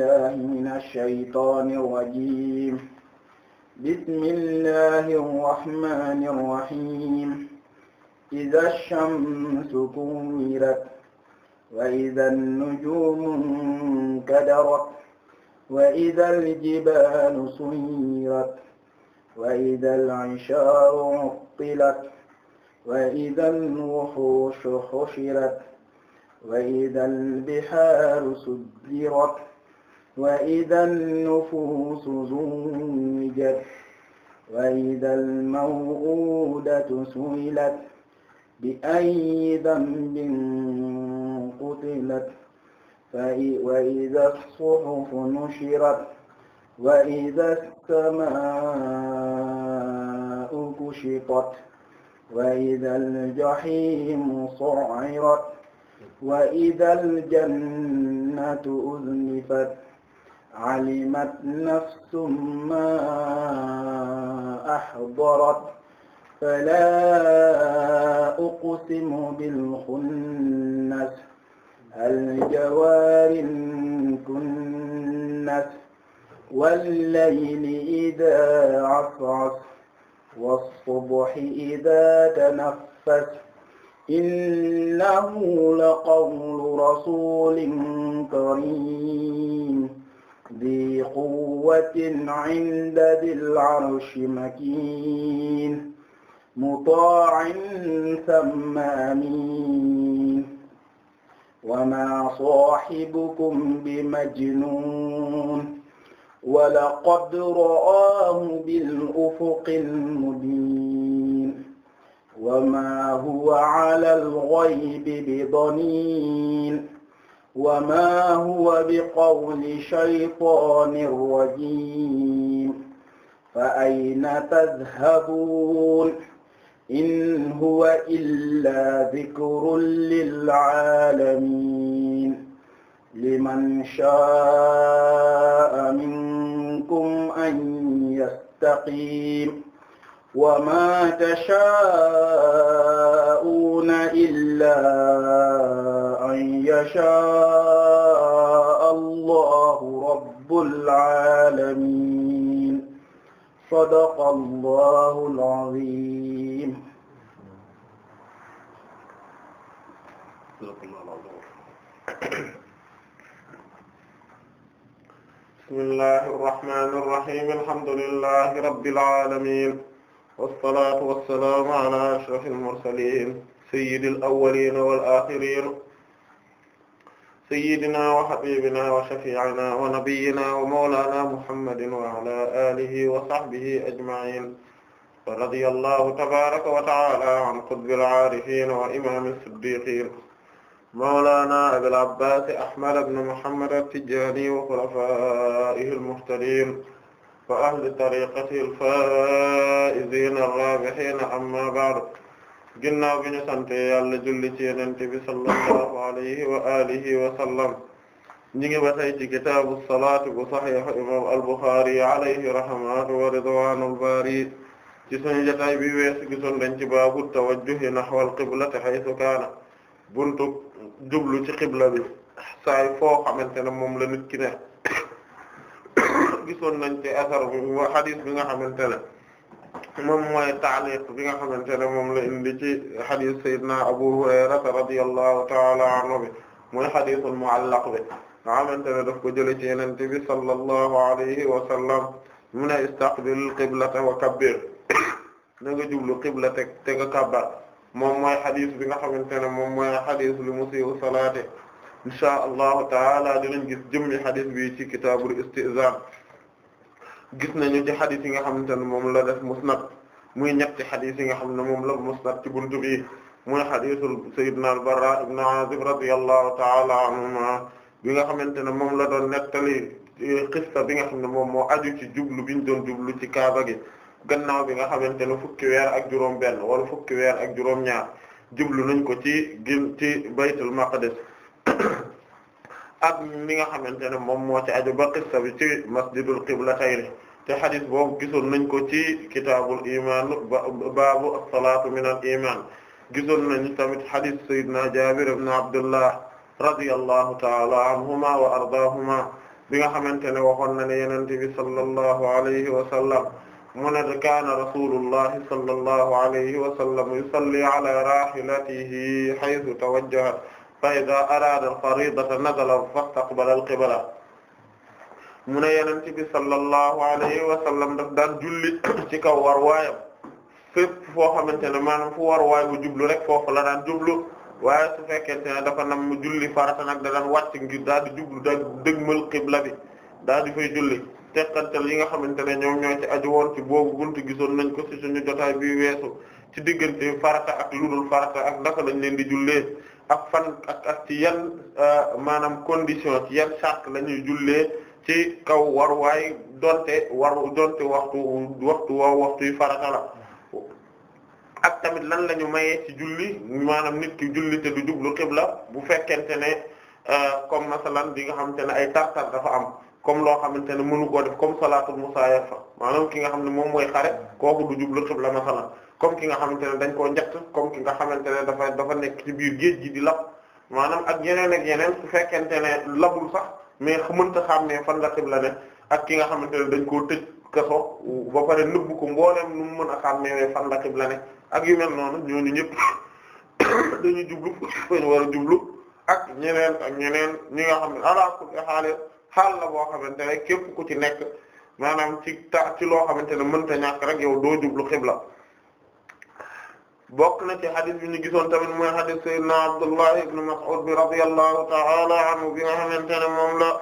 بالله من الشيطان الرجيم بسم الله الرحمن الرحيم إذا الشمس كورت وإذا النجوم انكدرت وإذا الجبال سيرت وإذا العشار عطلت وإذا الوحوش حشرت وإذا البحار سجرت وإذا النفوس زوجت وإذا الموءودة سئلت بأي ذنب قتلت وإذا الصحف نشرت وإذا السماء كشطت وإذا الجحيم سعرت وإذا الجنة أزلفت alimat nafsum ma ahdarat fala uqsimu bil khunnas al jawaril kunnas wal layli idha as'as was-subhi idha tanaffas innahu laqawlu rasulin karim ذي قوة عند ذي العرش مكين مطاع ثم أمين وما صاحبكم بمجنون ولقد رآه بالأفق المبين وما هو على الغيب بضنين وما هو بقول شيطان رجيم فأين تذهبون إن هو إلا ذكر للعالمين لمن شاء منكم أن يستقيم وما تشاءون إلا أن يشاء الله رب العالمين صدق الله العظيم بسم الله الرحمن الرحيم الحمد لله رب العالمين wasalaatu wasalaamu ala ashrafil mursaliin sayyidil awwaliina wal aaxiriina sayyidinaa wa habiibinaa wa shafii'inaa wa nabiyyinaa wa mawlaanaa muhammadin wa ala aalihi wa sahbihi ajma'iin wa radiyallaahu tabaaraka wa ta'aalaa an qutbil aarifiin wa imaamil siddiqiin mawlaanaa abil abbaas ahmad ibn muhammad at-tijaani wa xulafaa'ihil muhtadiin ahli tariqati al-faa'iziina ar-raabihiina amma ba'du ginnaaw bi ñu sante yàlla julli ci Yonent bi sallallahu alayhi wa alihi wa sallam ñu ngi ba tey ci kitaabu salaat bu Sahih imam al-Bukhari alayhi rahmatu wa ridwaanul baari ci sunu jotaay bi weesu gisoon dañ ci baabu tawajjuhi nahwal qiblati haythu kaana buntu jublu ci qibla bi saay foo xamante ne moom la nit ki ne gisoon nañ ci asar wa xadis bi nga xamante ne moom mooy taaliq bi nga xamante ne moom la indi ci xadis sayyidina Abu Hurayrata radiyallahu ta'ala anhu bi mooy xadisul mu'allaq bi nga xamante ne daf ko jële ci Yonent bi sallallahu alayhi wa sallam mu ne istaqbil qiblata wa kabbir na nga jublu qibla te te nga kabbar moom mooy xadis bi nga xamante ne moom mooy xadis li musii'u salaate insha allahu taala dinañ gis jëmmi xadis bi ci kitaabul istizaan gis nañu ci xadis yi nga xamante ne moom la def musnad muy ñetti xadis yi nga xam ne moom la musnad ci buntu bi muy xadisul sayyidina al-Barra ibn Azib radiyallahu ta'ala anhuma bi nga xamante ne moom la doon nettali xista bi nga xam ne moom moo aju ci jublu biñ doon jublu ci kaaba gi gannaaw bi nga xamante ne fukki weer ak juróom benn wala fukki weer ak juróom ñaar jublu nañ ko ci gin ci baytul maqdis ak li nga xamante ne moom moo ci aju ba qissa bi ci masjidul qiblatayni te xadis boobu gisoon nañ ko ci kitaabul iman baabu as-salaatu min al iman gisoon nañ tamit xadis sayyidina Jaabir ibn Abdullah radiyallahu ta'ala anhuma wa ardaahuma bi nga xamante ne waxoon na ne yonent bi sallallahu alayhi wa sallam mu ne kaana rasulullahi sallallahu alayhi wa sallam yusalli ala raahilatihi haythu tawajjahat fa idaa araada al-fariidata nazala fastaqbala al-qibla mu ne Yonent bi sallallahu alayhi wa sallam daf daan julli ci kaw war waayam fépp foo xamante ne maanaam fu war waay bu jublu rek foofu la daan jublu waaye su fekkente ne dafa nam julli farata nag da daan wàcc ngir daal di jublu daal di dëgmal qibla bi daal di fay julli teqantal yi nga xamante ne ñoom ñoo ci aju woon ci boobu buntu gisoon nañ ko ci suñu jotaay bi weesu ci diggante farata ak ludul farata ak naka lañ leen di jullee. ak fan ak ak ci yan euh, maanaam condition ci yan sàrt lañuy ñuy jullee ci kaw waruwaay donte war donte waxtu waxtu woo waxtu ak tamit lan la ñu mayee ci julli maanaam nit ki julli te du jublu xibla bu fekkente ne euh, comme masalan di nga xamante ne ay tartar dafa am comme loo xamante ne mënu koo def comme salaatul musaayafa maanaam ki nga xam ne moom mooy xare kooku du jublu xibla masalan comme ki nga xamante ne dañ koo njett comme ki nga xamante ne dafa dafa nekk ci biir géej gi di lab maanaam ak yeneen ak yeneen su fekkente ne labul sax mais mënta xam ne fan la xibla ne ak ki nga xamante ne dañ koo tëj kaso ba pare nëbb ko mbooleem nu mën a xam fan la xibla ne ak yu noonu ñooñu ñëpp dañu jublu dañu war a jublu ak ñeneen ak ñeneen ñi nga xam ne ala kulli xaal xaal la boo xamante ne képp ku ci nekk maanaam ci ta ci loo xamante ne mënta ñàkk rek yow doo jublu xibla bokk na ci hadith bi ñu gisoon tamit mooy hadith sayyidina Abdullah ibn Mas'ud bi radiyallahu ta'ala anhu bi nga xamante ne moom la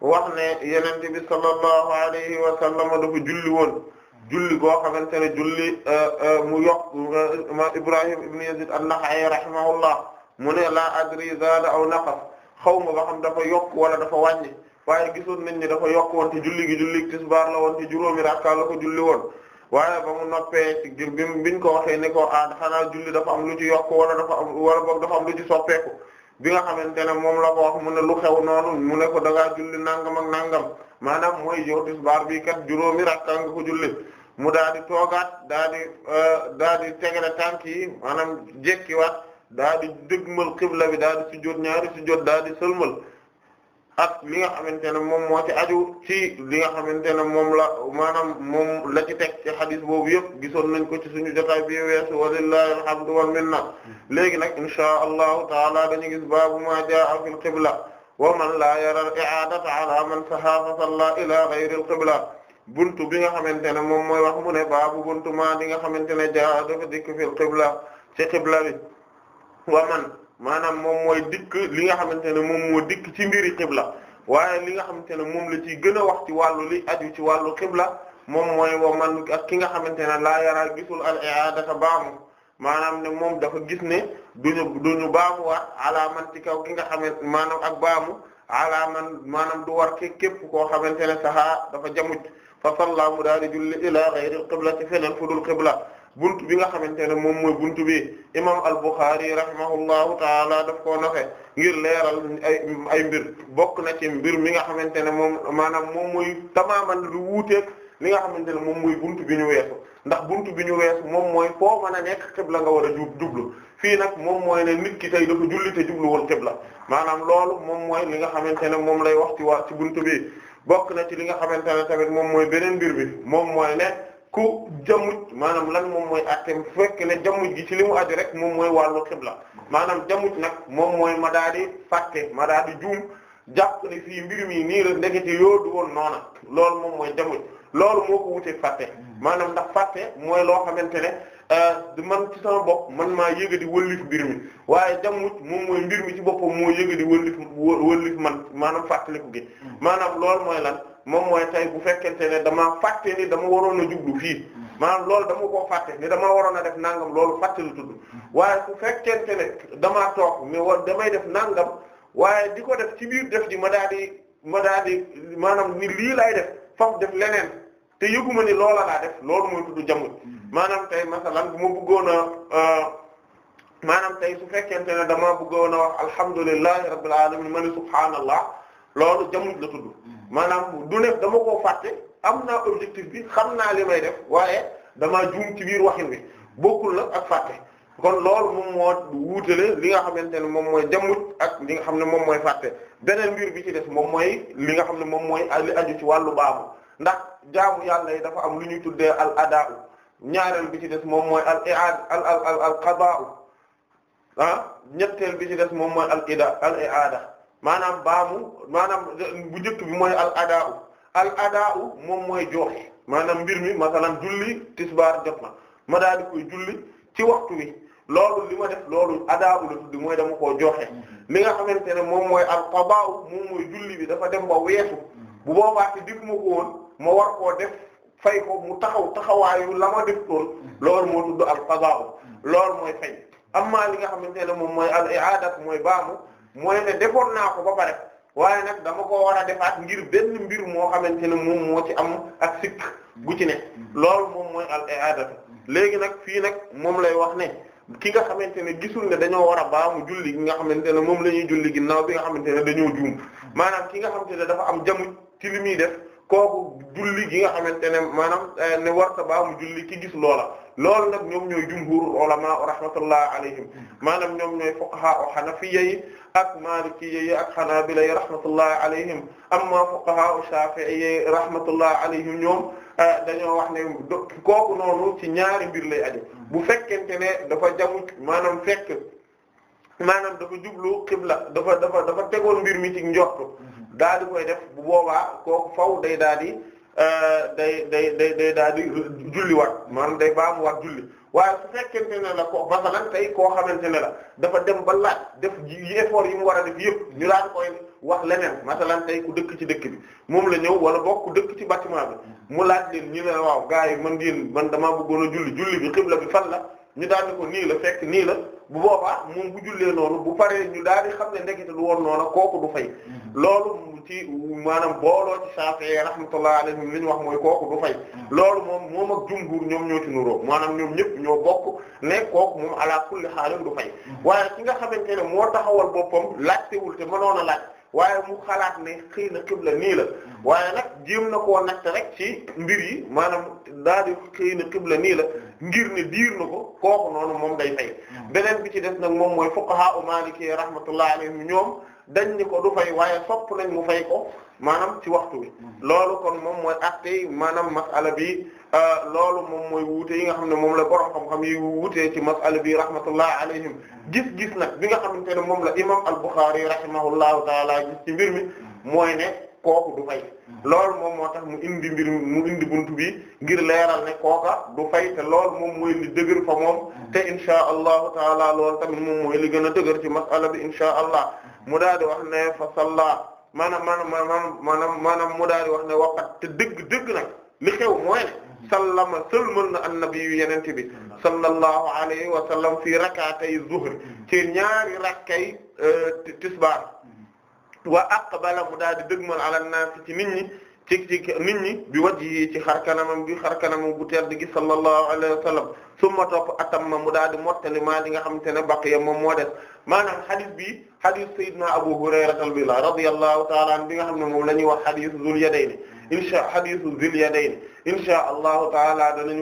wax ne yonent bi sallallahu alayhi wa dafa julli woon julli goo xamante ne julli euh, euh, mu yokk Ibrahim ibn Yazid an-Nakha'i rahimahullah mu ne la adri zada aw naqas xaw ma ba xam dafa yokk wala dafa wàññi waaye gisoon nañ ni dafa yokk woon te julli gi julli tisbaar la woon te juróomi rakka la ko julli woon waaye ba mu noppee ci bi biñ ko waxee ne ko ah xanaa julli dafa am lu ci yokk wala dafa am wala boog dafa lu ci soppeeku bi nga xamante ne moom la ko wax mu ne lu xew noonu mu ne ko da ngaa julli nangam ak nangam maanaam mooy yow tisbaar bi kat juróomi rakka nga ko julli mu daal di toogaat daal di euh, daal di tegale tànk yi maanaam jekkiwaat daal di dëgmal xibla bi daal di sujjóot ñaari sujjóot daal di sëlmal ak li nga xamante ne moom moo ci aju ci li nga xamante ne moom la maanaam moom la ci teg ci xadis boobu yëpp gisoon nañ ko ci suñu jotaay bi weesu walillahi alhamdu wal minna léegi nag inshaa allahu taala dañu gis baabu ma jaa fi alqibla wa man laa yara al i'aadata man saha fa salla ila ghayri alqibla buntu bi nga xamante ne moom mooy wax mu ne baabu buntu ma li nga xamante ne da dafa dikk fi alqibla ci qibla bi wa man maanaam moom mooy dikk li nga xamante ne moom moo dikk ci mbiri xibla waaye li nga xamante ne moom la ciy gën a wax ci wàllu li aju ci wàllu xibla moom mooy wa man ak ki nga xamante ne laa yaraa gisul al i'adata baamu maanaam ne moom dafa gis ne du duñu baamu waat ala man ci kaw ki nga xamante maanaam ak baamu ala man maanaam du war ke képp koo xamante ne saxaa dafa jamuj fa sallaamu daal di julli ila ghayri al qibla ci feneen fu dul xibla bunt bi nga xamante ne moom mooy bunt bi imam al-Bukhari rahimahullahu taala daf koo noxe ngir leeral ay ay mbir bokk na ci mbir mi nga xamante ne moom maanaam moom mooy tamaaman lu wuuteeg li nga xamante ne moom mooy buntu bi ñu weesu ndax buntu bi ñu weesu moom mooy foo mën a nekk xibla nga war a jub jublu fii nag moom mooy nit ki tey dafa julli te jubluwul xibla maanaam loolu moom mooy li nga xamante ne moom lay wax ci waa ci buntu bi bokk na ci li nga xamante ne tamit moom mooy beneen mbir bi moom mooy ne. ku jamuj maanaam lan moom mooy attem fekk ne jamuj gi ci li mu aju rek moom mooy wàllu xibla maanaam jamuj nag moom mooy ma daa di fàtte ma daa juum jàpp ne fii mbir mi nii la ndekete yoo woon noona loolu moom mooy jamuj loolu moo ko wutee fàtte maanaam ndax fàtte mooy loo xamante ne euh, du man ci sama bopp man maa yëga di wëllif mbir mi waaye jamuj moom moy mbir mi ci boppam moo yëga di wëllif wëllif man maanaam ku gi hmm. maanaam lool mooy lan moom mooy tey bu fekkente ne dama fàtte ni dama waroon a jublu fii maanaam loolu dama koo fàtte ni dama waroon a def nangam loolu fàtte la tudd waaye bu fekkente ne damaa toog mais wa damay def nangam waaye di ko def ci biir def di ma daadi di ma daa di maanaam ni lii lay def faf def leneen te yëguma ni loola laa def loolu mooy tudd jamono maanaam tey masalan bu ma bëggoon a euh, maanaam tey su fekkente ne dama bëggoon a wax alhamdulillahi rabbil alamin ma ni subhaanallah loolu jamuj la tudd maanaam du nekk dama koo fàtte am na objectif bi xam naa li may def waaye dama juum ci biir waxin bi bokkul nag ak fàtte kon loolu moom li nga xamante ne moom mooy jamut ak li nga xam ne moom mooy fàtte beneen mbir bi ci des moom mooy li nga xam ne moom mooy li aju ci wàllu baabu ndax jaamu yàlla yi dafa am lu ñuy tuddee al adaa ñaareel bi ci des moom mooy al i'aad al al al al qadaa ah, ñetteel bi ci des moom mooy al ida al i'aada maanaam baamu maanaam bu njëkk bi mooy al adau moom mooy jooxe maanaam mbir mi masalan julli tisbaar jot na ma daa di koy julli ci waxtu wi loolu li ma def loolu adau la tuddi mooy dama ko jooxe li nga xamante ne moom mooy al qadau moom mooy julli bi dafa dem ba weesu bu boobaa ci def ma ko war koo def fay ko mu taxaw taxawaayu la ma toon loolu moo tudd al qadau loolu mooy fay amma li nga xamante ne moom mooy al i'adat mooy baamu mooy ne defoon naa ko ba pare waaye nag dama ko war a defaat ngir benn mbir moo xamante ne moom moo ci am ak sikk bu ci ne mm-hmm. loolu moom mooy al i'aadatu mm-hmm. léegi nag fii nag moom lay wax ne ki nga xamante ne gisul ne dañoo war a baamu julli gi nga xamante ne moom la ñuy julli ginnaaw bi nga xamante ne dañoo juum mm-hmm. maanaam ki nga xamante ne dafa am jamu ci li muy def kooku julli gi nga xamante ne maanaam eh, ne war ta baamu julli ki gis loola loolu nag ñoom ñooy jumhurul ulama rahmatullah alayhim maanaam ñoom ñooy fuqaha o hanafiyya yi ak maalikiyya yi ak hanabila yi rahmatullah alayhim amma fuqaha o shafi'iyya yi rahmatullah alayhim ñoom eh, dañoo wax ne kooku noonu ci ñaari mbir lay aju bu fekkente ne dafa jamu maanaam fekk maanaam dafa jublu xibla dafa dafa dafa tegoon mbir mi ci njort mm-hmm. daal di koy def bu boobaa kooku faw day daal di Euh, day day day day daal di julliwaat maanaam day baamuwaat julli waaye su fekkente ne la ko masalan tey koo xamante ne la dafa dem ba laaj def yi effort yi mu war a def yëpp ñu laaj koy wax leneen masalan tey ku dëkk ci dëkk bi moom la ñëw wala bokk ku dëkk ci bâtiment bi mu laaj leen ñu ne waaw gars yi man ngeen man damaa bëggoon a julli julli bi xibla bi fan la ñu daal di ko nii la fekk nii la bu boobaa moom bu jullee noonu bu paree ñu daal di xam ne ndekete du woon noonu kooku du fay mm-hmm. loolu ci maanaam booloo ci Shafi'i rahmatullah alayhim li ñu wax mooy kooku du fay mm-hmm. loolu moom moom ak jumhur ñoom ñoo ci nuróo maanaam ñoom ñëpp ñoo bokk ne kooku moom ala kulli xaalim du fay mm-hmm. waaye ki nga xamante ne moo taxawal boppam laajtewul te mënoon a laaj waaye mu xalaat ne xëy na xibla nii la mm-hmm. waaye nag jéem na koo natt rek ci mbir yi maanaam daal di xëy na xibla nii la mm-hmm. ngir ne diir na ko kooku noonu moom day fay mm-hmm. beneen bi ci def nag moom mooy fuqaha u Maliki rahmatullahi alayhim ñoom dañ ni ko du fay waaye sopp nañ mu fay ko maanaam ci waxtu bi mhm. loolu kon moom mooy attey maanaam masala bi euh, loolu moom mooy wuute yi nga xam ne moom la borom xam-xam yi wuutee ci masala bi rahmatullah alayhim mhm. gis-gis na bi nga xamante ne moom la imam al-Bukhari rahimahullahu taala gis ci mbir mi mhm. mooy ne kooku du fay mm-hmm. loolu moom moo tax mu indi mbir mu indi buntu bi ngir leeral ne kooka du fay te loolu moom mooy li dëgër fa moom mm-hmm. te insha allahu taala loolu tamit moom mooy li gën a dëgër ci masala bi insha allah mm-hmm. mu daal di wax ne fa salla maanaam maanaam maanaam maanaam daal di wax ne waqat te dëgg dëgg nag li xew mooy ne sallama sëlmal na annabi yu yenente bi sallallahu alayhi wa fi fii rakatay zuhr ci ñaari rakkay euh, tisbaar wa aqbala mu daal di dëgmal ala naasi ci nit ñi ci ci nit ñi bi wajhi ci xar kanamam bi xar kanamam bu tedd gi sallallahu alayhi wa sallam summa topp atamma mu daal di mottali li nga xamante ne baqiya moom moo des maanaam xadis bi xadis sayyidina Abu Hurayra talbila radiyallahu ta'ala an bi nga xam ne moom la ñuy wax xadis zul yadayni insha xadis zul yadayni insha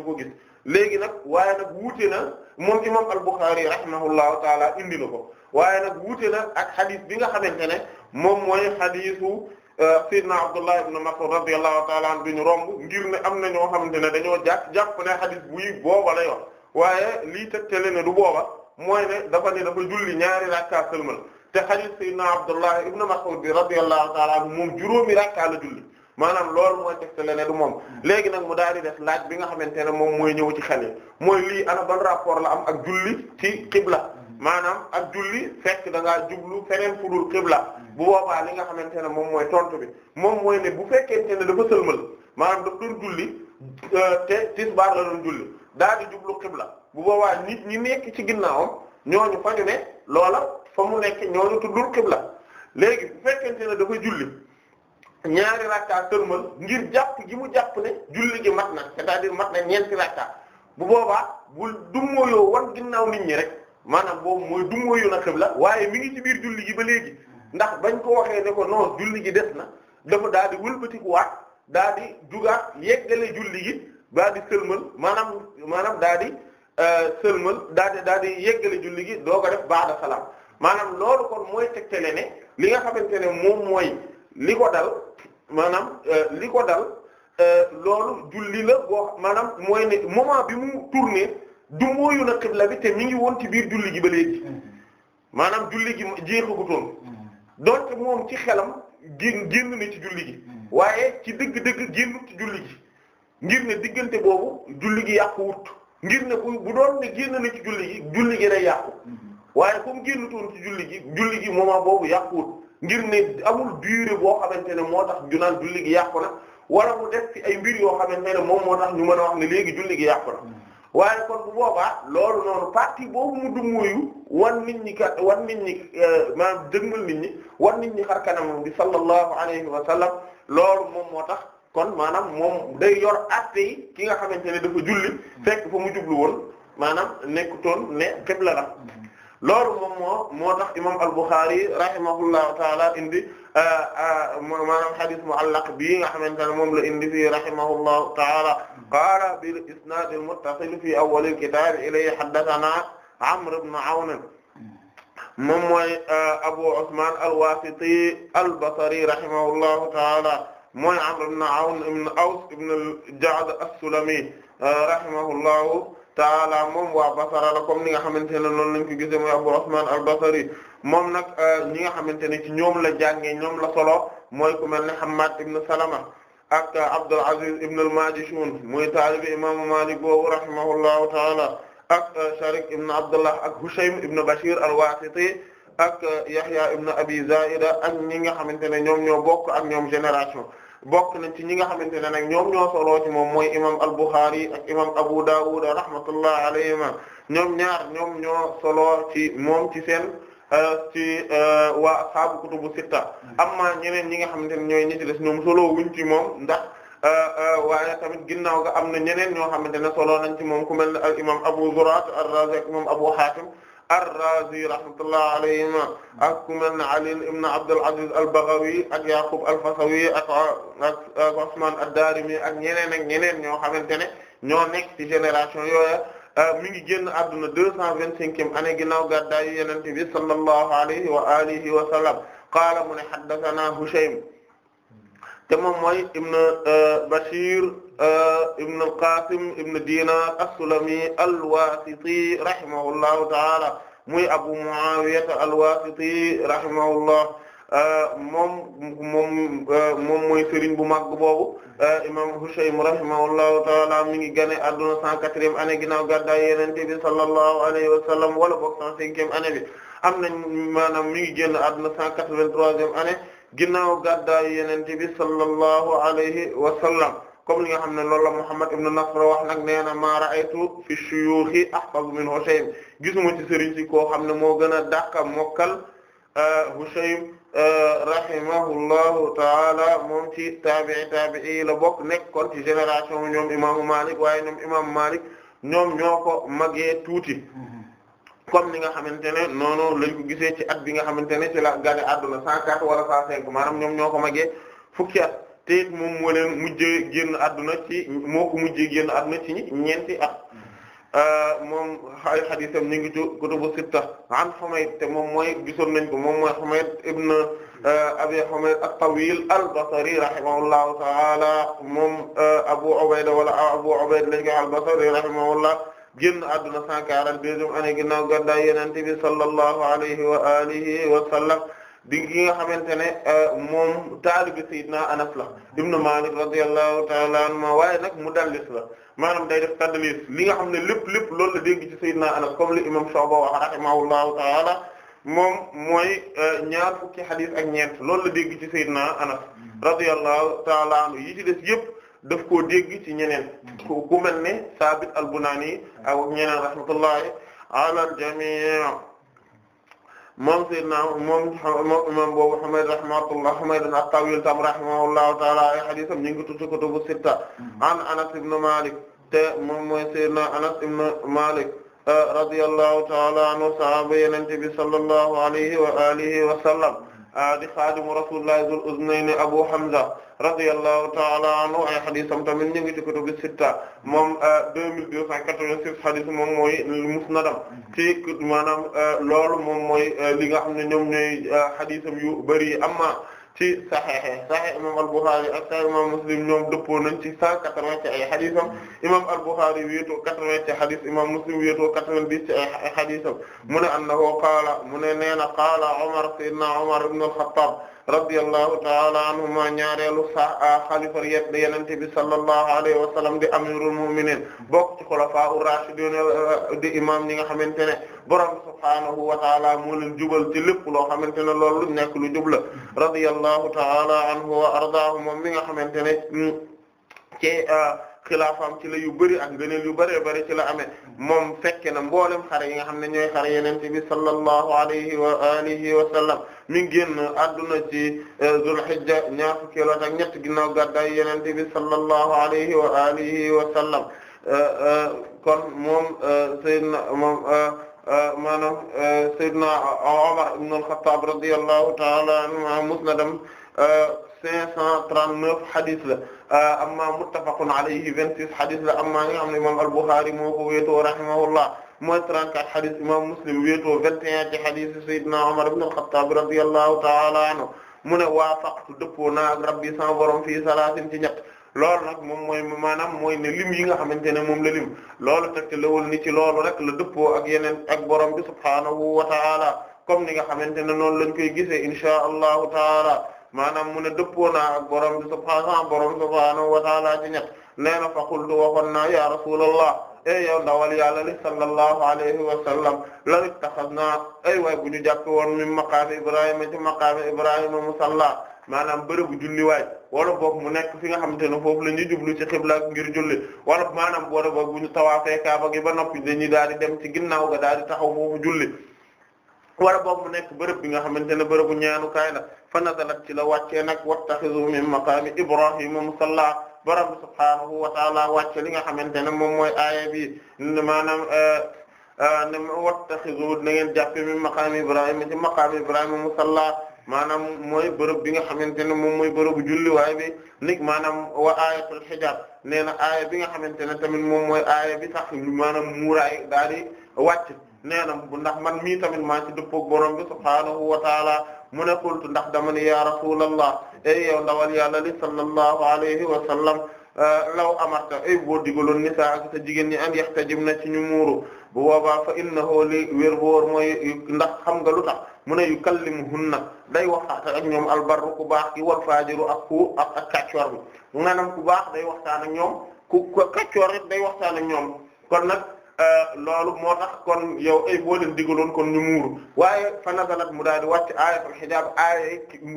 ko gis léegi nag waaye nag wuute na moom imam al-Bukhari rahimahullahu taala indi na ko waaye nag wuute na ak xadis bi nga xamante ne moom mooy xadiisu euh, Seydina Abdullah ibn Mas'ud radiyallahu ta'ala anhu bi ñu romb ngir ne am na ñoo xamante ne dañoo jàpp jàpp ne xadiis buy booba la yor waaye lii tëgtale ne du booba mooy ne dafa ne dafa julli ñaari rakka sëlmal te xadiis Seydina Abdullah ibn Mas'ud bi radiyallahu ta'ala anhu moom juróomi rakka la julli maanaam loolu mooy tegtale ne du moom léegi nag mu daal di def laaj bi nga xamante ne moom mooy ñëw ci xel yi mooy lii ana ban rapport la am ak julli ci xibla maanaam ak julli fekk da ngaa jublu feneen fu dul xibla bu boobaa li nga xamante ne moom mooy tontu bi moom mooy ne bu fekkente ne dafa sëlmal maanaam daf doon julli euh, te tisbaar la doon julli daal jublu xibla bu boobaa nit ñi nekk ci ginnaawam ñoo fa ñu ne loola fa mu nekk ñooñu tuddul xibla léegi bu fekkente ne dafa julli ñaari rakka sëlmal ngir jàpp gi mu jàpp ne julli gi mat na cest à mat na ñeenti rakka bu boobaa bu dummóoyoo wan ginnaaw nit maanaam boobu mooy du mooyu na xibla waaye mi ngi ci biir julli gi ba léegi ndax bañ ko waxee ne ko non julli gi des na dafa daal di wëlbatikuwaat daal di jugaat yeggale julli gi daal di sëlmal maanaam maanaam daal di euh, sëlmal daal di daal di yeggale julli doo ko def baada salaam maanaam loolu kon mooy tegtale ne li nga xamante ne moom mooy li ko dal maanaam euh, li ko dal euh, loolu julli la boo maanaam mooy ne moment bi mu tourné du mooyu na xibla bi te mi ngi woon ci biir julli gi ba léegi maanaam julli gi jeexagutoon donc moom ci xelam génn génn na ci julli gi waaye ci dëgg-dëgg génn ci julli gi ngir ne diggante boobu julli gi yàqu wut ngir ne bu bu doon ne génn na ci julli gi julli gi day yàqu waaye comme génnutoon ci julli gi julli gi moment boobu yàqu ngir ne amul durée boo xamante ne moo tax ñu naan julli gi yàqu na wala mu def ci ay mbir yoo xamante ne moom moo tax ñu mën a wax ne léegi julli gi yàqu na waaye kon bu boobaa loolu noonu partie boobu mu du muyu wan nit ñi kat wan nit ñi euh, maanaam dëgmal nit ñi wan nit ñi xar kanamam bi sallallahu alayhi wa sallam loolu moom moo tax kon maanaam moom day yor atte yi ki nga xamante ne dafa julli fekk fa mu jublu woon maanaam nekkutoon ne xibla la loolu moom moo moo tax imam al-Bukhari rahimahullahu taala indi euh, euh, maanaam hadith mu'allaq bii nga xamante ne moom la indi fii rahimahullahu taala qaala bil isnad al-muttasil fi awwal al-kitab ilayhi haddathana Amr ibn Awn moom mooy euh, Abu Usman al-Wasiti al-Basri rahimahullahu taala mooy Amr ibn Awn ibn Aws ibn al-Ja'd as-Sulami rahimahullahu taala moom waa Basra la comme ni nga xamante ne noonu lañ ko gisee mooy Abu Usman al-Basri moom nag euh, ñi nga xamante ne ci ñoom la jàngee ñoom la solo mooy ku mel ne Hammad ibn Salama ak euh, Abdul Aziz ibn al-Majishun muy taalibi imaamu Malik boobu rahimahullahu taala ak euh, Sharik ibn Abdullah ak Hushaym ibn Bashir al-Wasiti ak Yahya ibn Abi Zaida ak ñi nga xamante ne ñoom ñoo bokk ak ñoom génération bokk nañ ci ñi nga xamante ne nag ñoom ñoo soloo ci moom mooy imam al-Bukhari ak imam Abu Dawud rahmatullah alayhima ñoom ñaar ñoom ñoo solo ci moom ci seen euh, ci euh, waa ashaabu kutubu sitta amma ñeneen ñi nga xamante ne ñooy ñi ci des ñoom soloo wuñ ci moom ndax euh, waaye tamit ginnaaw ga am na ñeneen ñoo xamante ne soloo nañ ci moom ku mel ne al Abu Zurat ar-Razi ak imam Abu Hatim ar-Razi rahmatullah alayhima ak ku mel ne Ali ibn Abdul Aziz al-Baghawi ak Yaqub al-Fasawi ak ak Usman ad-Darimi ak ñeneen ak ñeneen ñoo xamante ne ñoo nekk ci génération euh, mi ngi génn adduna deux cent vingt-cinquième année ginnaaw gàddaayu Yonent bi sallallahu alayhi wa alihi wa sallam mu ne haddathana Hushaym te moom mooy ibn euh, Bashir euh, ibn al-Qasim ibn Dinar as-Sulami al-Wasiti rahimahullahu ta'ala muy Abu Muawiya al-Wasiti rahimahullah euh, moom moom moom mooy sëriñ bu mag boobu imam Hushaym rahimahullahu taala mi ngi gane adduna cent quatrième année ginnaaw gàddaay Yonent bi sallallahu alayhi wa sallam wala boog cent cinquième année bi am nañ maanaam mi ngi génn adduna cent quatre-vingt-troisième année ginnaaw gàddaay yonent bi sallallahu alayhi wa sallam comme li nga xam ne loolu la Muhammad ibn Nasr wax nag nee na ma ra'aytu fi shuyukhi ahfaz min Hushaym gisuma ci sëriñ si xam ne moo gën a dàqa mokkal euh, Hushaym euh, rahimahullahu taala moom ci taabi'i taabi'i la bokk nekkoon ci génération ñoom imaamu Malik waaye ñoom imaamu Malik ñoom ñoo ko màggee tuuti. Mm-hmm. comme ni nga xamante ne noonu lañ ko gisee ci at bi nga xamante ne ci la gane àdduna cent quatre wala cent cinq maanaam ñoom ñoo ko magee fukki at te moom moo leen mujjee génn àdduna ci moo ko mujjee génn àdduna ci ñeenti a euh, moom ay hadiisam ñu ngi ci kutubu sitta te moom mooy gisoon nañ ko moom mooy Humayd ibn euh, Abi Humayd at-Tawil al-Basri rahimahullahu ta'ala moom euh, Abu Ubayda wala Abu Ubayd lañ ko al-Basri rahimahullah génn àdduna 142e année ginnaaw gàddaay Yonent bi sallallahu alayhi wa alihi wa sallam di gi nga xamante ne euh, moom taalibi Seydina Anas la ibnu Malik radiyallahu ta'ala anhu waaye nag mudallis la maanaam day def tadlis li nga xam ne lépp lépp loolu la dégg ci Seydina Anas comme li imam Shu'ba wax rahimahullahu ta'ala moom mooy euh, ñaar fukki xadis ak ñeent loolu la dégg ci Seydina Anas mm-hmm. radiyallahu ta'ala anhu yi ci des yëpp daf koo dégg ci ñeneen ku mel ne Sabit al-Bunani ak ñeneen rahmatullahi ala al-jami' moom sayyidna moom imam boobu Humayd rahmatullah Humayd at-Tawil tam rahimahullahu taala ay hadisam ñu ngi tudd kutubu sitta an Anas ibn Malik te moom mooy sayyidna Anas ibn Malik eh, radiyallahu taala anhu sahaba yenente bi sallallahu alayhi wa alihi wa sallam eh, di xaadimu rasulillahi zul uznayni Abu Hamza radiyallahu ta'ala anhu ay xadisam tamit ñu ngi ci kutubu sitta moom 2286 euh, xadis moom mooy musnadam ci maanaam euh, loolu moom mooy euh, li nga xam ne ñoom ñooy xadisam yu bari amma ci saxeexe saxeex imam al-Bukhari ak saxeex imam Muslim ñoom dëppoo nañ ci cent quatre-vingt ci ay xadisam imam al-Bukhari wéetoo quatre-vingt ci xadis imam Muslim wéetoo quatre-vingt-dix ci ay xadisam mu ne annahu qaala mu ne nee na qaala Umar sayyidina Umar ibn al radiyallahu ta'ala anhuma ñaareelu sa xalifa yenente bi sallallahu alayhi wa sallam di amirul mu'minin bokk ci xulafaa ar-rashidun di imam ñi nga xamante ne borom subhaanahu wa ta'ala moo leen jubal ci lépp loo xamante ne loolu lu nekk lu jubla radiyallahu ta'ala anhu wa ardaahu moom mi nga ne mm, ci xilaafaam ci la yu bëri ak gëneel yu bëree bëri ci la moom fekke na mboolem xare yi nga xam ne ñooy xare yenente bi sallallahu alayhi wa alihi wa sallam mi ngi génn adduna ji eh, zulhijja ñaar fukki at ak ñett ginnaaw gàddaay yenente bi sallallahu alayhi wa alihi wa sallam eh, eh, kon moom sayyidna moom maanaam sayyidna Umar ta'ala musnadam cinq cent trente-neuf hadith la euh, amma muttafaqun alayhi vingt-six hadith la amma nga xam ne imam al-Bukhari moo ko wéetoo rahimahullah mooy trente-quatre hadith imam Muslim wéetoo vingt et un ci hadith sayyidina Umar ibn al-Khattab radiyallahu ta'ala anhu mu ne waafaqtu dëppoo naa ak rabbi sama borom fii salaasin ci ñett loolu nag moom mooy maanaam mooy ne lim yi nga xamante ne moom la lim loolu teg te lawul ni ci loolu rek la dëppoo ak yeneen ak borom bi subhaanahu wa ta'ala comme ni nga xamante ne noonu lañ koy gisee inshaa allahu taala maanaam mu ne dëppoo naa ak borom bi subhaanahu borom subhaanahu wa ci ñett nee na fa qultu waxoon naa ya rasulallah ey yow ndawal yàlla li sallallahu alayhi wa sallam lan ittakhadnaa ay waay bu ñu jàppe woon min maqaami ibrahima ci maqaami ibrahima musalla maanaam bërëbu julliwaay wala boog mu nekk fi nga xamante ne foofu la ñuy jublu ci xibla ngir julli wala maanaam wala boog bu ñu tawaafee kaaba gi ba noppi dañuy daal di dem ci ginnaaw ga daal di taxaw foofu julli wala boog mu nekk bërëb bi nga xamante ne bërëbu ñaanukaay la fa nazalat ci la wàccee nag wattaxizu min maqaami ibrahima musalla borom subhaanahu wa taala wàcce li nga xamante ne moom mooy aaya bi maanaam ne wattaxizu na ngeen jàppe min maqaami ibrahima ci maqaami ibrahima musalla maanaam mooy bërëb bi nga xamante ne moom mooy bërëbu julliwaay bi ni maanaam wa aayatul xijaab nee na aaya bi nga xamante ne tamit moom mooy aaya bi tax maanaam muuraay daal wàcc nee na ndax man mii tamit maa ci dëppoo borom bi subhaanahu wa taala mu ne qultu ndax dama ne ya rasulallah ay yow ndawal yàlla li sallallahu alayhi wa sallam eh, law amarta ay boo digaloon nisaa ak sa jigéen ñi an yahtajibna ci ñu muuru bu boobaa fa innahu li wér wóor mooy ndax xam nga lu tax mu ne yukallimuhunna day waxtaan ak ñoom albarru ku baax ki wal fajiru ak ku ak ak kàccoor bi maanaam ku baax day waxtaan ak ñoom ku kàccoor it day waxtaan ak ñoom kon nag Euh, loolu moo tax kon yow ay boo leen digaloon kon ñu muuru waaye fa nazalat mu daal di wàcc aayatul xijaab aaya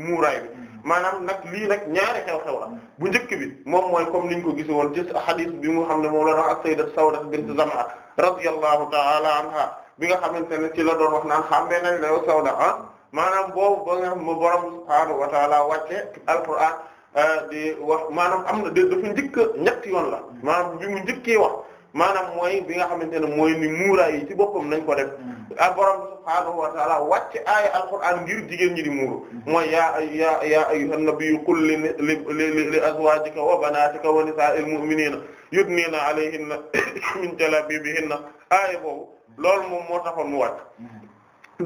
muuraay bi maanaam nag lii nag ñaari xew-xew bu njëkk bi moom mooy comme niñ ko gisoon ci hadith bi mu xam ne moom la doon ak sayyidat Sawda bint Zam'a radiyallahu ta'ala anha bi nga xamante ne ci la doon wax naan xàmmee nañ la yow Sawda ah maanaam boo ba nga xam ne borom subhaanahu wa ta'ala wàcce alquran euh, di wax maanaam am na de dafa njëkk yoon la maanaam bi mu njëkkee wax. maanaam mooy bi nga xamante ne mooy ni muuraay yi ci boppam nañ ko def mm. ak borom subhaanahu wa ta'ala wàcc ngir jigéen ñi di muuru mm. mooy yaa ya yaa ayyuhan nabiyyu qul li li li azwaajika wa banaatika wa nisaa'il mu'miniina yudniina alayhinna min jalaabiibihinna aaya boobu loolu moom moo taxoon mu wàcc mm.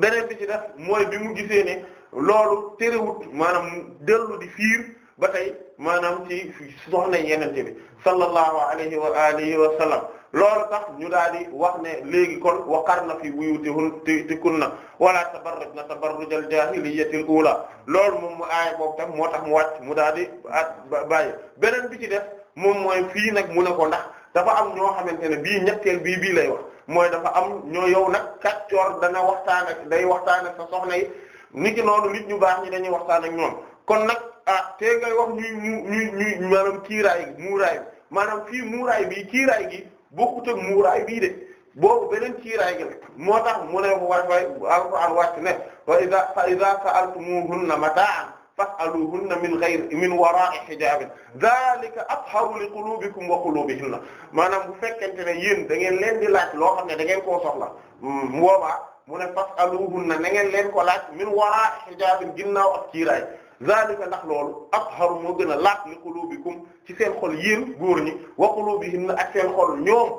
beneen bi ci def mooy bi mu gisee ne loolu terewut maanaam dellu di fiir ba tey maanaam ci soxna yenente bi sallallahu alayhi wa alihi wa sallam loolu tax ñu daal di wax ne léegi kon waqarna fi buyutihunna wala tabarrajna tabarrujal jahiliyatil ula loolu moom mu aaya boobu tam moo tax mu wàcc mu daal di at bàyyi beneen bi ci def moom mooy fii nag mu ne ndax dafa am ñoo xamante ne bii ñetteel bii bii lay wax mooy dafa am ñoo yow nag kàccoor dana waxtaan ak day waxtaan ak sa soxna yi niki noonu nit ñu baax ñi dañuy waxtaan ak ñoom kon nag ah te ngay wax ñu ñuy ñuy maanaam kiiraay gi muuraay maanaam fii muuraay bi kiiraay gi bokkut ak muuraay bii de boobu beneen ciiraay gi moo tax mu ne waay waay alquran wàcc ne wa idha fa idha sa'altumuhunna mata'an fas'aluhunna min ghayri min wara'i hijabin dhalika atharu li qulubikum wa qulubihinna maanaam bu fekkente ne yéen da ngeen leen di laaj loo xam ne da ngeen koo soxla mm, boobaa mu ne fas'aluhunna na ngeen leen ko laaj min wara'i hijabin ginnaaw ak ciiraay zalika ndax loolu atharu moo gën a laat li qulubikum ci seen xol yéen góor ñi wa qulubihinna ak seen xol ñoom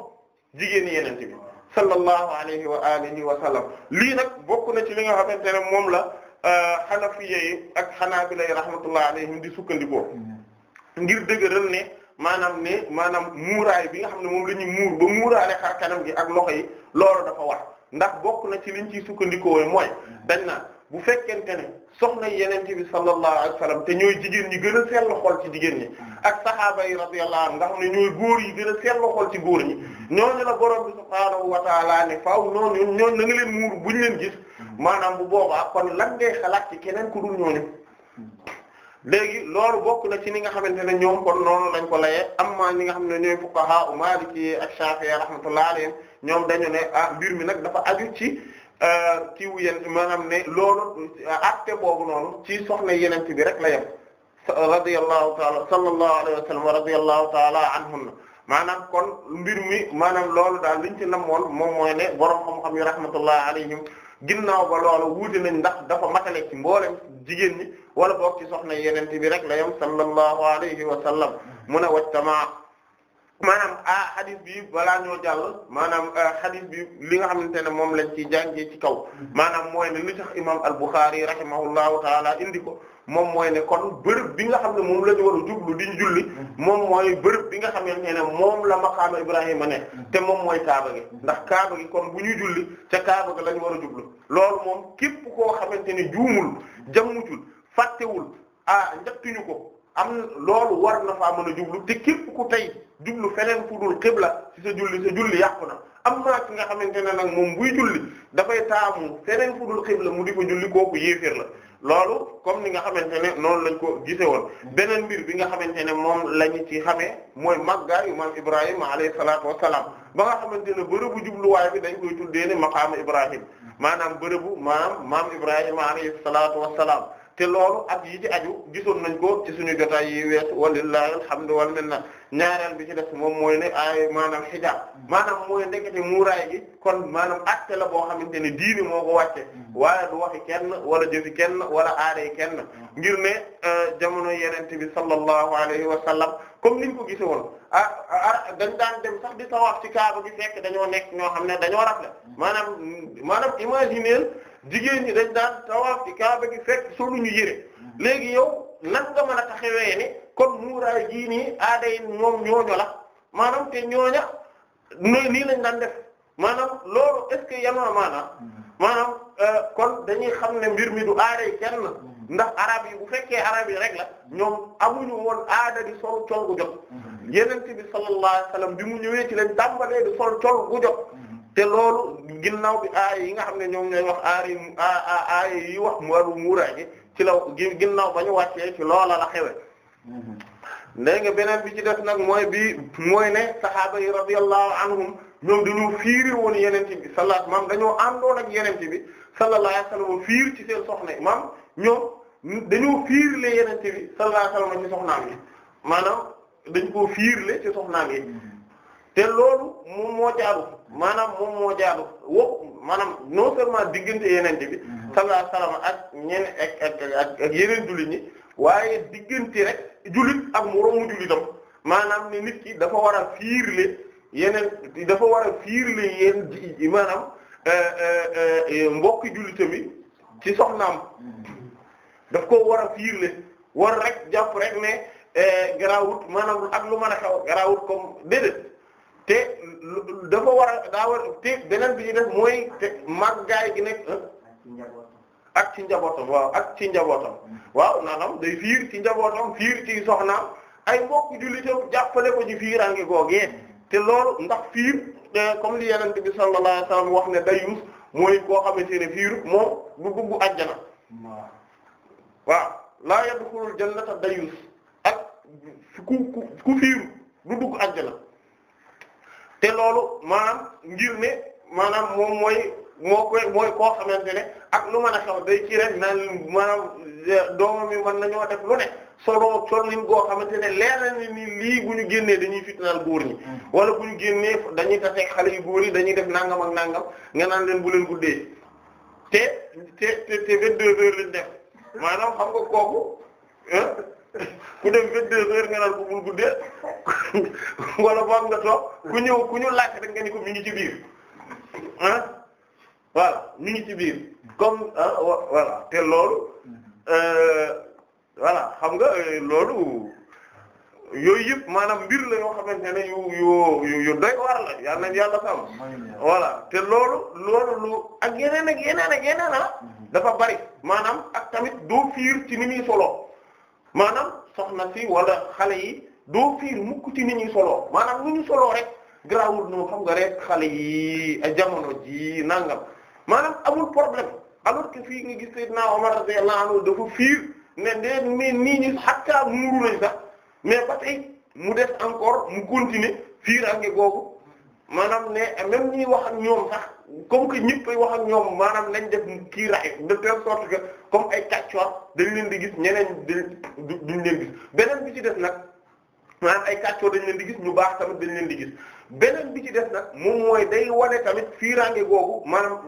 jigéen yenente bi sallallahu alayhi wa alihi wa sallam lii nag bokk na ci li nga xamante ne moom la euh, xanafiya yi ak xanaabila yi rahmatullah alayhim di sukkandikoo ngir dëgëral ne maanaam ne maanaam muuraay bi nga xam ne moom la ñuy muur ba muuraale xar kanam gi ak loxo yi loolu dafa war ndax bokk na ci liñ ciy sukkandikoo mooy dañ na bu fekkente ne soxna yenente bi sallallahu alayhi wa sallam te ñooy jigéen ñi gën a sell xool ci jigéen ñi ak sahaaba yi radiyallahu anhum nga xam ne ñooy góor yi gën a sell xol ci góor ñi ñooñu la borom bi subhaanahu wa ta'ala ne faaw noonu ñooñu na nga leen muur maanaam bu boobaa kon lan ngay xalaat ci keneen ku dul léegi loolu bokk na ci ni nga xamante ne ñoom kon noonu lañ ko layee amma ñi nga xam ne ñooy fuqaha u Maliki ak Shafi'i rahmatullahi ñoom dañu ne ah mbir mi nag dafa aju ci kiiwu euh, yent maanaam ne loolu acte boobu noonu ci soxna yenent bi rek la yem radiyallahu taala sallallahu alayhi wa sallam radiyallahu taala anhunna maanaam kon mbir mi maanaam loolu daal liñ ci namoon moom mooy ne borom xam-xam yi rahmatullah alayhim ginnaaw ba loolu wuute na ndax dafa matale ki mboolem jigéen ñi wala boog ci soxna yenent bi rek la yem sallallahu alayhi wa sallam mun wajtamaa maanaam ah hadith bi balaa ñoo jàll maanaam hadith bi li nga xamante ne moom lañ ci jàngee ci kaw maanaam mooy ne li tax imam al-Bukhari rahimahullahu taala indi ko moom mooy ne kon bërëb bi nga xam ne moom la ñu war a jublu di ñu julli moom mooy bërëb bi nga xamante ne moom la maqaama Ibrahima ne te moom mooy kaaba gi ndax kaaba gi kon bu ñuy julli ca kaaba gi la ñu war a jublu loolu moom képp koo xamante ne juumul jammutul fàttewul ah njëkkuñu ko am loolu war na faa mën a jublu te képp ku tey. jublu feneen fu dul xibla ci sa julli sa julli yàqu na am na ki nga xamante ne nag moom buy julli dafay taamu feneen fu dul xibla mu di ko julli kooku yéeféer la loolu comme ni nga xamante ne noonu lañ ko gise woon beneen mbir bi nga xamante ne moom la ñu ci xame mooy màggaayu maam Ibrahima alayhi salaatu wa salaam ba nga xamante ne bërëbu jubluwaay bi dañ koy tuddee ne maqaama Ibrahim maanaam bërëbu maam maam Ibrahima alayhi salaatu wa salaam te loolu ak yii ji aju gisoon nañ ko ci suñu jotaay yi weesu walillahi alhamdu wal minna ñaareel bi ci def moom mooy ne ay maanaam xijaab maanaam mooy ndekete muuraay gi kon maanaam acte la boo xamante ne diini moo ko wàcce waaye du waxi kenn wala jëfi kenn wala aaday kenn ngir ne euh, jamono yenente bi sallallahu alayhi wa sallam comme niñ ko gise woon ah ah dañ daan dem sax di tawaaf ci kaaba gi fekk dañoo nekk ñoo xam ne dañoo rafle maanaam maanaam imaginer jigéen ñi dañ daan tawaaf kaaba gi fekk soluñu yére léegi yow nan nga mën a taxawee ne kon muuraay jii nii aada yi ñoom ñooñu la maanaam te ñooña noy nii lañ daan def maanaam loolu est ce que yanoo maanaam maanaam euh, kon dañuy xam ne mbir mi du aada yi kenn ndax arab yi bu fekkee arab yi rek la ñoom amuñu woon aada di sol col gu yeneen mm-hmm. yenente bi sallallahu alayhi wasallam bi mu ñëwee ci lañ tàmbalee di sol col gu jot te loolu ginnaaw bi aaya yi nga xam ne ñoom ñooy wax aar wax mu waru muuraay gi ci la ginnaaw bañu ñu wàccee ci loola la xewe léegi nga beneen bi ci def nag mooy bi mooy ne sahaaba yi radiyallahu anhum ñoom dañu fiiri woon yenente bi sallallahu alayhi dañoo àndoon yeneen yenente bi sallallahu alayhi wasallam fiir ci seen soxna yi maam ñoom dañoo fiirle yenente bi sallallahu alayhi wasallam ci soxnaam yi maanaam dañ koo fiirle ci soxnaam yi mm-hmm. te loolu moom moo jaaru maanaam moom moo jaadu wo maanaam non seulement diggante yenente bi mhm. sallallahu alayhi ak yeneen jullit ñi waaye diggante rek jullit ak moroomu jullitam maanaam ni nit ki dafa war a fiirle yeneen dafa war a fiirle yéen maanaam euh, euh, euh, mbokki jullitam yi ci soxnaam mhm. daf ko war a fiirle war rek jàpp rek ne garawut maanaam ak lu mën a xew garawut comme déedéet te dafa war a daa te beneen bi ñu def mooy te màggaay gi nekk ak ci njabootam waaw ak ci njabootam waaw naanam day fiir ci njabootam fiir ci soxnaam ay mbokk jullitam jàppale ko ci fiiraange googee te lool ndax fiir comme li yenente bi sallallahu alayhi wasallam wax ne dayuus mooy koo xamante ne fiir moom du dugg àjjana waaw laa yadxulul jannata dayuus ak ku ku du dugg àjjana te loolu maanaam ngir ne maanaam moom mooy moo koy mooy koo xamante ne ak nu mën a xew day ci rek naan maanaam doomam yi mën nañoo def lu ne solo sol lim goo xamante ne leer na ni lii bu ñu génnee dañuy fitnaal góor ñi mm. wala bu ñu génnee dañuy tase xale yu góor yi dañuy def nangam ak nangam nga naan leen bu leen guddee te te te vingt-deux heures lañ def maanaam xam nga kooku ku dem vingt-deux heures nga naan ko bul guddee wala boog nga toog ku ñëw ku ñu laaj rek nga ni ko mi ngi ci biir ah voilà mi ngi ci biir comme ah te loolu euh, voilà xam nga euh, loolu yooyu yëpp maanaam mbir la yoo xamante ne yu yu yu doy war la yal nañ yàlla sàmm voilà te loolu loolu lu ak yeneen ak yeneen ak yeneen la ah, mm-hmm. dafa bari maanaam ak tamit doo fiir ci ni maanaam soxna si wala xale yi doo fiir mukk ci ni ñuy solo maanaam nu ñu soloo rek grawul noo xam nga rek xale yi a jamono jii nangam maanaam amul problème alors que fii nga gis Seydina Omar radiyallahu anhu dafa fiir ne ndee mais nii ñu xattaa muuru nañ sax mais ba tey mu def encore mu continuer fiir ange googu maanaam ne même ñuy wax ak ñoom sax comme que ñëpp ay wax ak ñoom maanaam nañ def kii raay de telle sorte que comme ay kàccoor dañ leen di gis ñeneen duñ leen gis beneen bi ci def nag maanaam ay kàccoor dañ leen di gis ñu baax tamit dañ leen di gis beneen bi ci def nag moom mooy day wane tamit fiiraange googu maanaam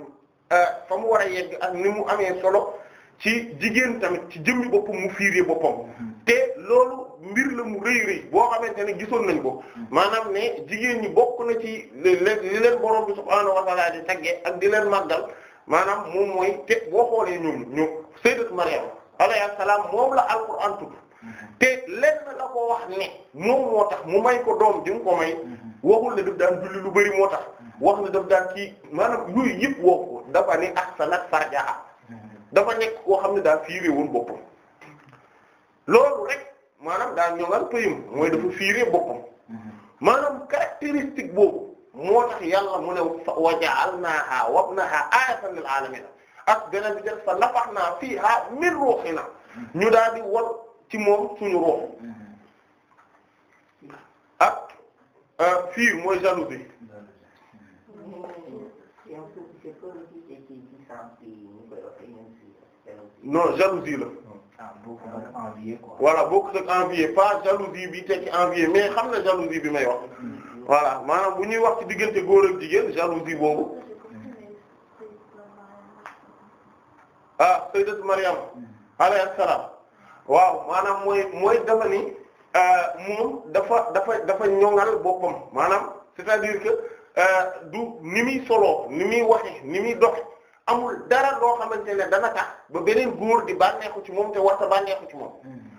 euh, fa mu war a yegg ak ni mu amee solo ci jigéen tamit ci jëmmi boppam mu fiiree boppam mm-hmm. te loolu mbir la mu rëy rëy boo xamante ne gisoon nañ ko maanaam ne jigéen ñi bokk na ci le leen borom bi subhaanahu wa ta'ala di tagge ak di leen màggal maanaam moom mooy te boo xoolee ñoom ñu sayyidat Maryam alayhi salaam moom la alquran tudd te lenn la ko wax ne moom moo tax mu may ko doom jën ko may waxul ne daf daan julli lu bari moo tax wax ne daf daan kii maanaam yooyu yëpp woo ko dafa ne ahsanat farjaha dafa nekk koo xam ne daa fiire woon boppam maanaam daa ñoŋal pëyam mooy dafa fiiree boppam mm-hmm. maanaam caractéristique boobu moo tax yàlla mu ne wa ja'alnaahaa wa ibnahaa aayatan lil aalamiin ak beneen bi def fa nafaxnaa fiihaa min ruuhinaa mm-hmm. ñu daal di wal ci moom suñu ruux mm-hmm. ak euh, fiir mooy jalousie non jalousie la voilà bokkut ak envier pas jalousie bi tekki envier mais xam na jalousie bi may wax voilà maanaam bu ñuy wax ci diggante góor ak jigéen jalousie boobu ah sayyidat Maryam alayhi assalam waaw maanaam mooy mooy dafa ni euh, moom dafa dafa dafa ñoŋal boppam maanaam c'est-à-dire que euh, du ni muy solo ni muy waxe ni muy doxe amul dara loo xamante ne dana tax ba beneen góor di bànneexu ci moom te warta bànneexu ci moom hmm.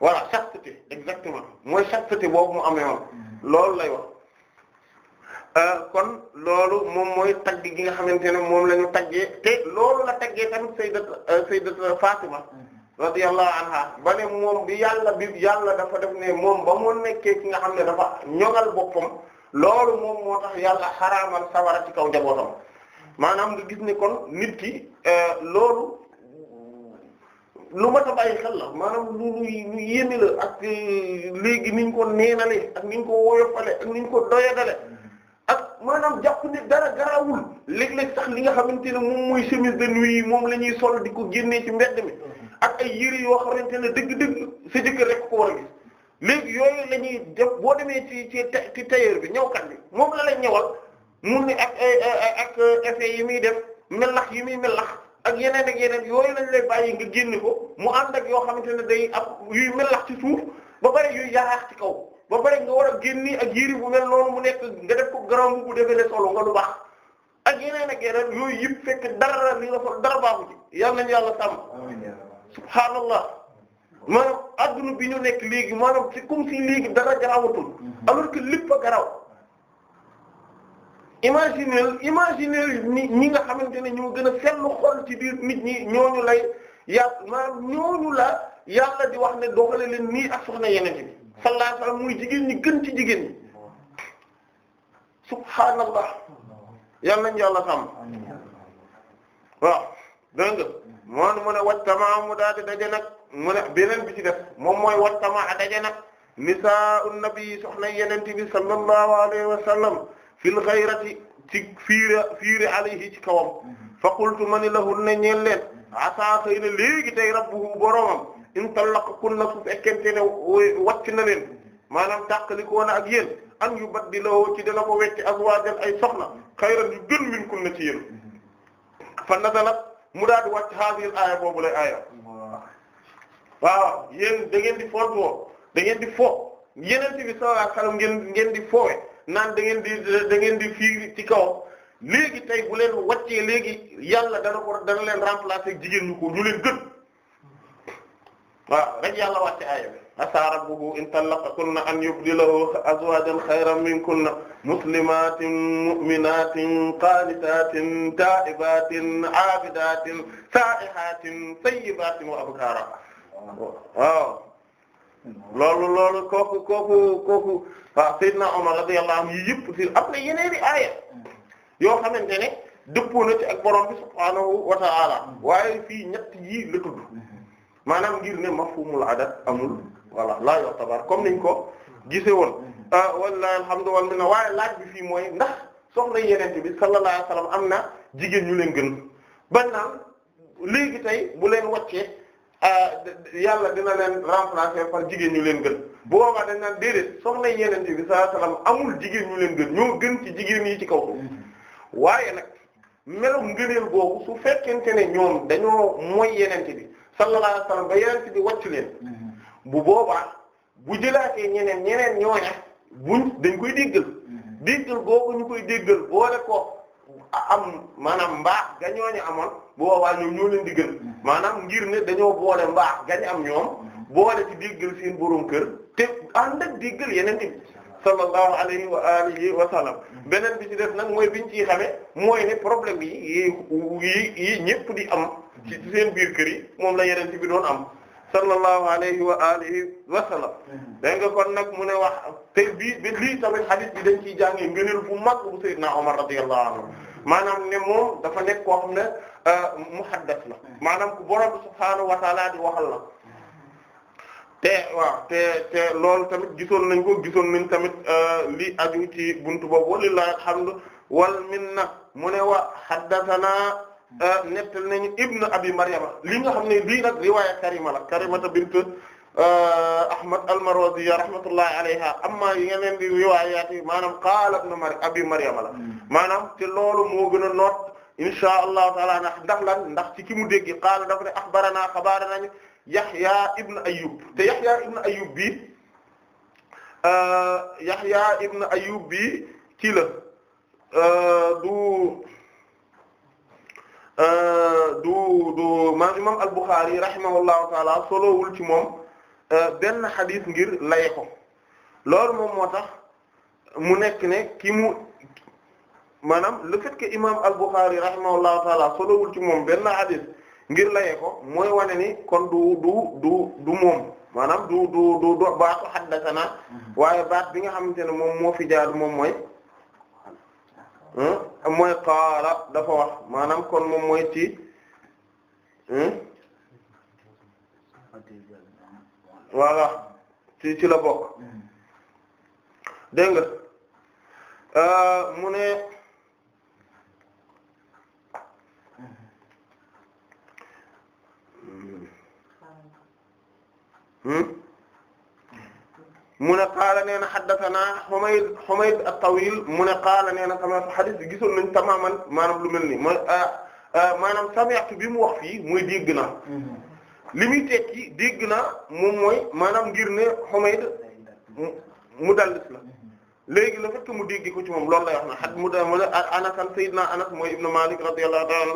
voilà chasteté exactement mooy chasteté boobu mu amee woon hmm. loolu lay wax euh, kon loolu moom mooy tagg gi nga xamante ne moom la taggee te loolu la taggee tamit sayyidat euh, sayyidat Fatima hmm. radiyallahu anha ba ne moom bi yàlla bi yàlla dafa def ne moom ba mu nekkee ki nga xam ne dafa ñogal boppam loolu moom moo tax yàlla xaraamal sawara ci kaw njabootam maanaam nga gis ne kon nit ki euh, loolu lu mat a bàyyi xel la maanaam lu lu yéeme la ak euh, léegi niñ ko neenalee ak niñ ko woyofale ak niñ ko doyadale ak maanaam jàpp ni dara garawul léeg-léeg sax li nga xamante ne moom mooy chemise de nuit yi moom la ñuy sol di ko génnee ci mbedd mi ak ay yëre yoo xamante ne dëgg-dëgg sa jëkkër rek ko war a gis léegi yooyu la ñuy def boo demee ci ci ci tailleur bi ñëwkat bi moom la lay ñëwal mu ne ak eh, eh, eh, ak effet yi muy def melax yi muy melax ak yeneen ak yeneen yooyu lañ lay yi nga génne ko mu ànd ak yoo xamante ne day am yuy melax ci suuf ba pare yuy yaraax ci kaw ba pare nga war a génne ak yëri bu mel noonu mu nekk nga def ko garam bu defee solo nga lu baax ak yeneen ak yooyu yëpp fekk dara li nga fa dara baaxu ci yal nañu yàlla sàmm subhaanallah maanaam adduna bi ñu nekk léegi maanaam c'est comme si léegi dara garawatul mm-hmm. alors que lépp a garaw imagineel imagineel ñi ñi nga xamante ne ñoo gën a fenn xol ci biir nit ñi ñooñu lay yàlla maanaam ñooñu la yàlla di wax ne doxale leen nii ak soxna yeneen bi sallallahu alayhi muy jigéen ñi gën ci jigéen ñi subhaanallah yal nañu yàlla sàmm waaw dégg nga moom mu ne wattamaa mu daal di daje nag mu ne beneen bi ci def moom mooy wattamaa daje nag nisaa'un nabi soxna yeneen bi sallallahu alayhi wasallam fil ghayrati ci fiira fiiri alayhi ci kawam mhm. fa qultu mani lahu ne ñeel leen asa xëy na léegi tey rabbuhu boroomam in tallaqakunna su fekkente ne wàcc na leen mhm. maanaam tàqalikoo na ak yéen an yubaddilahu ci dana ko wecc azwaajan ay soxna xayran yu gën min kunna ci yéen mhm. fa nazalat mu daal di wàcc haazihil aaya boobu lay aaya waaw yéen da ngeen di da ngeen di foofu yeneen bi sallallahu alayhi wasallam ngeen di foowe naan da ngeen di da ngeen di fii ci kaw léegi tey bu leen wàccee léegi yàlla dana ko dana leen remplacer jigéen ñu ko ñu leen gën waaw rek yàlla wàcce aaya bi asaa rabbuhu in tallaqakunna an yubdilahu azwajan xayran minkunna muslimatin mu'minatin qanitatin ta'ibatin 'abidatin sa'ihatin sayyibatin wa abkara waaw loolu loolu kooku kooku kooku waaw Seydina Omar radiyallahu anhu yi yëpp si am na yeneen i aaya yoo xamante ne dëppoo na ci ak borom bi subhaanahu wa ta'ala waaye fii ñett yii la tudd maanaam ngir ne mafhumul adad amul voilà laa yo tabar comme niñ ko gise woon ah, wallahi alhamdu wal minna waaye laaj bi fii mooy ndax soxna yenente bi sallallahu alayhi am na jigéen ñu leen gën ba naan léegi tey bu leen wacce ah yàlla dina leen remplacer par jigéen ñu leen gën bu boobaa dañ naan déedéet soxna yeneen bi sallallahu amul jigéen ñu leen gën ñoo gën ci jigéen yi ci kaw waaye nag melum ngëneel boobu su fekkente ne ñoom dañoo mooy yeneen bi sallallahu alayhi ba yeneen bi wàccu leen bu boobaa bu jëlaatee ñeneen ñeneen ñooña buñ dañ koy déggal déggal googu ñu koy déggal boole ko am maanaam mbaax ga ñooñu amoon. bu boobaa ñoom ñoo leen di gën maanaam ngir ne dañoo boole mbaax gañ am ñoom boole ci diggal seen borom kër te ànd ak diggal yeneen i sallallahu alayhi wa alihi wa sallam beneen bi ci def nag mooy biñ ciy xamee mooy ne problème yi yi yi ñëpp di am ci seen biir kër yi moom la yeneen bi doon am sallallahu alayhi wa alihi wa sallam da nga kon nag mu ne wax te bii lii tamit hadith bi dañ ciy jàngee ngëneel bu mag bu Seydina Omar radiyallahu maanaam ne moom dafa nekk koo xam ne euh, muhaddas la maanaam ku borom subhaanahu wa taala di waxal la te waaw te te loolu tamit gisoon nañ ko gisoon nañ tamit euh, li aju ci buntu boobu walillahi alhamdu wal minna mu ne wa haddathana euh, nettal nañu ibnu abi maryama li nga xam ne lii nag riwaaya karima la karimata bint Euh, Ahmad al-Marwaziya rahmatullahi alayha amma yi nga leen di riwaayaat yi maanaam qaala ibn Maryam abi Maryam la hmm. maanaam te loolu moo gën a noot inshaa Allahu taala ndax ndax lan ndax ci ki mu déggi qaala dafa ne axbaranaa xabaara nañu Yahya ibn Ayyub te Yahya ibn Ayyub bi euh, Yahya ibn Ayyub bi kii la euh, du du du ma imam al-Bukhari rahimahullahu taala solowul ci moom Euh, benn xadis ngir laye ko loolu moom moo tax mu nekk ne ki mu maanaam le fait que imam al-Bukhari rahimahullahu taala solowul ci moom benn xadis ngir laye ko mooy wane ni kon du du du du moom maanaam du du du do baatu xaddasana mhm. waaye baat bi nga xamante ne moom moo fi jaar moom mooy hmm, mooy qaala dafa wax maanaam kon moom mooy ci hmm, voilà ci ci la bokk hmm. dégg nga euh, mu ne hmm? mu ne qaala nee na haddathana Humayd Humayd at-Tawil mu ne qaala nee na sama hadith bi gisoon nañ tamaman maanaam lu mel nii mooy euh, euh, maanaam sami'tu bi mu wax fii muy dégg na hmm. li muy tekki dégg naa moom mooy maanaam ngir ne Humayd mudallis la léegi la fekk mu dégg ko ci moom loolu lay wax na xat mu dama anasan sayyidna anas mooy ibnu malik radiyallahu ta'ala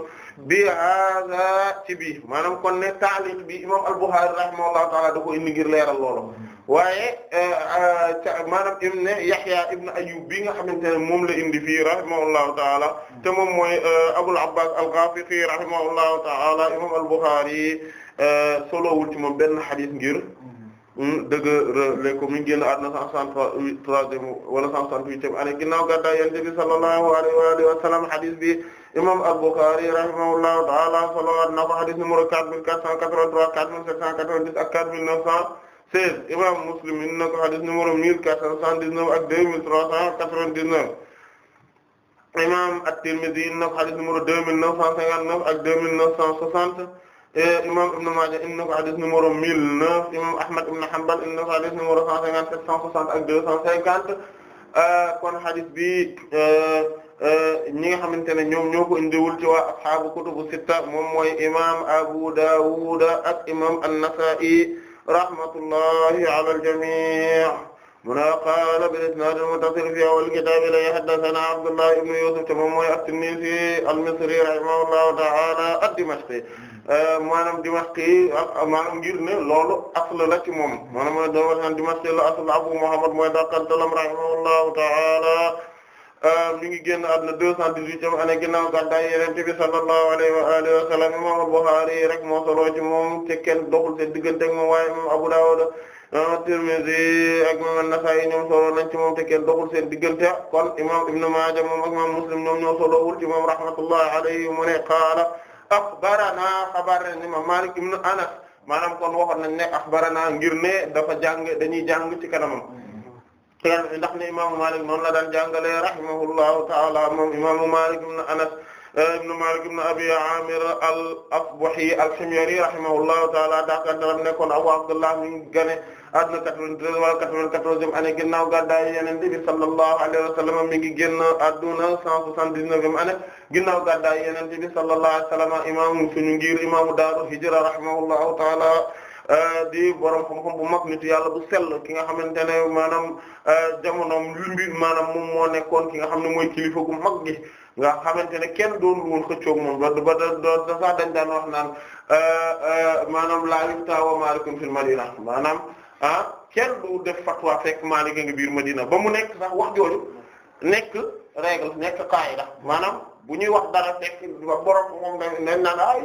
bi hada ci bii maanaam kon ne taaliq bi imam al-Bukhari rahimahullahu ta'ala da ko indi ngir leeral loolu waaye euh, maanaam im ne yahya ibnu ayyub bi nga xamante ne moom la indi fii rahimahullahu ta'ala te moom mooy euh, abul abbas al-Ghafiqi rahimahullahu ta'ala imam al-Bukhari Euh, solowul ci moom benn xadis ngir mm-hmm. mm, dëgg ko mi ngi génn àdduna cent soixante-troisième wala cent soixante-huitième année ginnaaw gàddaay Yonent bi sallallahu alayhi wa sallam xadis bi imam Al-Bukhârî rahimahullahu ta'ala solowaat na ko xadis numéro quatre mille quatre cent quatre-vingt-trois, quatre mille sept cent quatre-vingt-dix ak quatre mille neuf cent seize imam Muslim in na ko xadis numéro mille quatre cent soixante-dix-neuf ak deux mille trois cent quatre-vingt-dix-neuf imam At-Tirmidhî in na ko xadis numéro deux mille neuf cent cinquante-neuf ak deux mille neuf cent soixante Eh, imam Ibn Maaja indi na ko hadith numéro 1009 imam Ahmad ibn Hanbal indi na ko hadith numéro 150 760 ak 250 eh, kon hadith bi eh, ñi nga xamante ne ñoom ñoo ko indiwul ci waa ashaabu kutubu sitta moom mooy imam Abu Dawud ak imam An-Nasa'i rahmatullahi ala al-jami' mu ne qaala bil-isnaad al-muttasil fi awwal kitaab la haddathana Abdullah ibn Yusuf te moom mooy at-Tinnisi al-Misri rahimahullahu ta'ala ad-Dimashqi Euh, maanaam Dimashqi ah, maanaam ngir ne loolu asl la ci moom maanaam mooy doo wax naan Dimashqi la asl Abu Muhammad mooy dakantalam rahimahullahu ta'ala euh, mi ngi génn àdduna deux cent dix-huitième année ginnaaw gàddaay Yonent bi sallallahu alayhi wa alihi wa sallam imam Al-Bukhârî rek moo solo ci moom seen diggante kon imam Ibn Mâdja moom Muslim ñoom ñoo solowul ci rahmatullahi alayhi mu qaala axbarana xabaar ni ma Malik ibn Anas maanaam kon waxoon nañ ne axbarana ngir ne dafa jàng dañuy jàng ci kanamam ndax ne imaamu Malik moom la daan jàngale rahimahullahu ta'ala moom imaamu Malik ibn Anas eh, ibn Malik ibn Abi Amir al-Asbahi al-Himyari rahimahullahu ta'ala dakandaram nekkoon Abu Abdullah mi ngi gane adduna 93 wala 94e année ginnaaw gàddaayu Yonent bi sallallahu alayhi wa sallam mi ngi génn adduna 179e année ginnaaw gàddaayu Yonent bi sallallahu alayhi wa sallam imaamu suñu ngir daaru hijra rahimahullahu ta'ala euh, di borom xam-xam bu mag nitu yàlla bu sell ki nga xamante ne maanaam euh, jamonoom lu mbir maanaam moom moo nekkoon ki nga xam ne mooy kilifa gu mag gi nga xamante ne kenn doonul woon xëccoog moom ba ba doon sax dañ daan wax naan euh, maanaam laa yuftaa wa maalikum fil maanaam. ah kenn du def fatwa fekk Maalik a ngi biir Madina ba mu nekk sax wax jooju nekk règle nekk qaida maanaam bu ñuy wax dara fekk borom moom dañ naan ay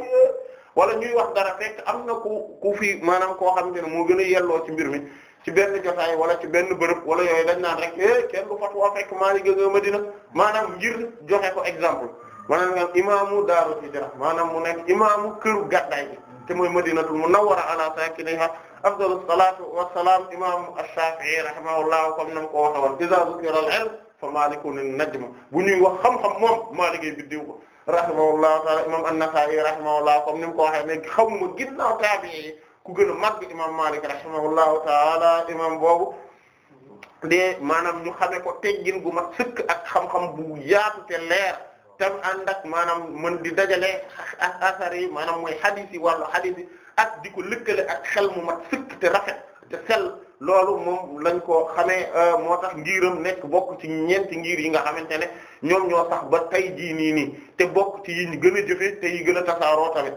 wala ñuy wax dara am na ku ku fi maanaam koo xamante ne moo gën a yelloo ci mbir mi ci benn jotaay wala ci benn bërëb wala yooyu dañ naan rek eh kenn du fatwa fekk Maalik a ngi Madina maanaam ngir joxe ko exemple maanaam nga imaamu daaru hijra maanaam mu nekk imaamu këru gàddaay bi te a Madinatul Munawwara ala saakinihaa afdalu salaatu wa salaam imaamu Shaafi'i rahimahullahu comme nam ko waxe woon iza zukira al-ilm fa maalikun an-najm bu ñuy wax xam-xam moom Maalik ay biddiw ko rahimahullahu ta'ala imaam an-Nasaa'i rahimahullahu comme ni mu ko waxee léegi xamuma ginnaaw taabi'i ku gën a màgg imaam Maalik rahimahullahu ta'ala imaam boobu de maanaam ñu xamee ko teggin gu ma sëkk ak xam-xam bu yaatu te leer tam ànd ak maanaam mën di dajale asar yi maanaam mooy hadith yi wàllu hadith yi ak di ko lëkkale ak xel mu mat sëkk te rafet te sell loolu moom lañ ko xamee euh, moo tax ngiram nekk bokk ci ñeenti ngir yi nga xamante ne ñoom ñoo sax ba tey jii nii nii te bokk ci yi ñu gën a jëfe te yi gën a tasaaroo tamit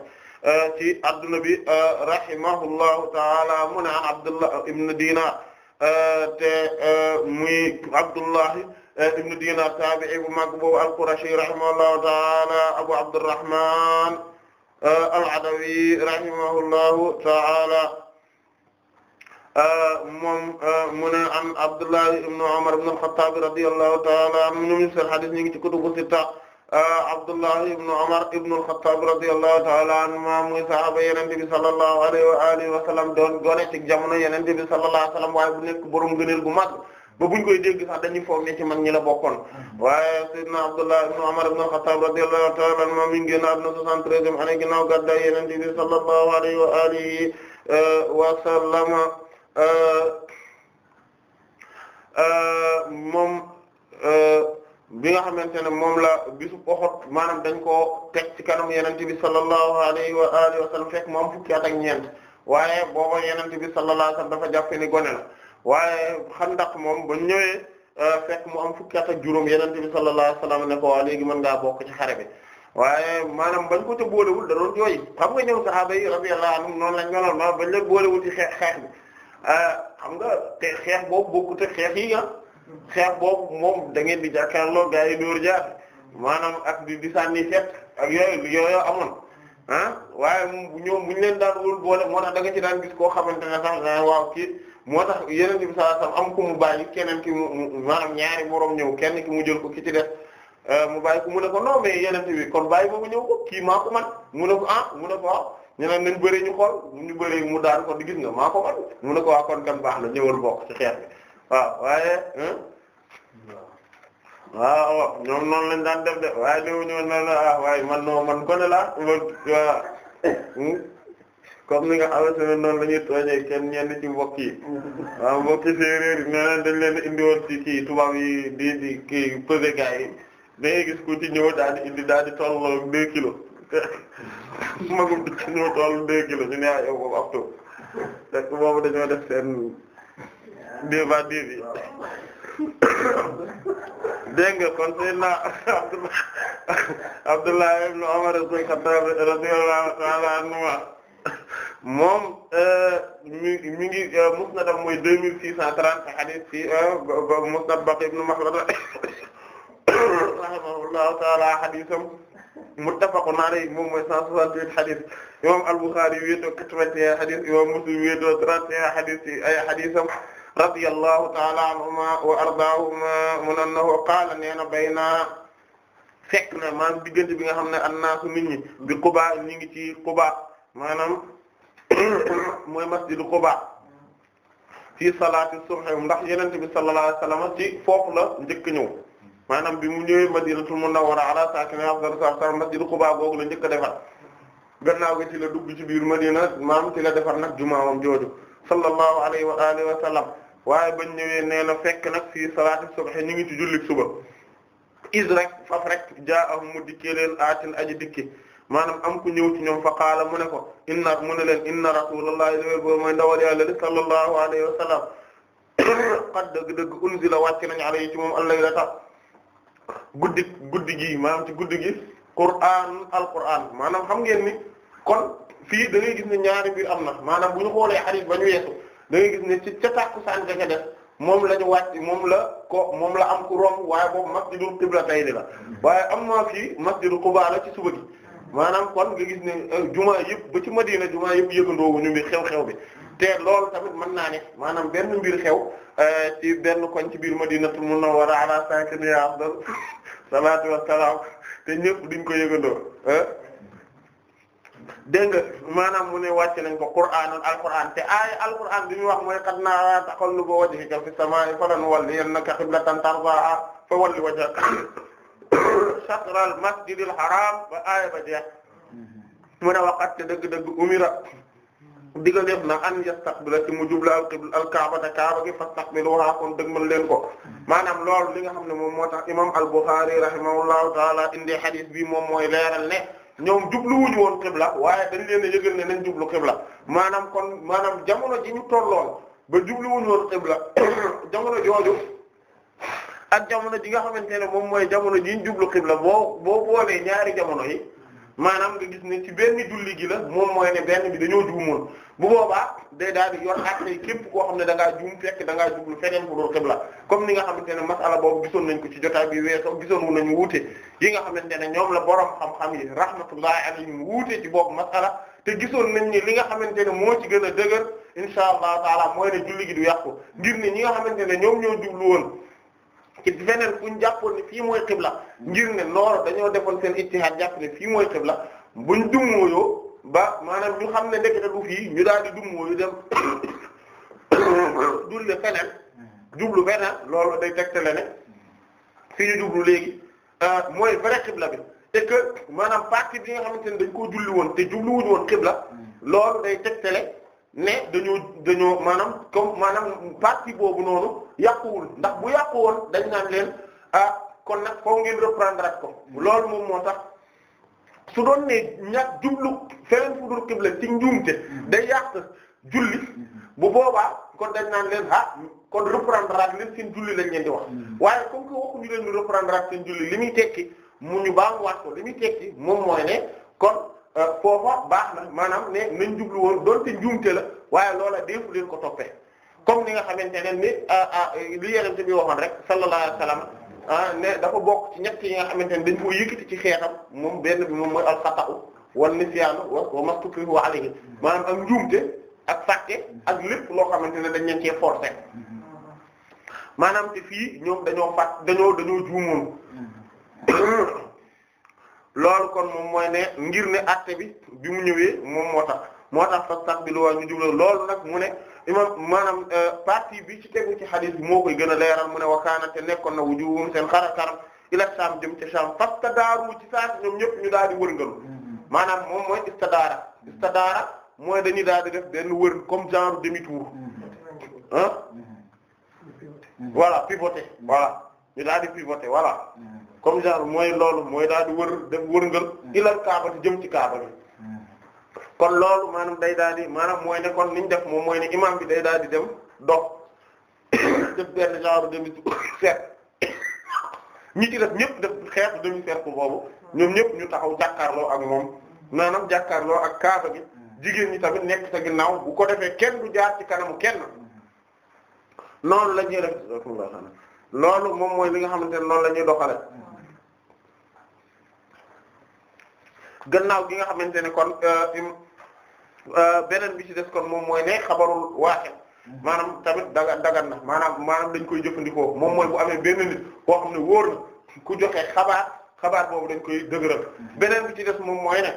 euh, ci adduna bi euh, rahimahullahu taala mu ne an abdullah ibn dinar te muy abdullahi ibn dinar tabi'i bu mag boobu al-qurashi rahimahullahu taala abu abdurrahman al-Adawi rahimahullahu ta'ala moom mu ne an Abdullahi ibn Umar ibn al-Khattab radiyallahu ta'ala anhu ñoom seen hadith ñu ngi ci kutubu sitta Abdullahi ibn Umar ibn al-Khattab radiyallahu ta'ala anhuma muy sahaaba Yonent bi sallallahu alayhi wa alihi wa sallam doon gone ci jamono Yonent bi sallallahu alayhi wa sallam waaye bu nekk borom gëneel bu mag ba buñ koy dégg a dañuy foog ne ci mag ñi la bokkoon mm-hmm. waaye sayyidina Abdullah ibn Umar ibn al-Khattab radiyallahu ta'ala anhu moom mi ngi génn àdduna wa alihi euh, wa sallama euh, euh, moom bi nga xamante ne moom la bisu Uhud maanaam dañ koo teg ci kanam Yonent bi sallallahu alayhi wa alihi wa sallam fekk moom fukki at ñeent waaye booba Yonent bi sallallahu alayhi wa sallam dafa jàpp ni gone waaye ndax moom ba ñëwee euh, fekk mu am fukki at ak juróom yeneen bi sallallahu alayhi wasallam ne ko a léegi mën ngaa bokk ci xare bi waaye maanaam bañ ko ca boolewul da doon jooy xam nga ñëw sahaaba yi radiyallahu anhum noonu lañ meloon ma bañ leen boolewul ci xeex xeex euh, xam nga te xeex boobu bokkut ak xeex yi nga ah. xeex boobu moom dangeen ngeen di jàkkaarloo gaa yi dóor jaar maanaam ak di di sànni fet ak yooyu yooyu amoon ah, mu waaye ñoom bu ñu leen daal wul boole moo tax da nga ci daan gis koo xamante ne sax waaw kii moo tax yeneen bi sallallahu alayhi wasallam am ku mu bàyyi keneen ki mu maanaam ñaari moroom ñëw kenn ki mu jël ko ki ci def euh, mu bàyyi ko mu ne ko non mais yeneen bi kon bàyyi boobu ñëw ko kii maa ko man mu ne ko ah mu ne ko waaw ñu ne bëree ñu xool ñu bëree mu daan ko di gis nga maa ko man mu ne ko waa kon kan baax na ñëwal bokk ci xeex bi waaw waaye waaw ñoom noonu lañ daan def de waaye ñëw ah, waaye man noo man ko ne la kon ni nga xamante ne noonu la ñuy tooñee kenn ñenn ci mbokk yi waaw mbokki séeréer yi nee dañ leen indi woon ci kii tubaab yi di di kii pesé i yi da ngay gis ku ci ñëw daal di indi daal di toll magum di ci ñëw toll deux kilos ñu ne ah yow boobu ab taw fekk boobu dañoo def seen débat débat yi dégg nga kon seen Abdullah ibn moom euh, mi mi ngi euh, musnadam mooy deux mille six cent trente hadith ci euh, musnad Baqi ibn Makhlad rahimahullahu ta'ala haditham muttafaqun alayhi moom mooy cent soixante-huit hadith imam al-Bukhari wéetoo quatre-vingt-un hadith imam Muslim wéetoo trente et un hadith ci ay haditham radiyallahu ta'ala anhuma wa ardaahuma mun annahu qaala neena bayna fekk na maam diggante bi nga xam ne annaasu nit ñi bi Quba ñi ngi ci Quba maanaam mooy masjidu Quba fi salaati subh ndax yenente bi sallallahu alayhi wasallam ci foofu la njëkk ñëw maanaam bi mu ñëwee madinatul munawwara ala saakina afdal salaam masjidu Quba googu la njëkk a defar gannaaw ci la dugg ci biir madina maam ci la defar nag jumaawam jooju sallallahu alayhi wa alihi wa waaye bañ ñëwee nee na fekk nag fii salaati subh ñu ngi ci jullik suba is rek faf rek jaa ahum mu leen aatin aji dikki maanaam am ku ñëw ci ñoom fa qaala mu ne ko inna mu ne leen inna rasulullah loolu boobu mooy ndawal yàlla li sallallahu alayhi wa sallam qad dëgg-dëgg unzila wàcc nañu alayhi ci moom allay la tax guddi guddi gi maanaam ci guddi gi qur'aan alqur'aan maanaam xam ngeen ni kon fii dangay gis ne ñaari mbir am na maanaam bu ñu xoolee hadith ba ñu yeesu da gis ne ci ca tàkkusaan ga def moom la ñu wàcc moom la ko moom la am ku romb waaye boobu masjidul qibla tay di la waaye am na fii masjidul quba la ci suba gi maanaam kon nga gis ne euh, jumaa yëpp ba ci Madina jumaa yëpp yëgandoowu ñu mbir xew-xew bi te loolu tamit mën naa ne maanaam benn mbir xew euh, ci benn koñ ci biir Madinatul Munawwara ala sakiniha afdal salaatu wassalaam te ñëpp duñ ko yëgandoo euh. dégg nga maanaam mu ne wàcc nañ ko qur'aanul alqur'aan te aaya alqur'aan bi muy wax mooy qad nara taqalluba wajhika fi samaa'i falanwalliyannaka a tardaahaa fawalli wajhaka satral masjidil haram ba aaya ba jeex mu waqat te dëgg-dëgg umira digal def na an yastaqbila ci mu jubla al qibla al kaaba te kaaba gi fastaqbiluha kon dëgmal leen ko maanaam loolu li nga xam ne moom moo tax imam al Bukhari rahimahullahu taala indi hadis bi moom mooy leeral ne ñoom jublu wuñu woon qibla waaye dañ leen a yëgal ne nañ jublu qibla maanam kon maanaam jamono ji ñu tolloon ba jublu wuñu woon qibla jamono jooju ak jamono ji nga xamante ne moom mooy jamono ji ñu jublu xibla boo boo boolee ñaari jamono yi maanaam nga gis ne ci benn julli gi la moom mooy ne benn bi dañoo juumoon bu boobaa day daal di yor àtte képp koo xam ne da ngaa juum da ngaa jublu feneen fu dul xibla comme ni nga xamante ne masala boobu gisoon nañ ko ci jotaay bi weesoo gisoon wu nañu wuute yi nga xamante ne ñoom la borom xam-xam yi rahmatullahi alayhim wuute ci boobu masala te gisoon nañ ni li nga xamante ne moo ci gën a dëgër insha allah taala mooy ne julli gi du yàqu ngir ne ñi nga xamante ne ñoom ñoo jublu woon ci feneen fu ñu jàppoon ne fii mooy xibla ngir ne noor dañoo defoon seen ijtihaad jàpp ne fii mooy xibla buñ dummóoyoo ba maanaam ñu xam ne ndekete du fii ñu daal di dummóoyu dem dulle feneen jublu feneen loolu day tegtale ne fi ñu jublu léegi euh, mooy vrai xibla bi et maanaam partie bi nga xamante ne dañ koo julli woon te jubluwuñu woon xibla hmm. loolu day tegtale ne dañoo dañoo maanaam comme maanaam partie boobu noonu yàquwul ndax bu yàquwoon dañ naan leen ah kon nag foo ngeen reprendre ak ko loolu moom moo tax su doon ne ñàkk jublu feneen fu dul xibla ci njuumte day yàq julli bu boobaa kon dañ naan leen ah kon reprendre ak leen seen julli lañ leen di wax mm-hmm. waaye comme que waxuñu leen ñu reprendre ak seen julli li muy tekki mu ñu baamuwaat ko li muy tekki moom mooy ne kon. Euh, foofa baax na maanaam ne nañ jublu woon doonte njuumte la waaye loola deefu leen ko toppee comme ni nga xamante ne ni euh, euh, li yenente bi waxoon rek sallallahu alayhi wasallam ah, ne dafa bokk ci ñett yi nga xamante ne dañ ko yëkkati ci xeetam moom benn bi moom mooy al xata'u wal nisyaanu wa mastukrihu alayhi maanaam ak njuumte ak fàtte ak lépp loo xamante ne dañ leen cee forcer maanaam te fii ñoom dañoo fàtt dañoo dañoo juumoon mm-hmm. loolu kon moom mooy ne ngir ne atte bi bi mu ñëwee moom moo tax moo tax fas tax bi lu waa ñu jublu loolu nag mu ne imam maanaam euh, partie bi ci tegu ci hadith bi moo koy gën a leeral mu ne wakaana te nekkoon na wujuhum seen xara karam ila Sham jëm ca Sham fastadaaru ci saati ñoom ñëpp ñu daal di wërngalu maanaam moom mooy istadaara istadaara mooy dañuy daal di def benn wër comme genre demi tour ah voilà pivoter voilà ñu daal di pivoter comme genre mooy loolu mooy daal di wër def wërngal hmm. ilal kaaba di jëm ci kaaba bi kon loolu maanaam day daal di maanaam mooy ne kon niñ def moom mooy ne imam bi daal di dem dox def benn genre demi cercle ñi ci def ñëpp def xeetu demi cercle boobu ñoom ñëpp ñu taxaw jàkkaarloo ak moom maanaam jàkkaarloo ak kaaba gi hmm. jigéen ñi tamit nekk sa bu ko defee kenn du jaar ci kanamu kenn hmm. noonu la ñuy def loolu moom mooy li nga xamante ne noonu la ñuy doxale gannaaw gi nga xamante ne kon euh, euh, beneen bi ci des kon moom mooy ne xabarul waaxid maanaam tamit daga dagan na maanaam maanaam dañ koy jëfandikoo moom mooy bu amee benn koo xam ne wóor na ku joxe xabaar xabaar boobu dañ koy dëgëral beneen bi ci des moom mooy ne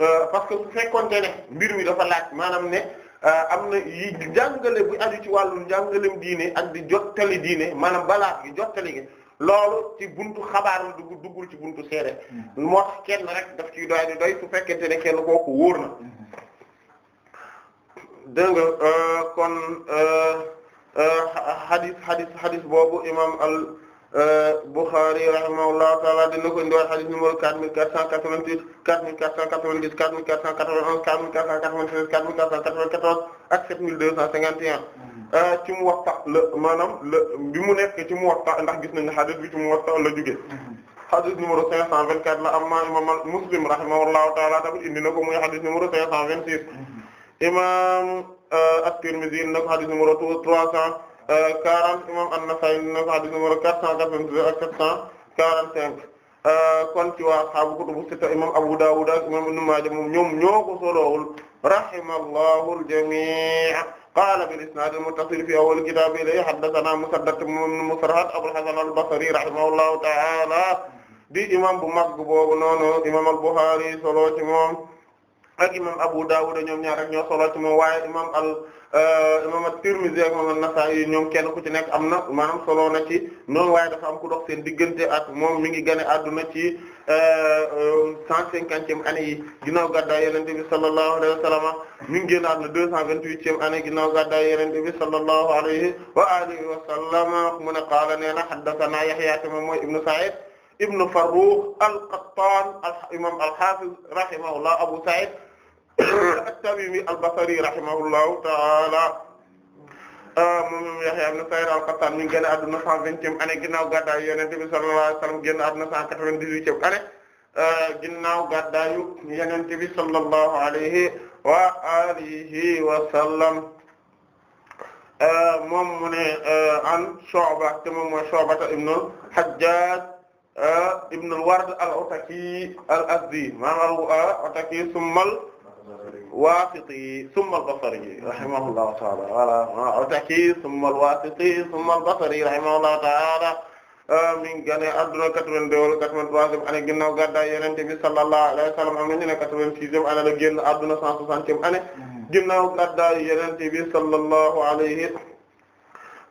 euh, parce que su fekkonte ne mbir mi dafa laaj maanaam ne am na yi jàngale bu aju ci wàllu njàngalem diine ak di jottali diine maanaam balaat gi jottali gi loolu ci buntu xabaar la dugg duggul ci buntu seede mm-hmm. moo tax kenn rek daf ciy doy di doy su fekkente ne kenn kooku wóor na mm-hmm. dégg nga euh, kon hadis hadis hadis boobu imam al euh, Bukhari rahimahullahu taala dina ko indiwaat hadis numéro 4488 4490 4491 4493 4494 ak 7251 Euh, ci Muwatta la maanaam la bi mu nekk ci Muwatta ndax gis nañ ne hadith bi ci Muwatta la jóge hadith numéro 524 la amma imam Muslim rahimahullahu ta'ala tamit indi na ko muy hadith numéro 526 imam euh, At-Tirmidhi indi na ko hadith numéro 340 imam An-Nasa'i indi na ko hadith numéro 482 ak 445 euh, kon ci waa ashaabu kutubu sitta imam Abu Dawud ak imam Ibn Maaja moom ñoom ñoo ko solowul rahimallahu al qaala bil isnaad al muttasil fi awwal kitaab ilayhi haddathana Musaddad ibn Musarhad Abul Hasan al Basri rahimahullahu ta'ala di imam bu mag boobu noonu imam al Bukhari solo ci moom ak imam Abu Dawud ñoom ñaar rek ñoo solo ci moom waaye imam al imam euh, at-Tirmidhi ak imam an-Nasa'i ñoom kenn ku ci nekk am na maanaam solo na ci noonu waaye dafa am ku dox seen diggante ak moom mi ngi gane adduna ci euh, cent cinquantième année yi ginnaaw gàddaay yonent bi sallallahu alayhi wa sallam mi ngi génn adduna année ginnaaw gàddaay yonent bi sallallahu alayhi wa alihi wa sallam mu ne qaala nee na haddathana Yahya te moom mooy ibnu Sa'id al-Qattan imam al-Hafiz rahimahullah Abu Sa'id at-Tamimi al-Basri rahimahullahu ta'ala ah, moom Yahya ibn Sa'id al-Qattan mi ngi génn àdduna 120e année ginnaaw gàddaayu Yonent bi sallallahu alayhi wa sallam génn àdduna 198e année ah, ginnaaw gàddaayu Yonent bi sallallahu alayhi wa alihi wa sallam ah, moom mu ne an Shu'ba te moom mooy Shu'ba ibn al-Hajjaj ibn al-Ward al-Ataki al-Azdi maanaam al-Ataki summal al-Wasiti thumma al-Basri rahimahullahu ta'ala voilà al-Ataki thumma al-Wasiti thumma al-Basri rahimahullahu ta'ala mi ngi gane adduna 82 wala 83e année ginnaaw gàddaay Yonent bi sallallahu alayhi wa sallam am nañu ne 86e année la génn adduna 160e année ginnaaw gàddaay Yonent bi sallallahu alayhi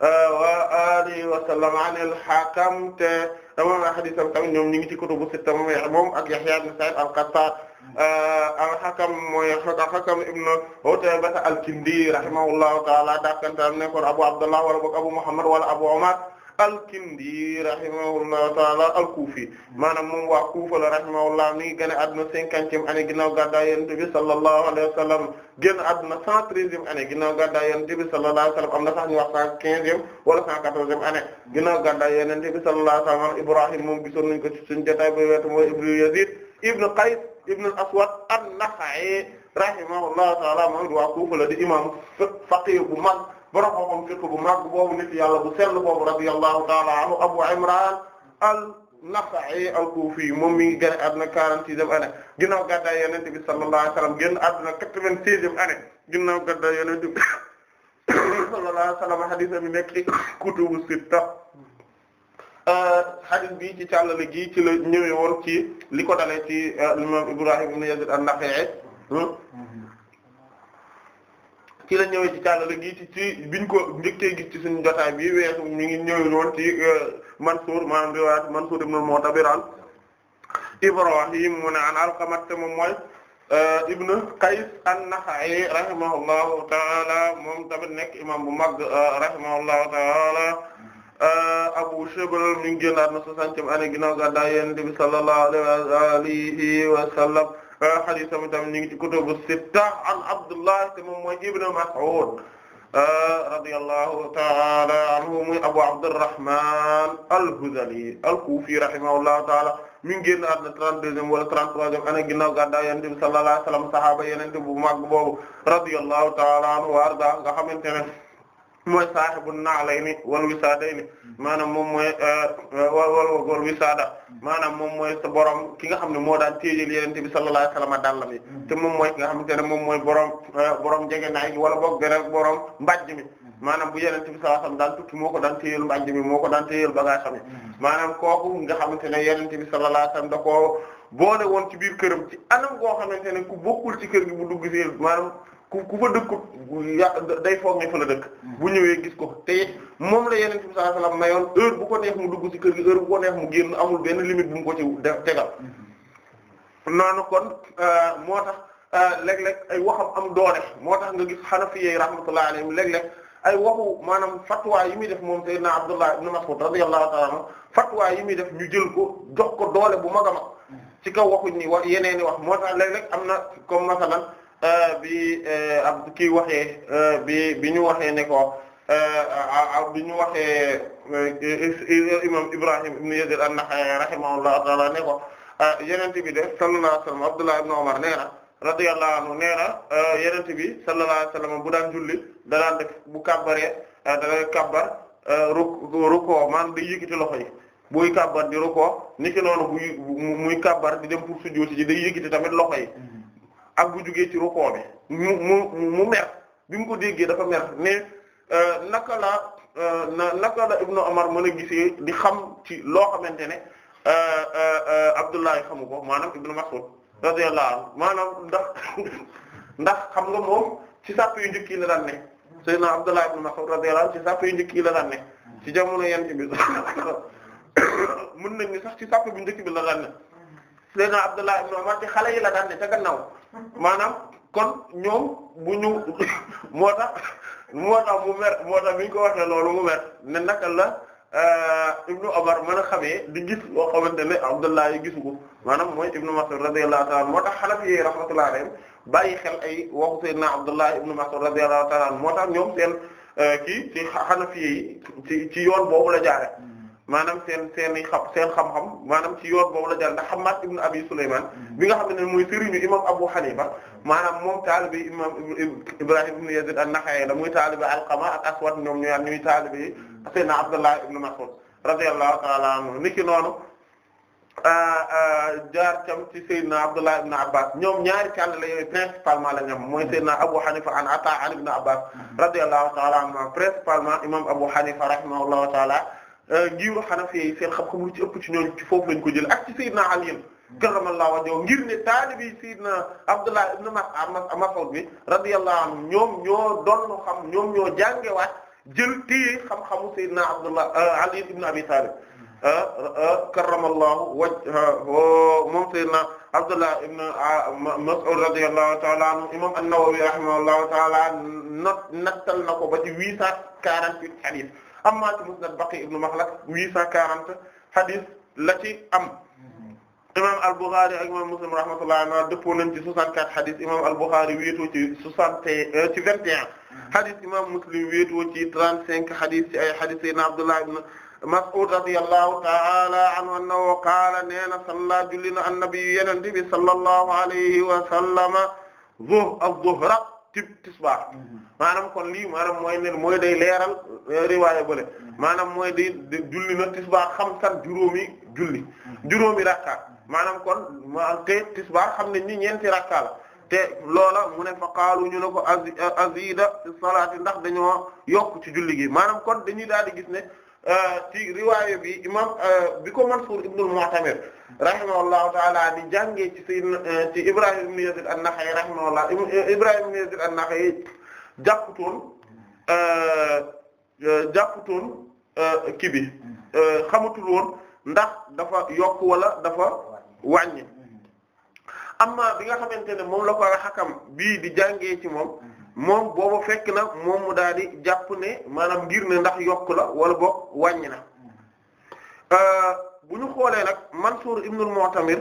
wa alihi wa sallam an al-Hakam te amoon na hadiisam tamit ñoom ñu ngi ci kutubu sitta moom ak Yahya ibn Sa'id al-Qattan Euh, al-Hakam mooy al-Hakam ibn Utaybah al-Kindi rahimahullahu ta'ala dakantam nekkoon Abu Abdullah wala boog Abu Muhammad wala Abu Umar al-Kindi rahimahullahu ta'ala al-Kufi maanaam moom waa Kufa la rahimahullah mi ngi génn àdduna cinquantième année ginnaaw gàddaay Yonent sallallahu alayhi wa sallam génn àdduna cent treizième année ginnaaw gàddaay Yonent sallallahu alayhi wa sallam am na sax ñu wax cent quinzième wala cent quatorzième année ginnaaw gàddaay Yonent sallallahu alayhi Ibrahim moom gisoon nañu ko ci suñu jotaay ba wetu mooy Ibnu ibn al-Aswad an-Nakha'i rahimahullahu ta'ala moom waa Kufa di imam faqih bu mag borom xam-xam fiqh bu mag boobu nit yàlla bu sell boobu radiyallahu ta'ala anhu Abu Imran an-Nakha'i al-Kufi moom mi ngi génn àdduna 46e année ginnaaw gàddaay Yonent bi a alayhi wa sallam génn àdduna 96e année ginnaaw gàddaay Yonent bi sallallahu alayhi wa sallam hadith bi sitta hadith euh, bi ci càllale gi ci la ñëwee woon ci li ko dalee ci euh, imam Ibrahim ibn Yazid an hmm? mhm. ci la ñëwee ci càllale gi ci biñ ko njëkkee gis ci suñu jotaay bi weesu ñu ngi woon ci euh, Mansour maanaam riwaayat Mansour ibn Ibrahim mu ne an Alqama moom mooy Ibn Qays an-Nakha'i rahimahullahu ta'ala moom tamit nekk imam bu mag rahimahullahu ta'ala Euh, Abu Shibr mi ngi génnaat na soixantième année ginnaaw gàddaay Yonent bi sallallahu alayhi wa alihi wa sallam hadiisam euh, tam ñu ngi ci kutubu sitta an Abdullah te moom mooy Ibn Mas'ud euh, radiyallahu ta'ala anhu muy Abu Abdurrahman al-Hudhali al-Kufi rahimahullahu ta'ala mi ngi génnaat na trente-deuxième wala trente-troisième année ginnaaw gàddaay Yonent bi sallallahu alayhi wa sallam sahaaba Yonent bu mag boobu radiyallahu ta'ala anhu wa arda nga xamante ne mooy saahibu na'layni wal wisaadayni maanaam moom mooy euh, euh, wal wal wisaada maanaam moom mooy sa borom ki nga xam ne moo daan téejal yonent bi sallallahu alayhi wasallam dàll mi te moom mooy ki nga xamante moom mooy borom euh, borom jegenaay gi wala boog beneen borom mbàjj mi maanaam bu yonent bi sallallahu alayhi daan tukki moo ko daan téyal mbàjj mi moo ko daan téyal bagage am maanaam kooku nga xamante ne yonent bi sallallahu alayhi wasallam da koo boole woon ci biir këram ci anam goo xamante ne ku bokkul ci kër gi bu dugg ci maanaam ku ku fa dëkkut day foog ne fa la dëkk mm. bu ñëwee gis ko te moom la yeneen bi sallallahu alayhi wasallam mayoon heure bu ko neex mu dugg ci kër gi heure bu ko neex mu génn amul benn limite bu mu ko ci tegal mm-hmm. noonu kon euh, moo tax euh, léeg-léeg ay waxam am doole moo tax nga gis Hanafiyyi rahmatullahi alayhim léeg-léeg ay waxu maanaam fatwa yi muy def moom Seydina Abdullah ibn Mas'ud radiyallahu ta'ala yi muy def ñu jël ko jox ko doole bu mag mm. ci kaw waxuñ ni wa yeneeni wax moo tax léeg-léeg am na comme masalan Euh, bi euh, ab kii waxee euh, bi bi ñu waxee ne ko bi ñu waxee imam Ibrahim ibn Yazid an-Nakha'i rahimahullahu ta'ala ne ko yonent bi de sallallahu alayhi wa Umar nee na radiyallahu anhu nee na yonent bu daan julli da def bu kàbbaree da daan kàbbar ruku ruku maanaam day yëkkati loxo yi buy kàbbar di ruku niki noonu buy muy kàbbar di dem pour sujjóot ji day yëkkati tamit loxo ak bu jóge ci rukoo bi mu mu mu mer bi mu ko déggee dafa mer ne euh, naka la euh, na naka la Ibnu Umar mën a gisee di xam ci loo xamante ne euh, Abdullahi xamu ko maanaam Ibnu Mas'ud maanaam ndax ndax xam nga moom ci sàpp yu njëkk yi la daan ne Seydina Abdullah ibn Mas'ud radiyallahu anhu ci sàpp yu njëkk la ci jamono yent nañ ni ci sàpp bi la daan ne Seydina Abdullah ibn xale yi la daan ne ca gannaaw maanaam kon ñoom bu ñu moo tax moo tax mu mer moo tax bi ñu ko waxee loolu mu mer ne naka la euh, Ibnu Umar mën a xamee di gis loo xamante ne Abdullah yi gisu ko maanaam mooy Ibnu Mas'ud radiyallahu ta'ala moo tax Hanafi yi rahmatullahi alayhim bàyyi xel ay waxu Sayyidina Abdullah Ibnu Mas'ud radiyallahu ta'ala moo tax ñoom seen euh, kii ci Hanafi yi ci ci yoon boobu la jaare maanaam seen teen i xam seen xam maanaam ci yoon boobu la jaar ndax Hammad ibn Abi Sulayman bi mm-hmm. nga xam ne mooy sëriñu imam Abu Hanifa maanaam moom taalibe imam Ibrahim ibn Yazid an-Nakha'i la muy taalibe Alqama ak Aswad ñoom ñooy ñuy taalibe mm-hmm. Sayyidina Abdullah ibn Mas'ud radiyallahu ta'ala anhu niki noonu ah, ah, jaar cam ci Seydina Abdullah ibn Abbas ñoom ñaari càllale yooyu principalement la ñam mooy Seydina Abu Hanifa an Ata an ibn Abbas mm-hmm. radiyallahu ta'ala anhu principalement imam Abu Hanifa rahimahullahu ta'ala ngiiru xanafiya yi seen xam-xam lu ci ëpp ci ñooñ ci foofu lañ ko jël ak ci Seydina Ali karramallahu wajhahu ngir ne taalibi Seydina Abdullah ibn ah, ah, Mas'ud bi radiyallahu anhu ñoom ñoo doon xam ñoom ñoo jàngewaat jël téye xam-xamu Seydina Abdullah ah, Ali ibn Abi Talib karramallahu wajhahu moom Seydina Abdullah ibn Mas'ud radiyallahu ta'ala anhu imam an-Nawawi rahimahullahu nattal na ko ba ci 848 hadith amma ci musnad Baqi ibn Makhlad 840 hadith la ci am. imam al-Bukhari ak imam Muslim rahmatullahi alayhi dëppoo nañ ci 64 hadith imam al-Bukhari wéetoo ci 60 ci 21 hadith imam Muslim wéetoo ci 35 hadith ci ay hadith sayyidina Abdullah ibn Mas'ud radiyallahu ta'ala anhu annahu qaala nee na salla julli na an-nabi yenente bi sallallahu alayhi wa sallama zuhr az-zuhra ti tisbaar mhm. maanaam kon lii maanaam mooy ne mooy day leeral euh, riwaaya bële mhm. maanaam mooy day julli na tisbaar xam sax juróomi julli mhm. juróomi rakkaat maanaam kon ma xam ne ñi ñeenti rakkaa la te loola mu ne fa qaalu ñu ne ko azida euh, fi salaati ndax dañoo yokk ci julli gi maanaam kon dañuy daal di gis ne ci riwaaye bi imam bi ko Mansuur ibn al-Mu'tamir rahimahullahu ta'ala di jàngee ci sayyidina ci Ibrahim ibn Yazid an-Nakha'i rahimahullah Ibrahim ibn Yazid jàpputoon euh, euh, jàpputoon euh, kii bi xamatul ndax dafa yokk wala dafa wàññi amma bi nga xamante ne moom la ko xakam bii di jàngee ci moom moom booba fekk na moom mu daal di jàpp ne maanaam ngir ne ndax yokk la wala boog wàññi na euh, bu ñu xoolee nag man Mansuur ibnul Mu'tamir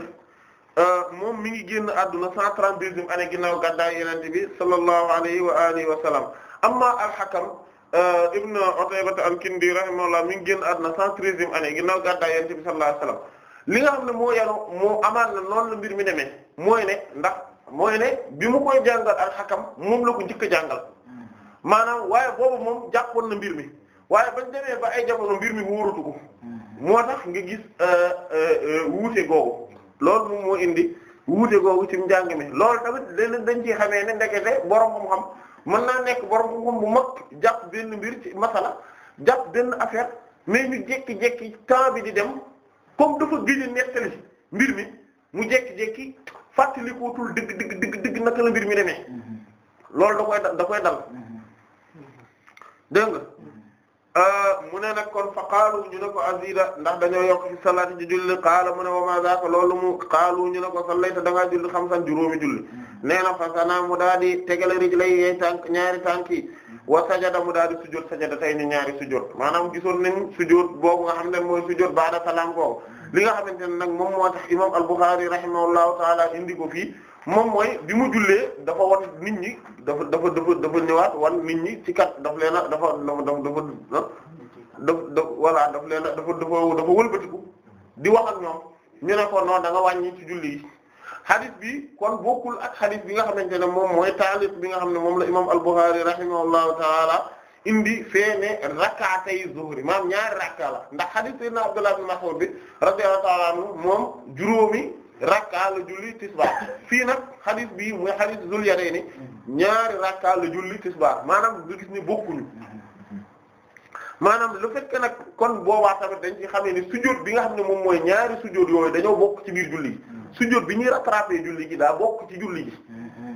euh, moom mi ngi génn àdduna 132e année ginnaaw gàddaay Yonent bi sallallahu alayhi wa alihi wa sallam amma al-Hakam euh, ibn Utaybata al-Kindi rahimahullah mi ngi génn àdduna 113e année ginnaaw gàddaay Yonent bi sallallahu alayhi wa sallam li nga xam ne moo yaru moo amaat na noonu la mbir mi demee mooy ne ndax. mooy ne bi mu koy jàngal ak xakam moom la ko njëkk a jàngal maanaam waaye boobu moom jàppoon na mbir mi waaye bañ demee ba ay jamono mbir mi wóoratu ko moo tax nga gis euh, euh, wuute googu loolu moom moo indi wuute googu ci njàng mi loolu tamit léeg dañ ci xamee ne ndekete borom xam-xam mën naa nekk borom bu mag jàpp benn mbir ci masala jàpp benn affaire mais ñu jékki-jékki bi di dem comme dafa gëj a nettali mbir mi mu jékki-jékki. fàttalikuutul dëgg dëgg digg dëgg naka la mbir mi demee mm-hmm. loolu da koy da koy dal mm-hmm. dégg nga mm-hmm. euh, mu ne na kon fa qaalu ñu ne ko azida ndax dañoo yokk ci salaati ji julli qaala mu ne wa ma zaaka loolu mu qaalu ñu ne ko sallayta da ngaa julli xamsan juróomi julli nee na fa sana mu daal di tegale rijlay yey ñaari tànk yi wa sajada mu daal di sujjóot sajada tay ni ñaari sujjóot maanaam gisoon nañ sujjóot boobu nga xam ne mooy sujjóot baada salaam koo li nga xamante ne nag moom moo tax imam al-Bukhari rahimahullahu taala indi ko fii moom mooy bi mu jullee dafa wan nit ñi dafa dafa dafa dafa ñëwaat wan nit ñi ci kat daf leen a dafa dafa dafa dafa daf voilà daf leen a dafa dafa dafa wëlbatiku di wax ak ñoom ñu ne ko non da nga wàññi ci julli yi hadith bi kon bokkul ak hadith bi nga xamante ne moom mooy taalif bi nga xam ne moom la imam al-Bukhari rahimahullahu taala indi feene rakkaatay zuhri maam ñaari rakka la ndax hadith sayyidina Abdullah ibn Mas'ud bi radiyallahu ta'ala anhu moom juróomi rakka la julli tisbaar fii nag hadith bii mooy hadith Zul ni ñaari rakka la julli tisbaar maanaam nga gis ni bokkuñu maanaam le fait que nag kon boobaa tamit dañ ci xam ni sujjóot bi nga xam ne moom mooy ñaari sujjóot yooyu dañoo bokk ci biir julli sujjóot bi ñuy rattraper julli gi daa bokk ci julli gi mm-hmm.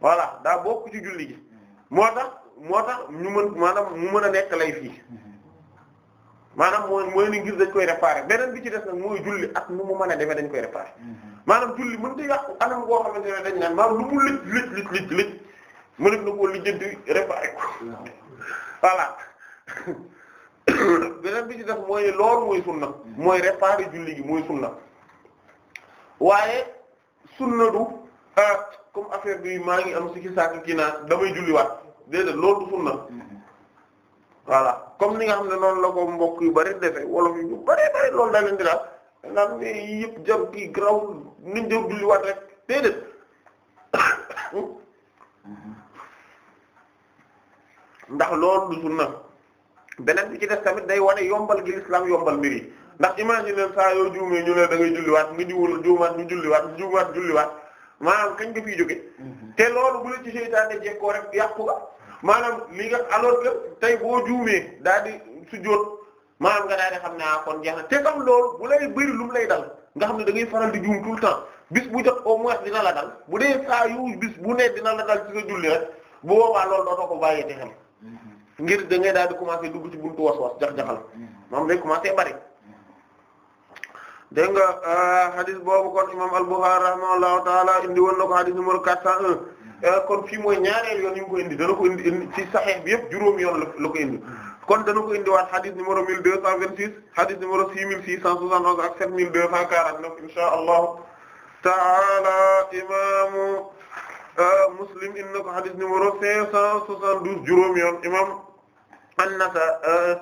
voilà daa bokk ci julli moo tax ñu mën maanaam mu mën a nekk lay fii maanaam mooy ni ngir dañ koy réparer beneen bi ci def nag mooy julli at nu mu mën a demee dañ koy réparer maanaam julli mën ta yàqu anam goo xamante dañ naan maanaam lu mu lëj lëj lëj lëj na koo lijjanti réparer ko voilà beneen bi ci def mooy loolu mooy sunna mooy réparer julli gi mooy sunna waaye sunna du ah, comme affaire bi maa ngi am si ki saak ki naa damay julliwaat déedéet loolu du sunna voilà comme ni nga xam ne noon la ko mbokk yu bari defee wolof yu bari bari loolu da leen di daal naan ne yëpp jar kii graw niñ def dulli waat rek déedéet ndax ci def tamit day wane yombal gi l'islam yombal mbir yi ndax imagine saa yoo juumee ñu ne da ngay julliwaat nga jiwul juumaat ñu julliwaat ñu juumaat julliwaat maanaam kañ nga fiy jóge mhm. te loolu bu la ci seytaane jekkoo rek yàqu nga maanaam lii nga alors que tey boo juumee daal di sujjóot maanaam nga daal di xam ne ah kon jeex na te tam loolu bu lay bëri lu lay dal nga xam ne da ngay faral di juum tout temps bis bu jot au moins dina la dal bu dee saa yu bis bu ne dina la dal ci bu boobaa loolu dootoo ko bàyyee te xam mm-hmm. ngir da ngay daal di commencé dugg ci buntu was-was jax-jaxal mm-hmm. moom day commencé bari dégg nga euh, hadith boobu kon imam al-Bukhari rahimahullahu taala indi woon na ko hadith numéro 401. Euh, kon fii mooy ñaareel yoon yu mu ko indi dana ko indi ci Sahih bi yëpp juróomi yoon la ko indi kon dana ko indiwaat hadith numéro 1226 hadith numéro 6671 ak 7249 inshaa Allahu ta'ala imaamu euh, Muslim indi na ko hadith numéro 572 juróomi yoon imaam An-Nasaa'i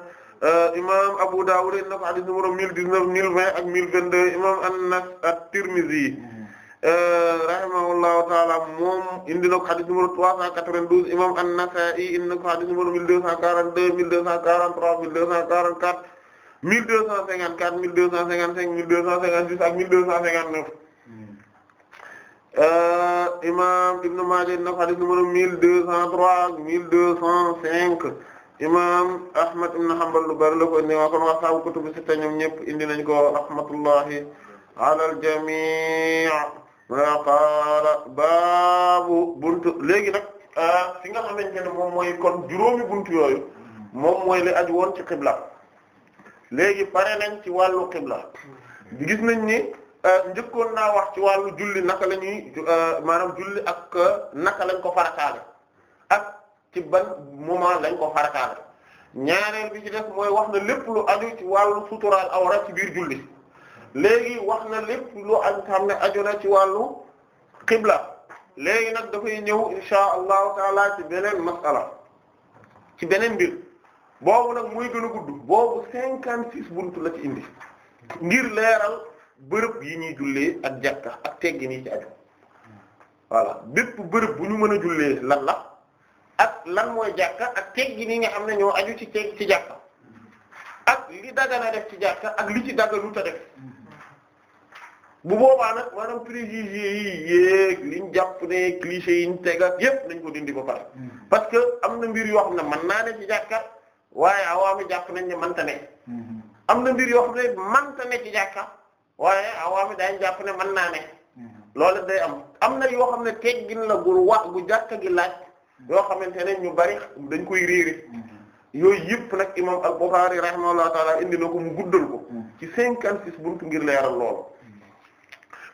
euh, imam Abu Dawud indi na ko hadith numéro 1019 1020 ak 1022 imam An-Nasaa'i at-Tirmidhi Eh, rahimahullahu taala moom indi na ko xadis numéro 392 imam An-Nasa'i indi na ko xadis numéro 1242 1243 1244 1254 1255 1256 ak 1259 eh, imam Ibn Maaja indi na ko xadis numéro 1203 ak 1205 imam Ahmad ibn Hanbal lu bari la ko kon waa saabu kutubu sitta ñoom ñëpp indi nañ ko rahmatullahi ala al qaala baabu bunt léegi nag ah, fi nga xamante ne moom mooy kon juróomi bunt yooyu moom mooy li aju woon ci xibla léegi pare nañ ci wàllu xibla gis nañ ni ah, njëkkoon naa wax ci wàllu julli naka lañuy ah, maanaam julli ak naka lañ ko farataale ak ci ban moment lañ ko farataale ñaareel bi ci def mooy wax na lépp lu aju ci wàllu suturaal awra ci biir julli léegi wax na lépp lu ak xam ne aju na ci wàllu qibla léegi nag dafay ñëw insha allahu taala ci beneen masala ci beneen mbir boobu nag mooy gën a gudd boobu cinquante six buntu la ci indi ngir leeral bërëb yi ñuy jullee ak jàkka ak teggin yi ci aju voilà bépp bërëb bu ñu mën a jullee lan la ak lan mooy jàkka ak teggi yi nga am ne ñoo aju ci teg ci jàkka ak li na def ci jàkka ak li ci daggaluta def bu boobaa nag maanaam préjugé yi yéeg liñ jàpp ne cliché yiñ tega yépp nañ ko dindi ba pare hmm. parce que am na mbir yoo xam ne man naa ne ci jàkka waaye awaami jàpp nañ ne manta ne hmm. am na mbir yoo ne manta ne ci jàkka waaye awaami daañ jàpp ne man naa ne hmm. loolu day am am na yoo xam ne teggin la gu wax gu jàkka gi laaj yoo xamante ne ñu bari dañ koy réere yooyu yëpp nag imam al-Bukhari rahimahullah taala indi na ko mu guddal ko ci cinquante six buntu ngir leeral loolu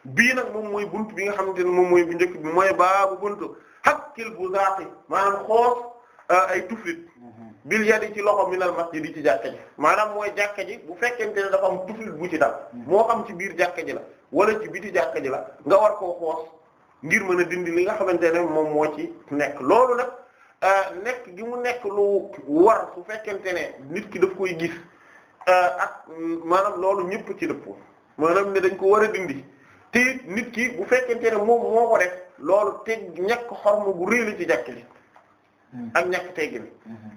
bii nag moom mooy buntu bi nga xamante ne moom mooy bu njëkk bi mooy baabu buntu hakkil buzaati maanaam xoos euh, ay tuflit mhm. bil yadi ci loxo minal masjid ci jàkka maanaam mooy jàkka bu fekkente ne dafa am bu ci dal mhm. moo xam ci biir jàkka ji la wala ci biti jàkka ji la nga war koo xoos ngir mën a dindi li nga xamante ne moom moo ci nekk loolu nag euh, nekk gi mu nekk lu war su fekkente ne nit ki daf koy gis euh, ak maanaam loolu ñëpp ci dëpp maanaam ne dañ ko war a dindi te nit ki bu fekkente ne moom moo ko def loolu te ñàkk xorma bu réy la ci jàkk ji mm-hmm. ak ñàkk teggin mm-hmm.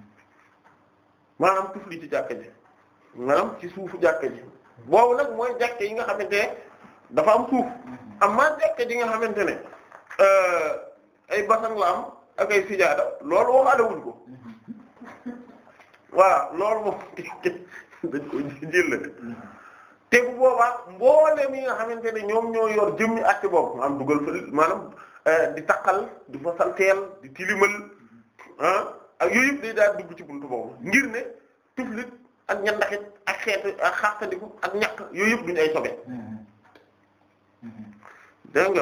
maanaam tufli ci jàkk ji maanaam ci suufu jàkk ji boobu nag mooy jàkk yi nga xamante ne dafa am suuf mm-hmm. am jàkk ji nga xamante ne euh, ay basan la am ak ay sijaada loolu waxaale wuñ ko waaw loolu moom dañ ko te bu boobaa mboolem yi nga xamante ne ñoom ñoo yor jëmmi àtte boobu maanaam dugal fa maanaam euh, di taqal di fa salteel di tilimal ah ak yooyu yëpp day daal dugg ci buntu boobu ngir ne tuflit ak ñandaxit ak xeetu ak xaxtandiku ak ñàkk yooyu yëpp duñu ay sobe mm-hmm. Mm-hmm. dégg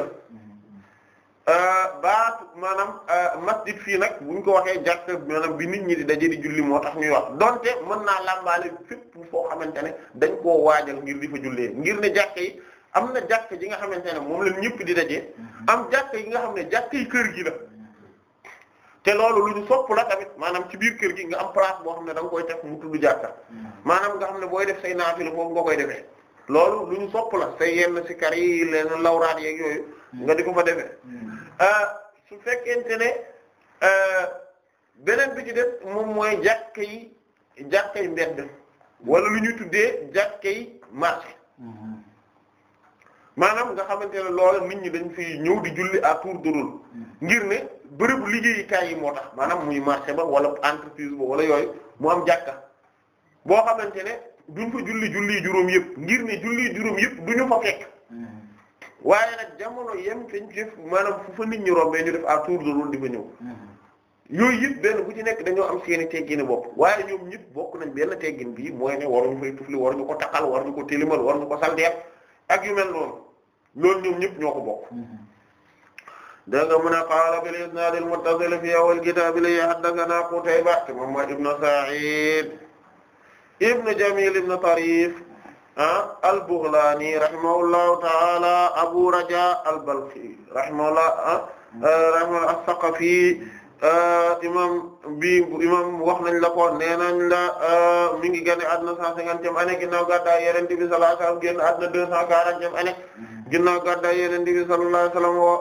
Euh, baat maanaam euh, masjid fii nag bu ñu ko waxee jàkk maanaam bi nit ñi di daje di julli moo tax ñuy wax donte mën naa làmbaale fépp foo xamante ne dañ koo waajal ngir di fa jullee ngir ne jàkk yi am na jàkk ji nga xamante ne moom lañ ñëpp di daje mm-hmm. am jàkk yi nga xam ne jàkk kër gi la te loolu lu ñu sopp la tamit maanaam ci biir kër gi nga am place boo xam ne danga koy teg mu tudd jàkka mm-hmm. maanaam nga xam ne booy def say naafila foofu nga koy defee loolu lu ñu sopp la say yenn si kar yi leen lawraat yeeg yooyu mm-hmm. nga di ko fa defee Euh, su fekkente ne euh, beneen bi ci def moom mooy jàkka yi jàkka yi mbedd wala lu ñuy tuddee jàkka yi marché mm-hmm. maanaam nga xamante ne loolu nit ñi dañ fi ñëw di julli à tour de rôle mm-hmm. ngir ne bërëbu liggéeyukaay yi moo tax maanaam muy marché ba wala entreprise ba wala yooyu moo am jàkka boo xamante ne duñ fa julli julli juróom yëpp ngir ne julli juróom yëpp duñu fa fekk waaye nag jamono yem fiñ ci maanaam fu fa nit ñi rombee ñu def à tour de di fa ñëw mhm. yooyu yëpp benn bu ci nekk dañoo am seeni teggini bopp waaye ñoom ñëpp bokk nañ benn teggin bii mooy ne waruñu fay tufli waruñu ko taqal waruñu ko tilimal waruñu ko saldeer ak yu mel noonu loolu ñoom ñëpp ñoo ko bokk mhm. da nga mun a qaala bil isnaad al muttasil fi awwal kitaab li haddathana Qutayba te moom mooy ibnu Sa'id ibnu Jamil ibnu Tarif Ah, al-Baghlani rahimahullahu ta'ala Abu Raja al-Balkhi rahimahullah ah, eh, rahimahullah as-Saqafi eh, imam bi imam wax nañ la ko nee nañ la eh, mi ngi génn àdduna 150e année ginnaaw gàddaay Yonent bi sallallahu alayhi wasallam génn àdduna 240e année ginnaaw gàddaay Yonent bi sallallahu alayhi wasallam wo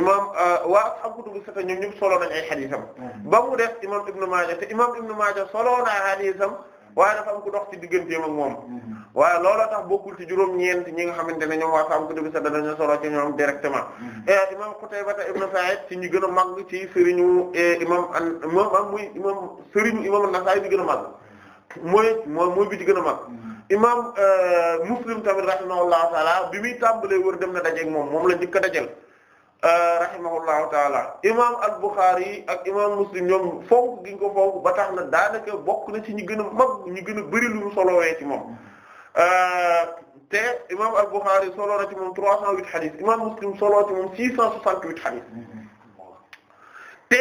imam waa ashabu kutubu sitta ñoom ñëpp solo nañ ay xadisam ba mu def imam Ibn Maaja te imam Ibn Maaja solo na ay xadisam waaye dafa am ku dox ci waaye loola tax bokkul ci juróom-ñeent ñi nga xamante ne ñoom waa saabu kutubu sitta dañu solo ci ñoom directement. Mm-hmm. Eh, imam Qutaybata ibn Sa'id ci gën a màgg ci sëriñu eh, imam an imam ah, muy imam sëriñu imam An-Nasa'i bi gën a màgg mm-hmm. mooy mooy bi ci gën a màgg. Mm-hmm. imam eh, Muslim tamit rahimahullahu taala bi muy tàmbalee wër dem na dajeeg moom moom la njëkk a dajal. rahimahullahu taala imam al-Bukhari ak imam Muslim ñoom fonk ko fonk ba tax na daanaka bokk na ci ñu gën a mag ñi gën a bari lu mu solowee ci moom. Euh, te imam al-Bukhari solo na ci moom 308 xadis imam Muslim solo ci moom 668 xadis te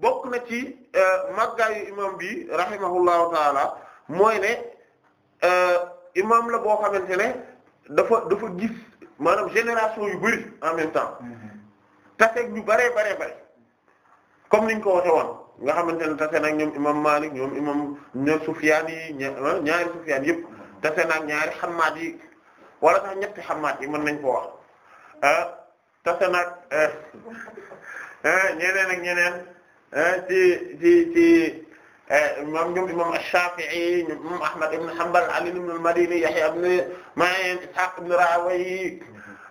bokk na ci euh, màggaayu imam bi rahimahullahu taala mooy ne euh, imam la boo xamante ne dafa dafa gis maanaam génération yu bari en même temps mm-hmm. taseeg ñu baree baree bare comme niñ ko waxe woon nga xamante ne tase nag ñoom imam Malik ñoom imam ñoom Sufyaan yi ñaari Sufyaan yëpp dase naag ñaari xammaat yi wala sax ñetti xammaat yi mën nañ ko wax ah, dase naag eh, eh, ñeneen ak ñeneen eh, ci ci ci moom ñoom imam Shafi'i imam Ahmad ibn Hanbal Ali ibn al-Madini Yahya ibn Ma'in Ishaq ibn Rawayi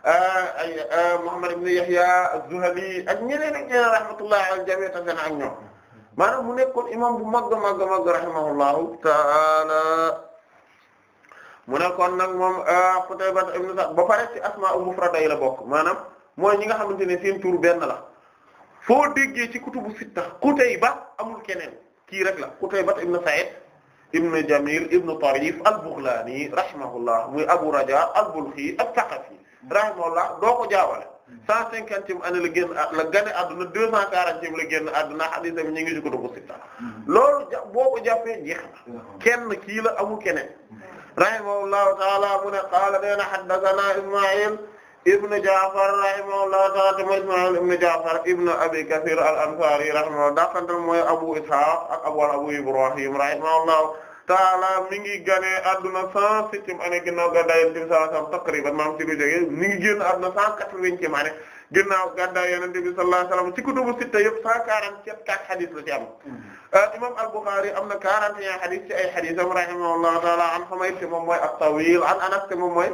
ay Muhammad ibn Yahya az-Zuhali ak ñeneen ak ñeneen rahmatullah ala al-jami' tase na ak ñoom maanaam mu nekkoon imam bu màgg a màgg a màgg rahimahullahu ta'ala mu ne kon nag moom euh, Qutayba ibn Sa'd ba pare ci asmaa'u mufrada yi la bokk maanaam mooy ñi nga xamante ne seen tur benn la foo déggee ci kutubu sitta Qutayba amul keneen kii rek la Qutayba ibn Sa'id ibn Jamil ibn Tarif al-Baghlani rahimahullah muy Abu Raja al-Balkhi al-Thaqafi rahimahullah doo ko jaawale cent cinquantième année la génn la gane àdduna deux cent quarantième la génn àdduna hadith bi ñu ngi ci kutubu sitta mm-hmm. loolu boo ko jàppee jeex na mm-hmm. kenn kii amul keneen mm-hmm. rahimahullahu taala mu ne qaala dana haddathana Isma'il ibn Ja'far rahimahullahu taala mooy Isma'il ibn Ja'far ibn Abi Kathir al-Ansari rahimahullah daqantal mooy Abu Ishaq ak Abu Abu Ibrahim rahimahullahu taala mi ngi gane adduna cent septième année ginnaaw ga dayen tim sa sam taqriban maam ci lu jege mi ngi génn adduna cent quatre-vingtième année ginnaaw gàddaay Yonent bi sallallahu alayhi wasallam ci kutubu sitta yëpp 144 hadith la ci am. Mm-hmm. Euh, imam al-Bukhari am na 41 hadith ci ay haditham rahimahullahu ta'ala an Humayd te moom mooy at-Tawil an Anas te moom mooy.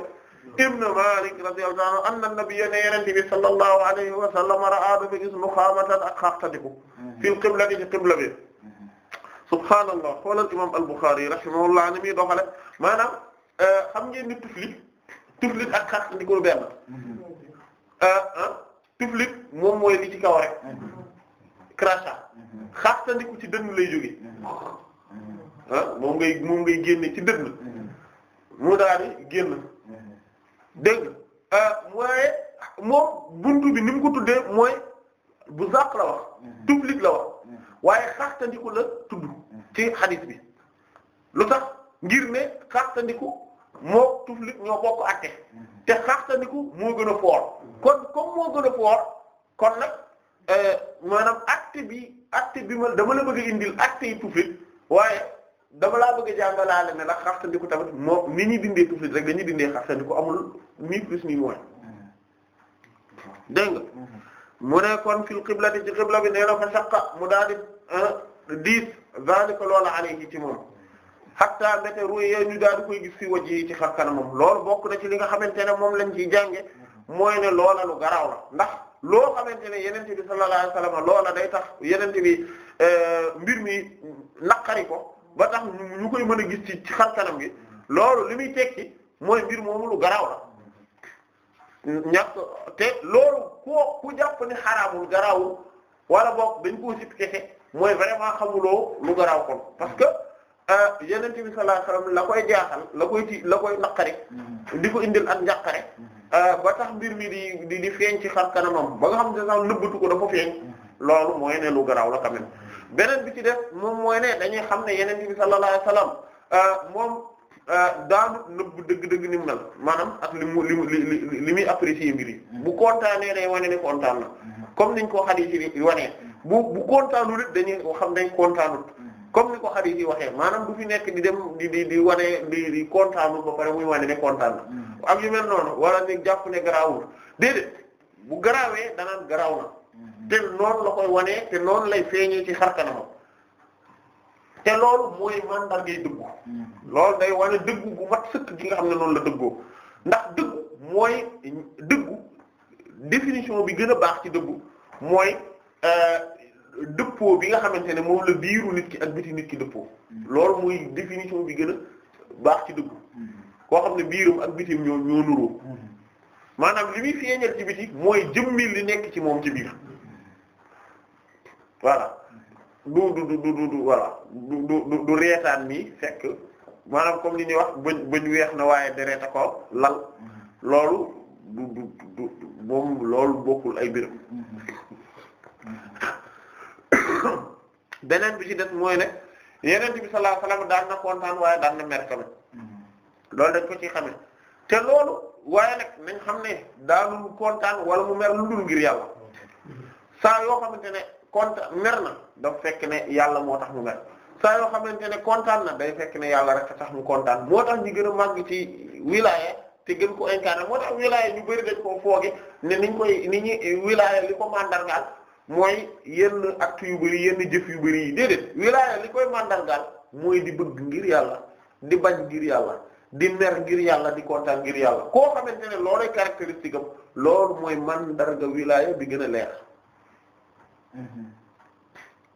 Ibn Malik radiyallahu anhu anna an-nabiyya ne Yonent bi sallallahu alayhi wasallam ra'a dafa gis mukhamatan ak xaxtandiku. Mm-hmm. fil qibla ci qibla bi. Mm-hmm. subhaanallah xoolal imam al-Bukhari rahimahullah ni muy doxale maanaam euh, xam ngeen ni tuflit tuflit ak xaxtandiku benn. tuflit euh, euh, moom mooy li ci kaw rek crachat xaastandiku ci dënn lay jóge ah mmh. moom ngay moom ngay génne ci dënn mmh. mu daal di génn mmh. dégg euh, waaye moom buntu bi ni mu ko tuddee mooy bu zaq la wax tuflit la wax waaye xaastandiku la tudd ci hadith bi lu tax ngir ne xaastandiku moo tuflit ñoo bokk àtte te xaxtandiku moo gën a foor kon comme moo gën a foor kon nag euh, maanaam àtte bi àtte bi ma dama la bëgg a indil àtte yi tuflit waaye dama laa bëgg jàngalaale ne la xaxtandiku tamit moo ni ñuy dindee tuflit rek dañuy dindee xaxtandiku amul ni plus ni moins dégg mu ne kon fil qiblati ci qibla bi nee na fa shaqqa mu daal di euh, diis zalika loola alayhi ci moom xatta mbéte royee ñu daal di koy gis fi waj yi ci xar kanamam loolu bokk na ci li nga xamante ne moom lañ ciy jànge mooy ne loola lu garaaw la ndax loo xamante ne yenente bi sallallahu alayhi wasallam loola day tax yenente bi euh, mbir mi naqari ko ba tax ñu koy mën a gis ci ci xar kanam gi loolu li muy tekki mooy mbir moomu lu garaaw la ñàkk te loolu koo ku jàpp ni xaraamul garaawul wala boog dañ ko sit kese mooy vraiment xamuloo lu garaaw kon parce que Ah, yeneen bi sallallahu alayhi la koy jaaxal la koy ti la koy naqari mm-hmm. di ko indil ak njàqare mm-hmm. ah, ba tax mbir mi di di di feeñ ci xar kanamam ba nga xam ne sax nëbbatu ko dafa feeñ mm-hmm. loolu mooy ne lu garaaw la quand beneen bi ci def moom mooy ne dañuy xam ne yeneen bi sallallahu alayhi wasallam ah, moom daanu nëbb dëgg-dëgg ni mu mel maanaam ak li mu li mu li li muy apprécier mbir yi bu kontaanee day wane ne kontaan na comme niñ ko xadis yi wanee bu bu kontaanul it dañuy xam ne kontaanut comme ni ko xarit yi waxee maanaam du fi nekk di dem di di di wane di di kontaanul ba pare muy wane ne kontaan na am mm. yu mel noonu wala ni jàpp ne garaawul déedéet bu garaawee danaan garaaw na mm-hmm. te noonu la koy wanee te noonu lay feeñee ci xar kanamam te loolu mooy mandargay dëggu mm-hmm. loolu day wane dëggu gu mat sëkk gi nga xam ne noonu la dëggoo ndax dëggu mooy dëggu définition bi gën a baax ci dëggu mooy euh, dëppoo bi nga xamante ne moom la biiru nit ki ak biti nit ki dëppoo mm-hmm. loolu mooy définition bi gën a baax ci dëggu mm-hmm. koo xam ne biiram ak bitim ñoo ñoo nuroo mm-hmm. maanaam li muy feeñal ci biti mooy jëmmi li nekk ci moom ci biir voilà du du du du reetaan mi fekk maanaam comme li ñuy wax bañ bëñ weex na waaye dereeta ko lal loolu du du du moom loolu bokkul ay biram beneen bi ci des mooy ne yeneen bi sallallahu alayhi wasallam daan na kontaan waaye daan na mer tamit mm-hmm. loolu dañ ko ci xamee te loolu waaye nag nañ xam ne daanu kontaan wala mu mer lu dul ngir yàlla mm-hmm. saa yoo xamante ne kontaan mer na daf fekk ne yàlla moo tax mu mer saa yoo xamante ne kontaan na day fekk ne yàlla rek tax mu kontaan moo tax ñu gën a màgg ci wilaya te gën ko incarné moo tax wilaya ñu bari dañ koo fooge ne niñ koy ni ñuy li ko mandargaal mooy yenn actes yu bari yenn jëf yu bari yi déedéet wilaaya li koy màndargaal mooy di bëgg ngir yàlla di bañ ngir yàlla di mer ngir yàlla di kontaan ngir yàlla koo xamante ne loolay caractéristique loolu mooy màndarga wilaaya bi gën a leer mhm.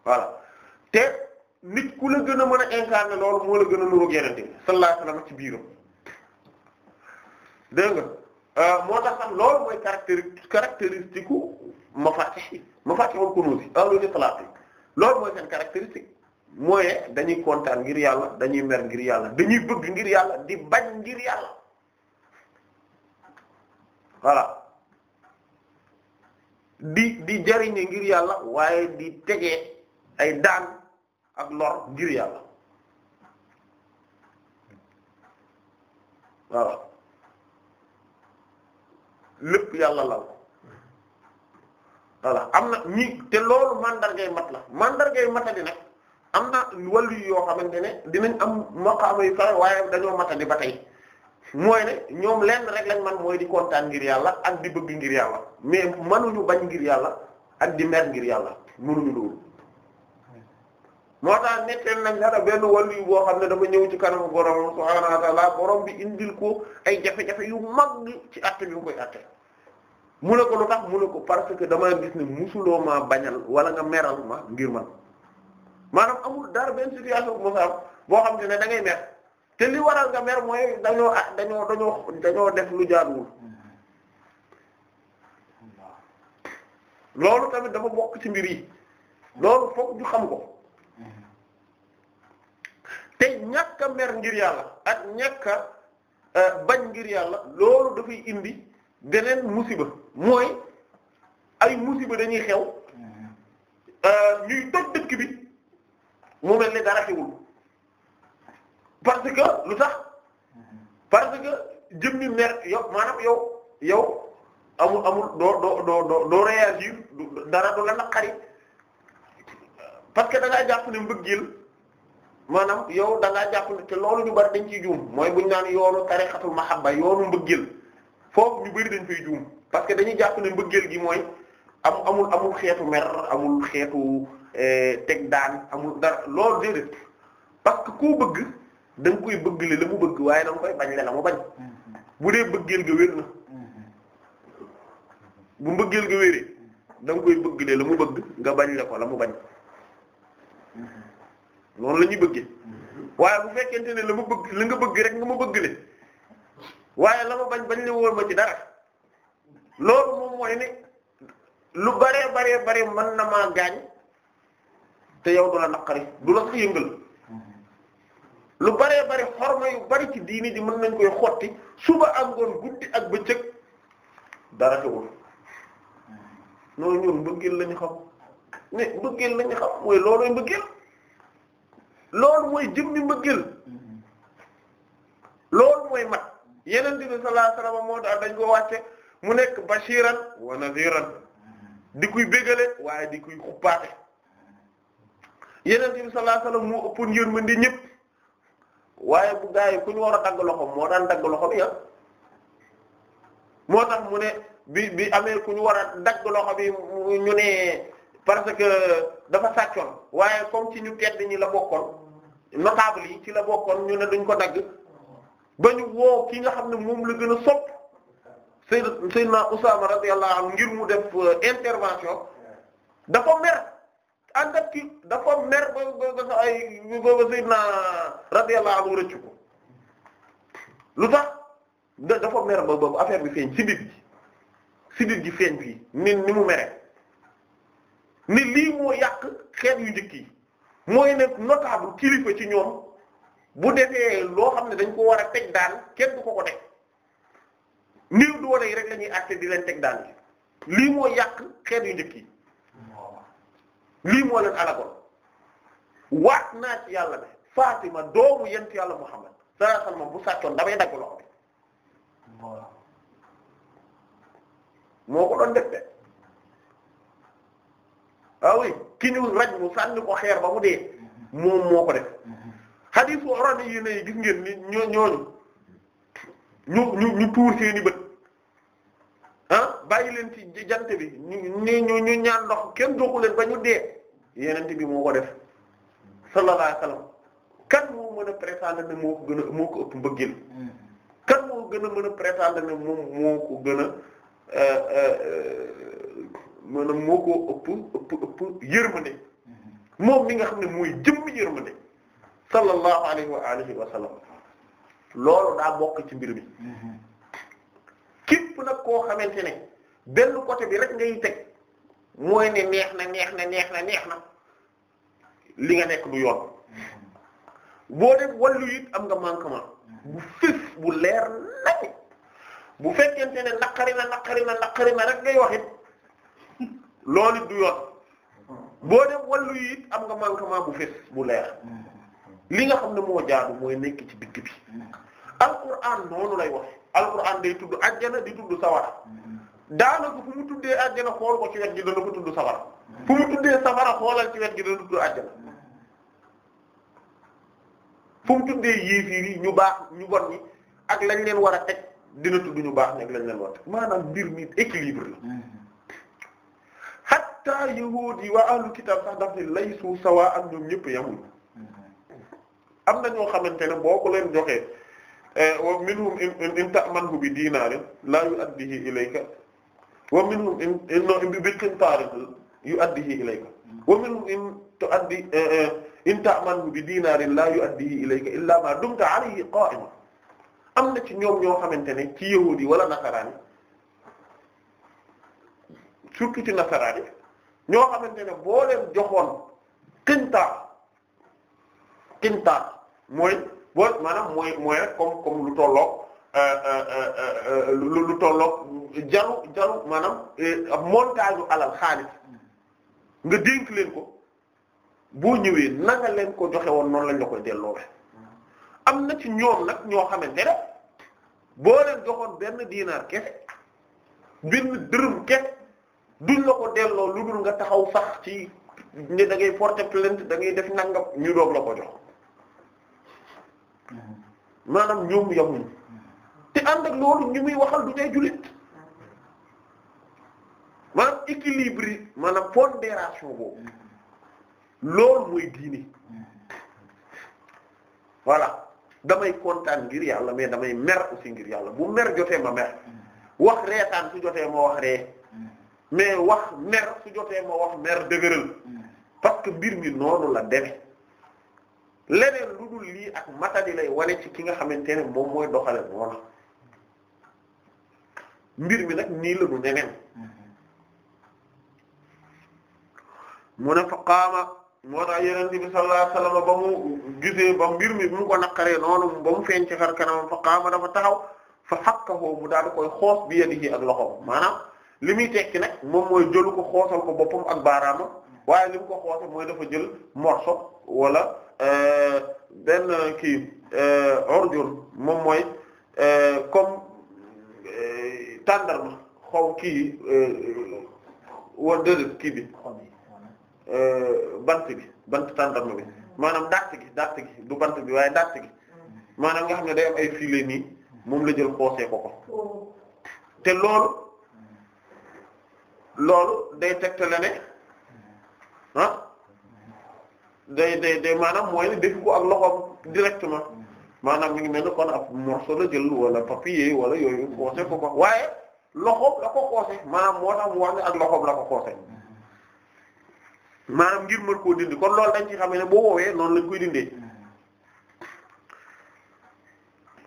voilà te nit ku la gën a mën a incarner loolu moo la gën a nuróog yeneen bi sallallahu alayhi wasallam ci biiram dégg nga euh, moo tax loolu mooy caractéri caractéristique mafatih yi mafatihul kunuz yi ahlul itlaq yi loolu mooy seen caractéristique mooy dañuy kontaan ngir yàlla dañuy mer ngir yàlla dañuy bëgg ngir yàlla di bañ ngir yàlla voilà di di jariñe ngir yàlla waaye di tegee ay daan ak lor ngir yàlla voilà lépp yàlla la voilà am na ñi te loolu mandargay mat la mandargay matadi nag am na yu yoo xamante ne dinañ am maqaama yu waaye dañoo matadi ba tey ne ñoom lenn rek lañ man mooy di kontaan ngir yàlla ak di bëgg ngir yàlla mais mënuñu bañ ngir yàlla ak di mer ngir yàlla mënuñu loolu moo tax netteel nañ dara benn wàllu boo xam ne dafa ñëw ci kanamu borom subhaanahu wa borom bi indil ko ay jafe-jafe yu mag ci àtte bi mu koy àtte mu ne ko lu tax mu ne ko parce que damaa gis ne musuloo ma bañal wala nga meral ma ngir man maanaam amul dara benn situation bu boo xam ne ne da mer te li waral nga mer mooy dañoo ah dañoo dañoo dañoo def lu jaaduwul loolu tamit dafa bokk ci mbir yi loolu fokk ñu xam ko te ñàkk mer ngir yàlla ak ñàkk euh, bañ ngir yàlla loolu dafay indi beneen musiba. mooy ay musiba dañuy xew mm-hmm. euh, ñuy toj dëkk bi mu mel ne dara xewul parce que lu tax mm-hmm. parce que jëmmi mer yow maanaam yow yow amul doo doo doo doo doo réagir dara du la naqari parce que da ngaa jàpp ne mbëggeel maanaam yow da ngaa jàpp ne loolu ñu bari dañ ciy juum mooy buñ naan yoonu tarixatul mahabba yoonu mbëggeel foofu ñu bari dañ fay juum parce que dañuy jàpp ne mbëggeel gi mooy am amul amul xeetu mer amul xeetu eh, teg daan amul dara loolu déedéet parce que koo bëgg da koy bëgg le la mu bëgg waaye da nga koy bañ le la mu bañ bu dee bëggeel ga wér na bu mbëggeel ga koy bëgg le la mu bëgg nga bañ le ko la mu bañ noonu la ñuy bëggee waaye bu fekkente ne la ma bëgg la nga bëgg rek nga ma bëgg le waaye la ma bañ bañ le woon ma ci dara loolu moom mooy ne lu baree baree baree mën na maa gaañ te yow du la naqari du la sa yëngal lu baree bari xorma yu bari ci diini ji mën nañ koy xotti suba ak ngoon guddi ak bëccëg dara teewul noonu ñun bëggeel lañu xam ne bëggeel lañu xam mooy loolooy bëggeel loolu mooy jëmmi mbëggeel loolu mooy mat yeneen bi sallallahu alayhi moo tax dañ ko wàcce mu nekk bashiran wa nadhiran di kuy bégale waaye di kuy xuppaate yeneen bi sallallahu alayhi wasallam moo ëppoon yërmande ñëpp waaye bu gaa yi ku ñu war a dagg loxo moo daan dagg loxoom ya ah. moo tax mu ne bi bi amee ku ñu war a dagg loxo bi ñu ne parce que dafa sàccoon waaye comme ci ñu tedd ñi la bokkoon notable yi ci la bokkoon ñu ne duñ ko dagg ba ñu woo ki nga xam ne moom la gën a sopp Sey Seydina Usaama radiyallahu anhu ngir mu def euh, intervention dafa mer ànd ak ki dafa mer ba ba ba ay ba Seydina radiyallahu anhu rëccu ko lu tax dafa mer ba ba affaire bi feeñ sibit gi sibit gi feeñ fii ni ni mu mere ni lii moo yàq xeet yu njëkk yi mooy ne notable kilifa ci ñoom bu defee loo xam ne dañ ko war a teg daal kenn du ko ko teg. néew doole yi rek la ñuy àtte di leen teg daan bi lii moo yàq xeet yu njëkk yi lii moo leen alagoon waat naa yàlla ne Fatima doomu yent yàlla Muhammad sallallahu alayhi bu sàccoon damay dagg loxo bi moo ko doon def de ah ki ñu raj mu sànni ko xeer ba mu dee moom moo ko def xadiis waroon yi ne gis ngeen ni ñoo ñu tuur seeni bët bàyyi leen ci jant bi ñu ñu ñu ñaan ndox kenn doxu leen ba ñu dee yeneen bi moo ko def sallallahu alayhi wasallam kan moo mën a prétendre ne gën a moo ko ëpp mbëggeel gën a mën a prétendre ne moom moo ko gën a euh, euh, maanaam moo ko ëpp ëpp ëpp yërmande moom mi nga xam ne mooy jëmm yërmande sallallahu alayhi wa alihi wa sallam loolu daa bokk ci mbir mi mm-hmm. képp nag koo xamante ne benn côté bi rek ngay teg mooy ne neex na neex na neex na neex na li nga nekk du yoon boo def wàllu yit am nga manquement bu fif bu leer bu fekkente ne naqari na naqari na naqari na rek ngay wax it loolu it du boo def wàllu it am nga manquement bu fif bu leer li nga xam ne moo jaadu mooy nekk ci digg bi alquran noonu lay wax alquran day tudd ajjana di tudd sawara daanaka fu mu tuddee àjjana xool ko ci wet gi dana ko tudd safara fu mu tuddee safara xoolal ci wet gi dana tudd àjjana fu mu tuddee yéefiir yi ñu baax ñu bon ñi ak lañ leen war a teg dina tudd ñu baax ñi ak lañ leen war a teg maanaam mbir mi équilibre la mm-hmm. hatta yahuud yi waa ahlul kitaab sax daf ni laysu sawaa ak ñoom ñëpp yamuñ mm-hmm. am na ñoo xamante ne boo ko leen joxee eh, wa minhum in ta'manhu bi dinaarin laa yu'addihi ilayka wa minhum in bi qintaar yu'addihi ilayka wa minhum in tu'addi eh, eh, in ta'manhu bi dinaarin laa yu'addihi ilayka illaa maa dumta alayhi qaa'iman am na ci ñoom ñoo xamante ne ci yahuudi wala nasaraani surtout ci nasaraani ñoo xamante ne boo leen joxoon qintaar qintaar mooy boo maanaam mooy mooy rek comme comme lu tollook Euh, euh, euh, lu tolloog jaru jaru maanaam ab montage alal xaalis nga dénk leen ko boo ñëwee nanga leen ko joxe woon noonu lañ la koy delloo am na ci ñoom nag ñoo xamante ne boo leen joxoon benn diinaar kese benn dërëm kese duñ la ko delloo lu dul nga taxaw sax ci ne da ngay porter da ngay def nangam ñu doog la ko jox mm-hmm. maanaam ñoom yamuñ ànd ak loolu ñi muy waxal du tey jullit maanaam équilibre maanaam pondération boobu loolu mooy diine voilà damay kontaan ngir yàlla mais damay mer aussi ngir yàlla bu mer jotee ma mer wax reetaan su jotee ma wax ree mais wax mer su jotee ma wax mer dëgëral parce que mbir mi noonu la deme leneen lu dul lii ak matadi lay wane ci ki nga xamante ne moom mooy doxale noonu mbir mi nag nii la du neneen mu ne fa qaama moo tax yeneen bi sallallahu ba mu gisee ba mbir mi bu mu ko naqaree noonu ba mu feeñ ci xar kanam fa qaama dafa taxaw fa xakkahoo mu daal di koy xoos bi yadihi ak loxo maanaam li muy tekki nag moom mooy jëlu ko xoosal ko boppam ak baaraama waaye li ko xoosal mooy dafa jël morso wala euh, benn kii euh, ordure moom mooy euh, comme tàndarma xaw kii euh, wala déedéet kii bi euh, bant bi bant tàndarma bi mm-hmm. maanaam dàtt gi dàtt gi du bant bi waaye dàtt gi mm-hmm. maanaam nga xam ne day am ay filet nii moom la jël xoosee ko ko oh. te loolu mm-hmm. loolu day tegtale ne ah day day day maanaam mooy ne defi ko ak loxoom directement maanaam mi ngi mel ne kon ab morceau la jël wala papier wala yooyu xoose ko ko waaye loxoom la ko xoose maanaam moo tax mu wax ne ak loxoom la ko xoose maanaam ngir mën koo dindi kon loolu dañ ci xam ne boo woowee noonu lañ koy dindee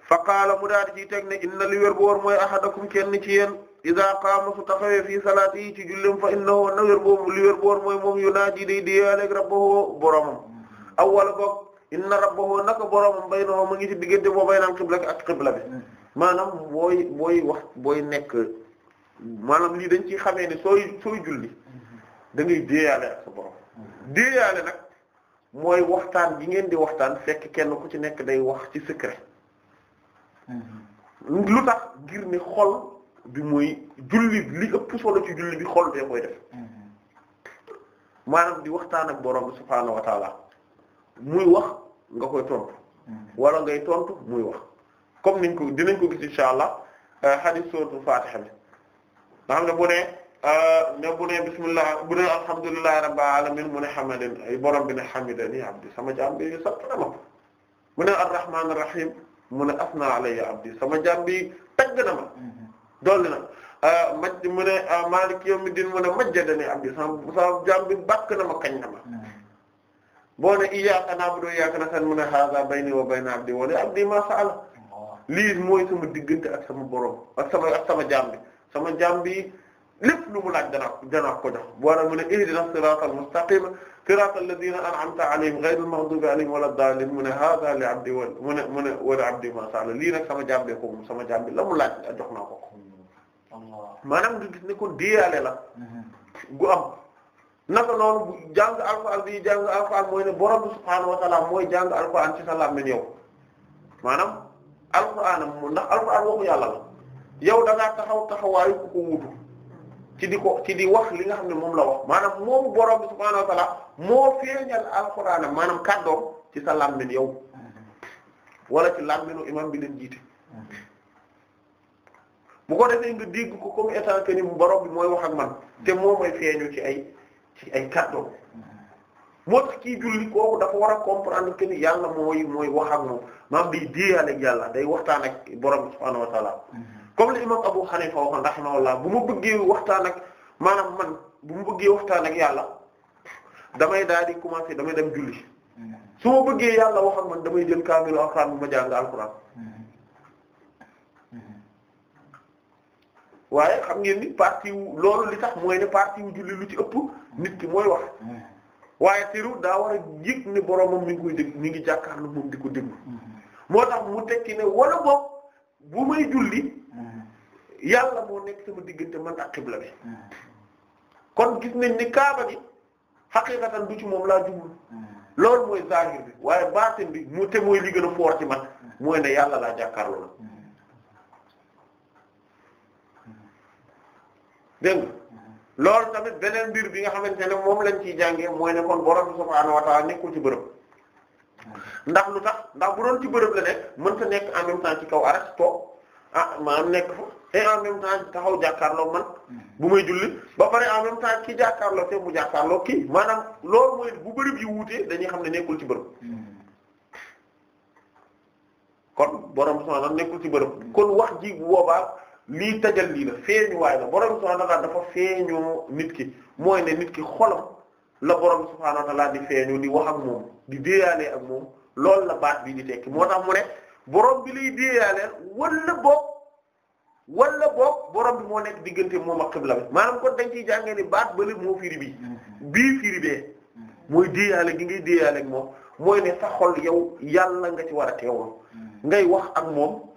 fa qaala mu daal ciy teg ne inna li wér bu war mooy ahadakum kenn ci yéen iza qaama su taxawee fii salaati yi ci jullim fa innahu na wér boobu li wér bu war mooy moom yu naa ji day diyaaleeg rabbahu boromam awwal boog na inna rabbahu naka boroomam baynahu mu ngi ci diggante boo baynal xibla bi ak xibla bi maanaam booy booy wax booy nekk maanaam lii dañ ci xamee ne sooy sooy julli da ngay déeyaale ak sa borom déeyaale nag mooy waxtaan gi ngeen di waxtaan fekk kenn ku ci nekk day wax ci secret mm-hmm. lu tax ngir ni xol bi muy julli li ëpp solo ci julli bi xol bee koy def mm-hmm. maanaam di waxtaan ak borom bi subhaanahu wa muy wax nga koy tontu wala ngay tontu muy wax comme niñ ko dinañ ko gis insha allah euh, hadith sourate Fatiha bi nga xam ne bu ne euh, ne bu ne bismillah bu ne alhamdulillahi rabbil alamin mu ne hamadan borom bi ne hamidani abdi sama jaam bi sant na ma mu ne arrahmanir rahim mu ne asna alayya abdi sama jaam bi tagg na ma dolli na euh, ma mu ne maliki yawmiddin mu ne majjadani abdi sama jaam bi bàkk na kañ na boo ne iyyaaka na'budu wa iyyaaka nasta'iin mu ne haazaa baynii wa bayna abdii wa abdii maa sa'ala lii mooy sama diggante ak sama borom ak sama ak sama jaam bi sama jaam bi lépp lu mu laaj danaa danaa ko jox boo ne mu ne ihdinaa siraatal mustaqiim siraatal laziina an'amta alayhim ghayril maghduubi alayhim wa lad-daalliin mu ne haazaa li abdii wa mu ne mu ne wa li abdii maa sa'ala lii nag sama jaam bi ko moom sama jaam bi la mu laaj jox naa ko maanaam nga gis ne kon diyaale la mm-hmm. gu am. naka noonu bu jàng alxuraan bi jàng alxuraan mooy ne jàng alxuraan ci sa làmmiñ yow maanaam alxuraan ndax alxuraan waxu yàlla la yow da taxaw taxawaayu ku ko wutu ci di ko ci di wax li nga xam ne moom la wax maanaam moom borom bi subhaanahu moo feeñal alxuraan maanaam kàddoom ci sa làmmiñ yow wala ci làmmiñu imam bi leen jiite bu ko defee nga dégg ko ko état que ni borom bi mooy wax ak man te moo may feeñu ci ay. ci ay kàddoom moo tax kii julli kooku dafa war a comprendre que ni yàlla mooy mooy wax ak moom maam day déeyaale ak yàlla day waxtaan ak borom subhaanahu wa taala mm-hmm. comme li imam Abu Hanifa waxoon rahimahullah bu ma bëggee waxtaan ak maanaam man bu ma bëggee waxtaan ak yàlla damay daal di commencer damay dem julli mm-hmm. su ma bëggee yàlla wax ak man damay jël kaamilu alxuraan bu ma jàng alxuraan mm-hmm. waaye xam ngeen ni partie wu loolu li tax mooy ne partie wu julli lu ci ëpp nit ki mooy wax mm. waaye teru daa war a yëg ne boromam mi ngi koy dégg mi ngi jàkkaarlu moom di ko déglu mm. moo tax mu tekki ne wala boog bu may julli mm. yàlla moo nekk sama diggante man ak xibla bi kon gis nañ ni kaaba gi xaqiiqatan du ci moom laa jublu loolu mooy zahir bi waaye baatin bi mu te mooy li gën a foor ci man mooy ne yàlla laa jàkkaarloo la dégg lool tamit beneen mbir bi nga xamante ne moom lañ ciy jàngee mooy ne kon borom subhaanahu wa ta'ala nekkul ci bërëb ndax lu tax ndax bu doon ci bërëb la nekk mënta nekk en même ci kaw aras toog ah nekk fa et en taxaw jàkkaarloo man bu may julli ba pare en même ki jàkkaarloo te mu jàkkaarloo kii maanaam loolu mooy bu bërëb yi wuutee dañuy xam ne nekkul ci bërëb kon borom subhaanahu nekkul ci bërëb kon wax ji bu lii tajal lii la feeñuwaay la borom subhaanahu wa ta'aala dafa feeñoo nit ki mooy ne nit ki xolam la borom subhaanahu wa di feeñu di wax ak moom di déeyaalee ak moom loolu la baat bi di tekki moo tax mu ne borom bi lay déeyaaleel wala boog wala boog borom bi moo nekk diggante moom ak xibla bi maanaam kon dañ ci jàngee ni baat bële moo firi bii bii firi bee mooy déeyaale gi ngay déeyaale moom mooy ne sa xol yow yàlla nga ci war a teewoo mm. ngay wax ak moom.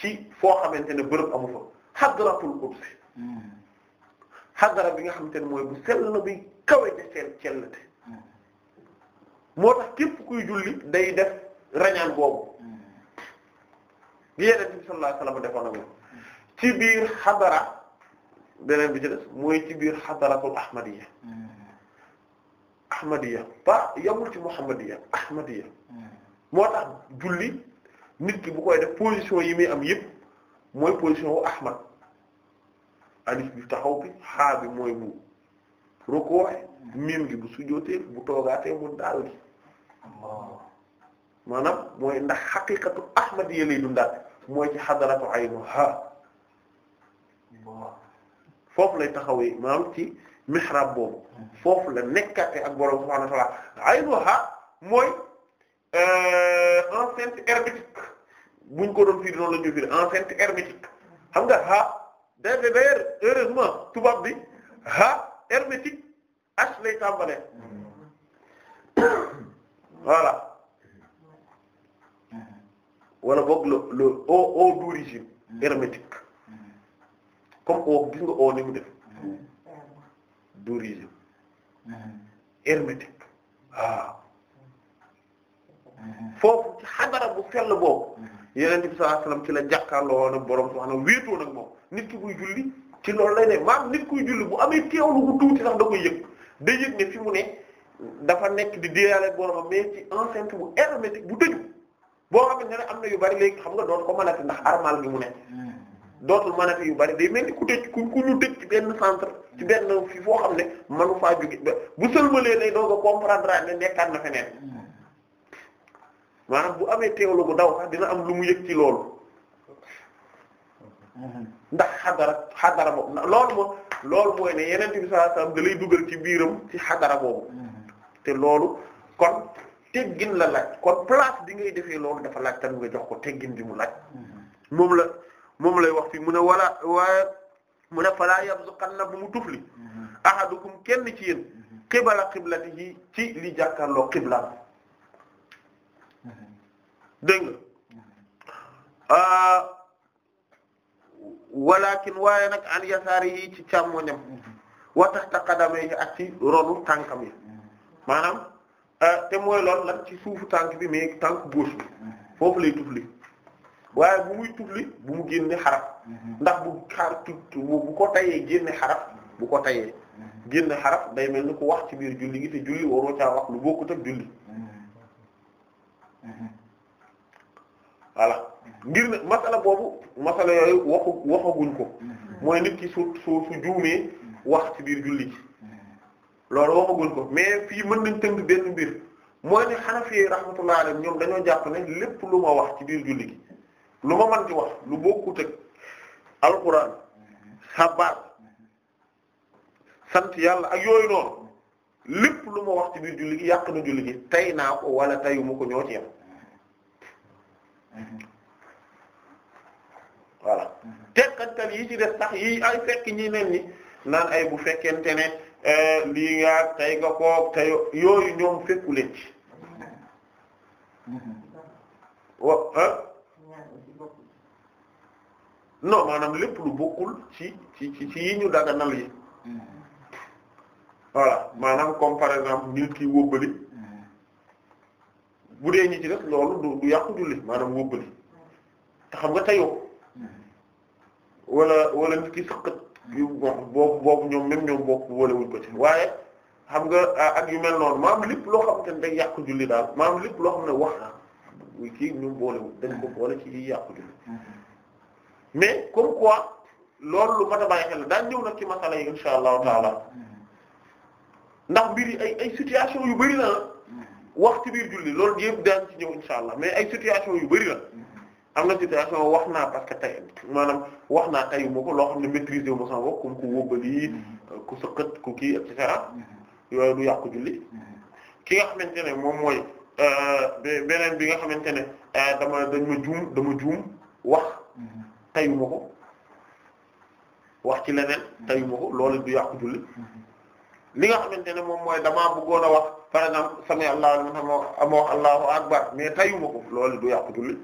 ci foo xamante ne bërëb amu fa xadratul qudsi xadara bi nga xamante ne mooy bu sell bi kawe te sell sellte moo tax képp kuy julli day def rañaan boobu bi yeneen bi sallallahu alayhi wasallam defoon na ci biir xadara beneen bi ci des mooy ci biir xadaratul ahmadiyya ahmadiyya ba yamul ci muhammadiyya ahmadiyya moo tax julli nit ki bu koy def position yi muy am yëpp mooy position wu ahmad alif bi taxaw bi xaa bi mooy bu rukoo miim gi bu sujootee bu toogaatee bu daal gi maanaam mooy ndax xaqiqatu ahmad yi lay mooy ci xadaratu aynu ha foofu lay taxawee maanaam ci mihrab boobu hmm. foofu la nekkaate ak borom subhanahu wa ta'ala ha mooy Euh, enceinte hermétique buñ ko doon firi noonu la ñuy firi enceinte hermétique xam nga ha da d'ailleurs heureusement tubaab bi ha hermétique h lay tàmbalee voilà wala boog le le o o d'origine hermétique comme o gis nga o ni def mm-hmm. d'origine hermétique waaw ah. foofu ci xadara bu sell boobu yenente bi sallallahu alayhi ci la jàkkaarloo woon ak borom subhaanahu wéetoo nag moom nit ki buy julli ci loolu lay ne maam nit kuy julli bu amee teewlu bu tuuti sax da koy yëg day yëg ne fi mu ne dafa nekk di déyaale boromam mais ci enceinte bu hermétique bu tëju boo xam ne am na yu bari léegi xam nga doon ko mënati ndax armal gi mu ne dootul mënati yu bari day mel ni ku tëj ku ñu tëj ci benn centre ci benn fi foo xam ne manu faa jóge ba bu sëlmalee lay doog a comprendre ne maanaam bu amee teewlu bu daw a dina am lu mu yëg ci loolu ndax xadara xadara boobu loolu moom loolu mooy ne yeneen bi sallallahu alayhi wasallam lay dugal ci biiram ci xadara boobu te loolu kon teggin la laaj kon bi ngay defee loolu dafa laaj tan nga jox ko teggin bi mu laaj moom la moom lay wax fii mu ne wala waaye mu ne falaa yabzuqanna bu mu tufli ahadukum kenn ci yéen qibala qiblatihi ci li jàkkaarloo qibla dégg nga ah, walakin waaye nag an yasaari yi ci càmmoñam wa tahta qadamayhi ak ci ronu tànkam yi maanaam ah, te mooy loolu nag ci suufu tànk bi mais tànk gauche bi foofu lay tufli waaye bu muy tufli bu mu génne xaraf ndax bu xar bu ko tayee génne xaraf bu ko tayee génne xaraf day mel ni ku wax ci biir julli gi te julli waroo caa wax lu bokkut ak julli voilà ngir ne masala boobu masala yooyu waxu waxaguñ ko mooy nit ki su su su juumee wax ci biir julli ci loolu waxaguñ ko mais fii mën nañ tënk benn mbir mooy ne Hanafi rahmatullahi alayhim ñoom dañoo jàpp ne lépp lu ma wax ci biir julli gi lu ma mën di wax lu bokkut ak alquran xabaar sant yàlla ak yooyu noonu lépp lu ma wax ci biir julli gi yàq na julli gi tey naa ko wala teyu ma ko ñoo ci yam voilà tekkatal yi ci def sax yi ay fekk ñi nen ñi naan ay bu fekkente ne eh, li nga tay nga koog te yooyu ñoom fekku leen ci wa non maanaam lépp lu bokkul ci ci ci yi ñu daganal yi hmm. voilà maanaam comme par exemple nit ki wóbbali bu dee ñi ci def loolu du du yàqu julli maanaam wóbbali te xam nga tayoo wala wala nit ki sëqat boobu boobu ñoom même ñoom bokk wóolewuñ ko ci waaye xam nga ak yu mel noonu maam lépp loo xam te day yàqu julli daal maam lépp loo xam ne wax na kii ñoom boolewul dañ ko boole ci yàqu julli mais comme quoi loolu lu mat a bàyyi xel daan ñëw nag ci masala yi insha allahu taala ndax mbir ay situation yu bari la wax ci biir julli loolu yëpp daan ci ñëw insha allah mais ay situation yu bari la am na situation wax naa parce que tay maanaam wax naa tayu ma loo xam ne maîtriser wu ma sama bopp comme ku wóbbali ku sëqat ku yooyu du yàqu julli ki nga xamante ne moom mooy euh, beneen bi nga xamante ne euh, dama dañ ma juum dama juum wax ci leneen tayu ma ko loolu du nga xamante ne moom mooy damaa bëggoon a wax par exemple sami allahu liman xam moo allahu akbar mais tayuma ko loolu du yàqu julli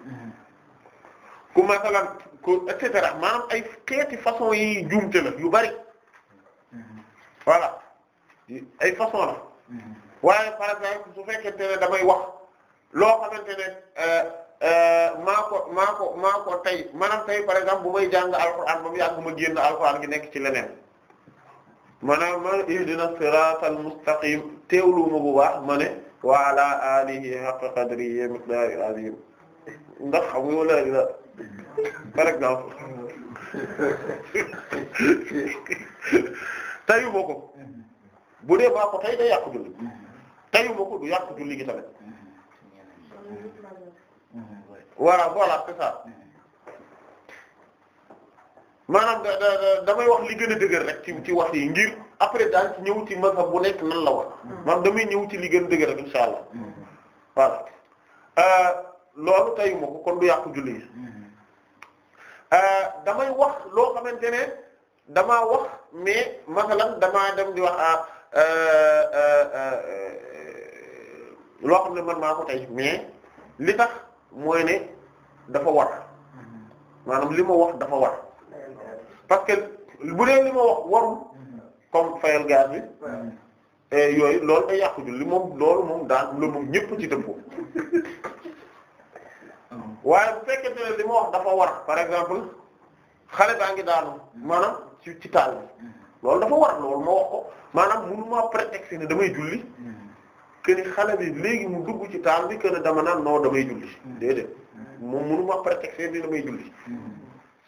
ku masalan ku et cetera ay xeeti façon yi juumte la yu bari voilà ay façon la waaye par exemple su fekkente ne damay wax loo xamante ne euh, euh, maa ko maa ko maa ko tey maanaam tey par exemple bu may jàng alxuraan ba mu yàgg ma génn alxuraan gi nekk ci leneen maanaam man ihdina siratal mustaqim teewlu ma bu baax ma wa ala alihi haqqa qadrihi miqdari azim ndax xam nga wala la par exemple tayu ma ko bu dee maa ko tay du yàqu julli gi tamit mm-hmm. voilà voilà c'est maanaam damay wax li gën a dëgër rek ci wax yi ngir après daan ci ñëw ci mazhab bu nekk nan la wax hmm. ñëw ci li gën a dëgër rek insha allah hmm. euh, loolu tayu ma ko kon du yàqu julli yi hmm. euh, damay wax loo xamante ne dama wax mais masalan dama dem di wax a ah, euh, loo xam ne man maa ko tey mais li tax mooy ne dafa war maanaam li ma wax dafa war parce que bu dee li ma wax warul comme fayal gaz bi yooyu loolu day yàqu julli moom loolu moom daan lu moom ñëpp ci dëppoo waaye bu fekkente ne li ma wax dafa war par exemple xale baa ngi daanu maanaam ci ci taal bi mm-hmm. loolu dafa war loolu ma wax ko maanaam mënu ma prétexte ne damay julli mm-hmm. que ni xale bi léegi mu dugg ci taal bi kër ne dama naan non damay julli mm-hmm. déedéet moom mënu ma prétexte ne damay julli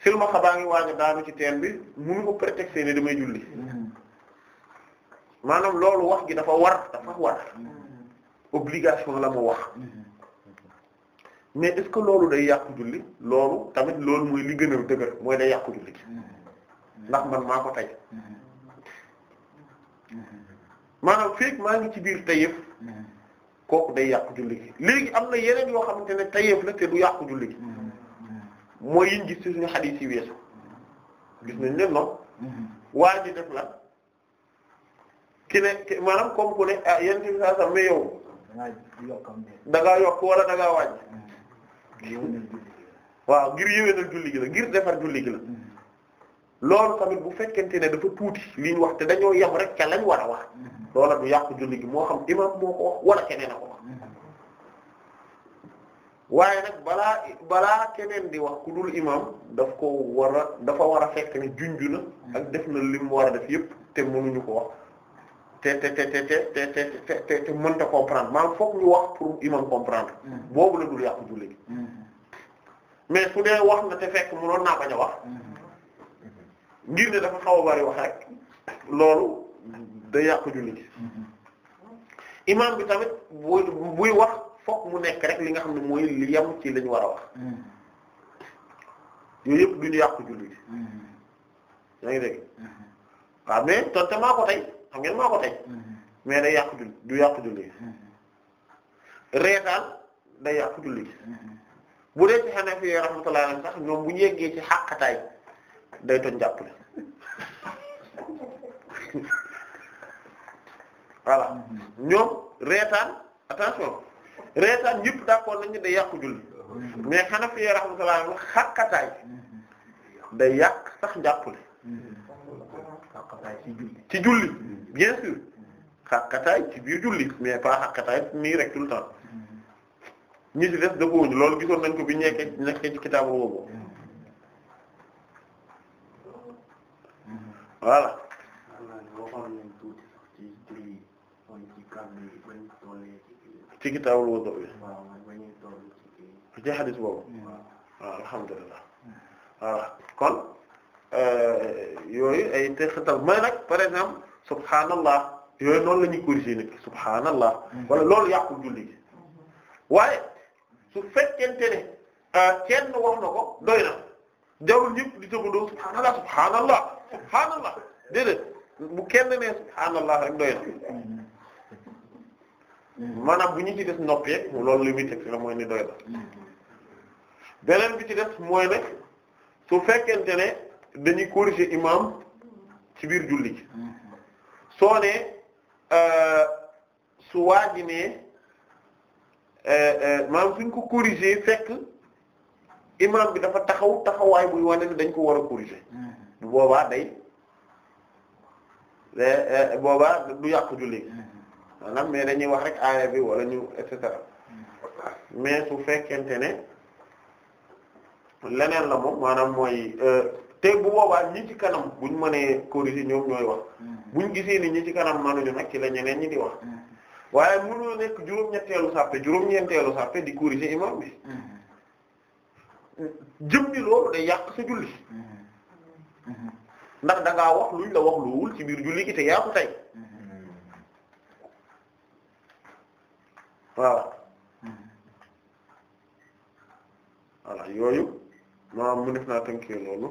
silmaxa baa ngi waaj a daanu ci teen bi munu ko prétexté ne damay julli maanaam loolu wax gi dafa war dafa war obligation la mu wax mais est-ce que loolu day yàqu julli loolu tamit loolu mooy li gën a dëgër mooy day yàqu julli ndax man maa ko tey maanaam fekk maa ngi ci biir tayeef kooku day yàqu julli léegi am na yeneen yoo xamante ne tayeef la te du yàqu julli mooy yiñ gis ci suñu xadiis yi weesu gis nañ leen noonu mm-hmm. waa ji def la ki ne maanaam comme ku ne ah yéen ci saa sax mais yow da yokk wala da ngaa wàññi mm-hmm. waaw ngir yéwénal julli gi la ngir defar julli gi la mm-hmm. loolu tamit bu fekkente ne dafa tuuti liñ wax te dañoo yem rek ca lañ war a wax loola du yàqu julli gi moo xam imam moo ko wax wala keneen a wax waaye nag balaa balaa keneen di wax ku dul imam daf ko war a dafa war a fekk ne junju na ak def na lim wara a def yépp te mënuñu ko wax te te te te te te te te mënta comprendre maanaam fokk ñu wax pour imam comprendre mm-hmm. boobu la dul yàqu julli gi mm-hmm. mais su dee wax na te fekk mënoon naa bañ a wax mm-hmm. ngir ne dafa xaw a bari wax rek loolu day yàqu julli imam bi tamit buy buy wax fokk mu nekk rek li nga xam ne mooy li yem ci li ñu war a wax hmm. yooyu yëpp duñu yàqu julli gi hmm. yaa ngi dégg hmm. waaw mais tonte maa ko tey xam ngeen maa ko tey mais day yàqu julli du yàqu julli gi reetaan day yàqu julli gi bu dee ci Hanafi yi rahmatullahi alayhi sax ñoom bu ñu yeggee ci xàqataay day toj jàppale voilà ñoom reetaan attention reetaan yëpp d'accord nañ day yàqu julli mais Hanafi rahmatullah xàqataay day yàq sax njàppule ci julli bien sûr xàqataay ci biir julli mais pas xàqataay nii rek tout le temps ñi ci des loolu gisoon nañ ko bi ñekkee nekkee ci kitaabu boobu mm-hmm. voilà ci kitaabul wudu bi ci xadis boobu waaw alhamdulillah waaw kon euh, yooyu ay teqatal may nag par exemple subhaanallah yooyu noonu la ñuy corriger nit subhaanallah mm-hmm. wala loolu yàqul julli gi mm-hmm. waaye su fekkente ne euh, kenn wax na ko doy na jawul ñëpp di tëbandoo subhaanallah subhaanallah subhaanallah déedéet bu kenn ne subhaanallah rek doy maanaam bu ñu ci des noppee loolu li muy teg la mooy ni doy na beneen bi ci def mooy nag su fekkente ne dañuy corriger imam ci biir julli ji soo ne euh, su waaji ne euh, euh, maanaam suñ ko corriger fekk imam bi dafa taxaw taxawaay buy wane ne dañ ko war a corriger mm-hmm. bu boobaa day eh, eh, boobaa du yàq julli gi maanaam mais dañuy wax rek aaya bi wala ñu et cetera mais su fekkente ne leneen la moom maanaam mooy euh, te bu boobaa ñi ci kanam buñ mënee corriger ñoom ñooy wax mm-hmm. buñ gisee ni ñi ci kanam manuñu nag ci la ñeneen ñi di wax mm-hmm. waaye mënoo nekk juróom-ñetteelu sàppe juróom-ñeenteelu sàppe di corriger imam bi mm-hmm. jëm ni loolu day yàq sa julli ndax da ngaa wax luñ la wax luwul ci biir julli gi te yaa ko tey waaw voilà yooyu maanaam mu def naa tënkee loolu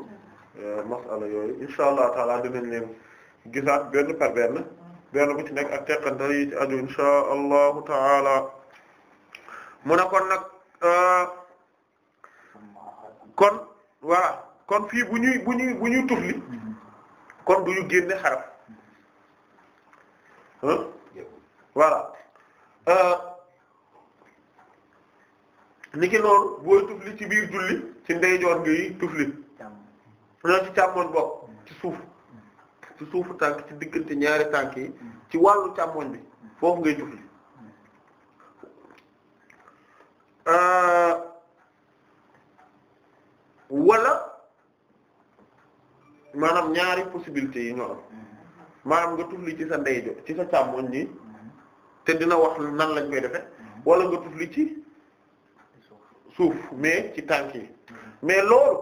euh, masala yooyu insha allah taala dinañ leen gisaat benn par benn benn bu ci nekk ak teqantal yi ci aju insha taala mu ne kon nag euh, kon voilà kon fii bu ñuy bu ñuy tufli kon du ñu génne xaraf voilà euh, niki noonu booy tufli ci biir julli ci ndeyjoor ngay tufli ñoo ci càmmoñ bopp ci suuf mm. ci suufu tànk ci diggante ñaari tànk yi mm. ci wàllu càmmoñ bi mm. foofu ngay tufli euh, wala maanaam ñaari possibilité yi ñoo am maanaam nga tufli ci sa ndeyjoor ci sa càmmoñ ni te dina wax nan lañ koy defe wala nga tufli ci suuf mais ci tànk yi mais loolu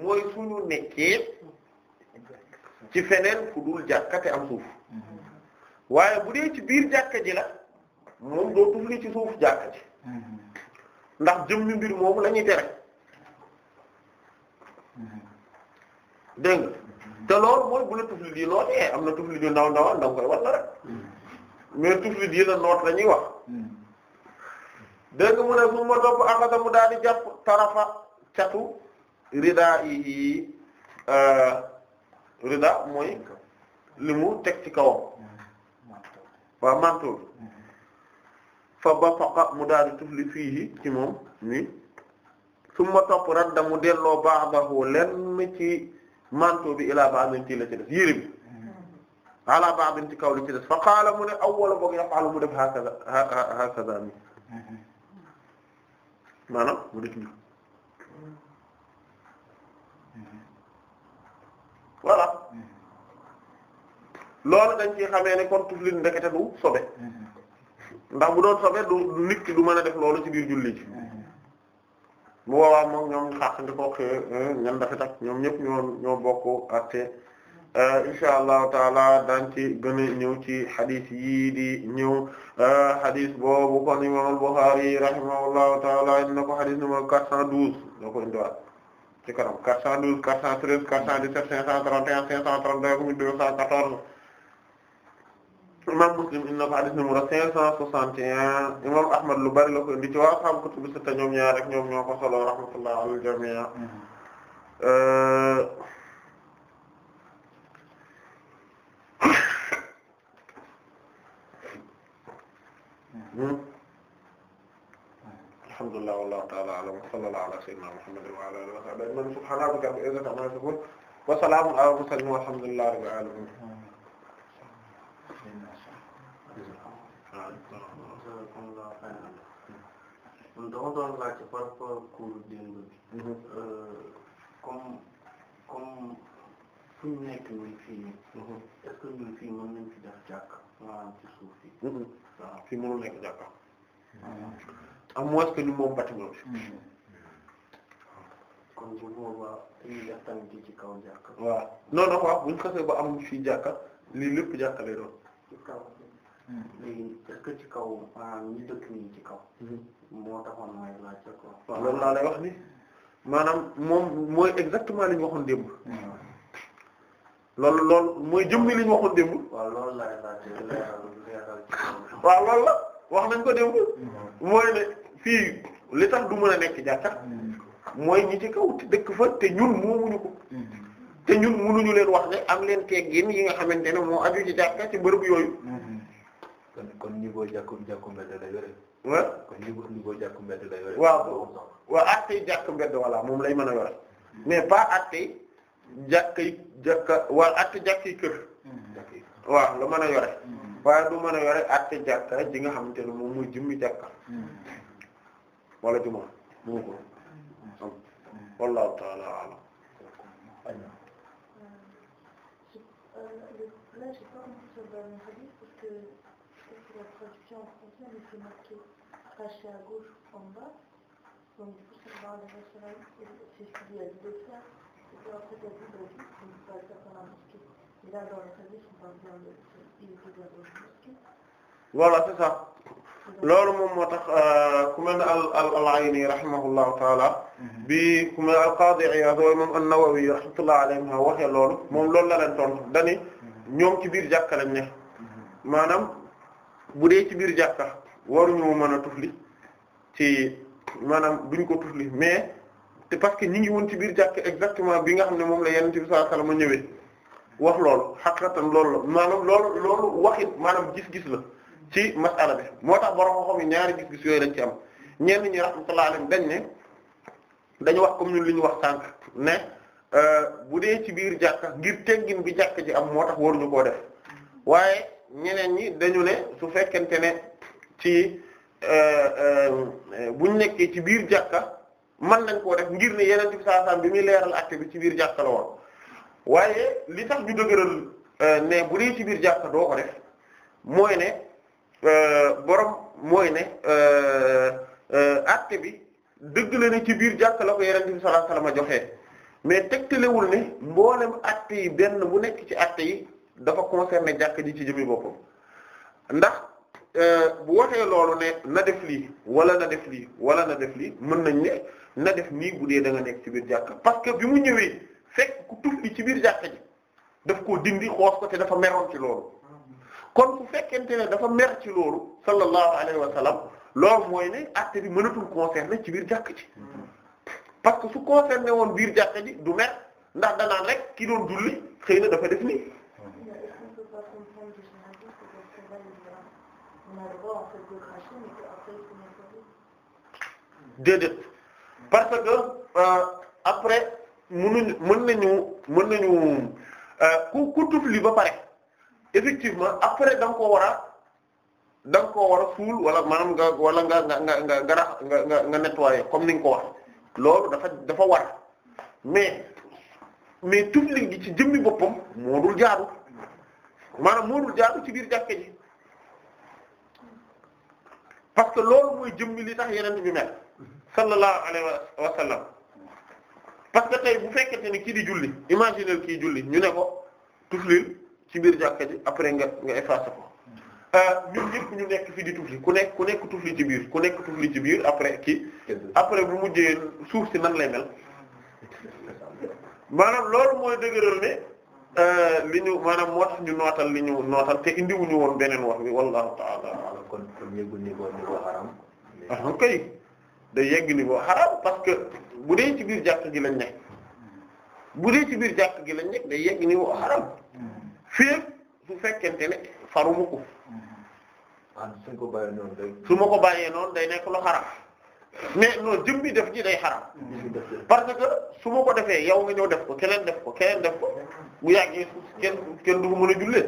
mooy suñu nekkee ci feneen fu dul jàkka am suuf waaye bu dee ci biir jàkka ji la moom doo tufli ci suuf jàkka ji ndax jëmmi mbir moomu la ñuy tere dégg te loolu mooy bu la tufli di nootee am na tufli di ndaw ndaw da nga koy war rek mais tufli di la noot la ñuy wax dégg mu ne su ma topp mu daal di jàpp tarafa catu rida yi e, rida mooy li mu teg ci kawam waaw mantul fa bafaqa mu daal di tufli fii ci moom ni su ma topp radda mu delloo ba'dahu lenn ci manto bi ilaa ba'din ci la ci def yëre bi ala ba'din ci kaw li ci def fa qaala mu ne awwala boog yafalu mu def hakaza mi maanaam mu def njub voilà mhm. loolu dañ ci xamee ne kon tuflit ndekete du sobe mhm. ndax bu doon sobe du nit ki du mën a def loolu ci biir julli ji mhm. mu woowaa moom ñoom xaq ndi ko xee euh, euh, ñan dafa ñoom ñëpp ñoo ñoo bokk atte Euh, incha allahu taala daan ci gën a ñëw ci xadis yii di ñëw euh, xadis boobu kon imam al-Bukhari rahimahullahu taala indi na ko xadis numéro 412 la ko indiwaat ci kanam 412 413 417 531 532 1214 imam Muslim indi na ko xadis numéro 561 imam Ahmad lu bari la ko indi ci waa xam kutubu sitta ñoom ñaar rek ñoom ñoo ko solo rahmatullah al jami' mm-hmm. euh, Hmm? alhamdulillah wallahu ta'ala a'lam wa sallallahu ala sayyidina muhammadin wa ala alihi wa sahbihi man subhana rabbika rabbil izzati amma yasifun wa salamun ala mursalin walhamdulillahi rabbil alamin dama doon laajte par rapport cours démb bi comme comme fu ñu nekk nii fii nii est-ce que ñun fii mën nañ fi def jàkk maanaam ci suuf yi waaw fii mënul nekk jàkka à moins que ñu moom bâtiment bi hmm. kon bu boobaa dañuy def tamit ci kaw jàkka. waaw non non waaw bu ñu xasee jàkka lii lépp jàkka lay doon. ci kaw hmm. léegi ci kaw maanaam ñi dëkk nii ci kaw. Hmm. moo taxoon may laajte ko. waaw loolu laa lay wax ni maanaam moom mooy exactement li ñu waxoon démb. loolu loolu mooy jëmmi li ñu waxoon démb. waaw loolu la waaw loolu la wax nañ ko démb. mooy ne fii li tax du mën a nekk jàkka. mooy ñi ci kaw dëkk fa te ñun moomuñu ko. te ñun mënuñu leen wax ne am leen teggin yi nga xamante ne moo aju ci jàkka ci bërëb yooyu. kon kon niveau jàkkum jàkkum mbedd lay yore. waaw kon niveau niveau jàkkum mbedd lay waaw waaw àttee jàkk mbedd walla moom lay mën a yore mais pas àttee. jàkka yi jàkka mm-hmm. waaw atte jàkka la mën a yore mm-hmm. waaye du mën a yore atte jàkka ji nga xamante ne moom mooy jëmmi jàkka mm-hmm. wala jumaa moo ko wallahu taala alam euh, Là, j'ai pas compris sur le hadith parce que la traduction en français, mais c'est marqué raché à gauche en bas. a voilà c'est ça loolu moom moo tax euh, ku mel ne al al Ayni rahimahullahu taala mhm. bi ku mel ne al Qaadi Iyaad wala moom an-Nawawi rahmatullahi alayhi waxee loolu moom loolu la leen tontu dani mhm. ñoom ci biir jàkka lañ ne mhm. maanaam bu dee ci biir jàkka waruñu mën a tufli ci maanaam buñ ko tufli mais te parce que ñi ngi woon ci biir jàkk exactement bi nga xam ne moom la yenente bi sallallahu alayhi wasallam ñëwee wax loolu xaqatan loolu la lool loolu loolu waxit maanaam gis-gis la ci masala bi moo tax borom xam-xam yi ñaari gis-gis yooyu lañ ci am ñenn ñi rahmatullahi alayhim dañ ne dañu wax comme ñun li ñu wax sànq ne euh, bu dee ci biir jàkka ngir teggin bi jàkk ji am moo tax waruñu koo def waaye ñeneen ñi dañu ne su fekkente ne ci euh, euh, buñ nekkee ci biir jàkka man nañ koo def ngir ne yeneen bi saa saam bi muy leeral acte bi ci biir jàkka la waaye li tax ju dëgëral euh, ne bu dee ci biir jàkka ko def mooy ne euh, borom mooy ne euh, acte bi dëgg la ne ci biir jàkka la ko yeneen bi sallallahu mais tegtalewul ne mboolem acte yi benn bu nekk ci acte yi dafa concerner jàkka ji ci jëmmi boppam ndax Euh, bu waxee loolu ne na def lii wala na def lii wala na def lii mën nañ ne na def nii bu dee da nekk ci biir jàkka parce que bi mu ñëwee fekk ku tufli ci biir jàkka ji daf koo dindi xoos ko te dafa meroon ci loolu kon bu fekkente ne dafa mer ci loolu sallallahu alayhi wa sallam loolu mooy ne acte bi mënatul concerner ci biir jàkka ji parce que su concerner woon biir jàkka ji du mer ndax danaan rek ki doon julli xëy na dafa def nii déedéet parce que euh, après munuñ mën nañu mën nañu euh, ku ku tufli ba pare effectivement après da nga koo war a da koo war a suul wala maanaam nga wala nga nga nga nga comme ni nga ko wax loolu dafa dafa war mais mais tufli gi ci jëmmi boppam moo dul jaadu maanaam moo dul jaadu ci biir jàkke ji parce que loolu mooy jëmmi li tax yeneen bi mel sallallahu alayhi wa sallam parce que tey bu fekkente ni kii di julli imaginez kii julli ñu ne ko tuflil ci biir jàkka ji après nga nga effacer ko euh, ñun ñëpp ñu nekk fi di tufli ku nekk ku nekk tufli ci biir ku nekk tufli ci biir après kii après bu mujjee suuf si nan lay mel maanaam loolu mooy dëgëral ne li euh, ñu maanaam moo tax ñu nootal li ñu nootal te indiwuñu woon beneen wax bi wallahu ta'ala a'lam kon kon yeggul niveau niveau haram. ah kay parce que bu dee ci biir jàkk gi lañ ne bu dee ci biir jàkk gi lañ nekk day yegg niveau haram mm-hmm. fiir su fekkente ne faru ma ko. Mm-hmm. Ah, su ma ko bàyyee noonu day. su ma ko bàyyee noonu day nekk lu mais non jëm bi def ji day xaram parce que su ma ko defee yow nga ñëw def ko keneen def ko keneen def ko bu yàggee kenn kenn du mën a jullee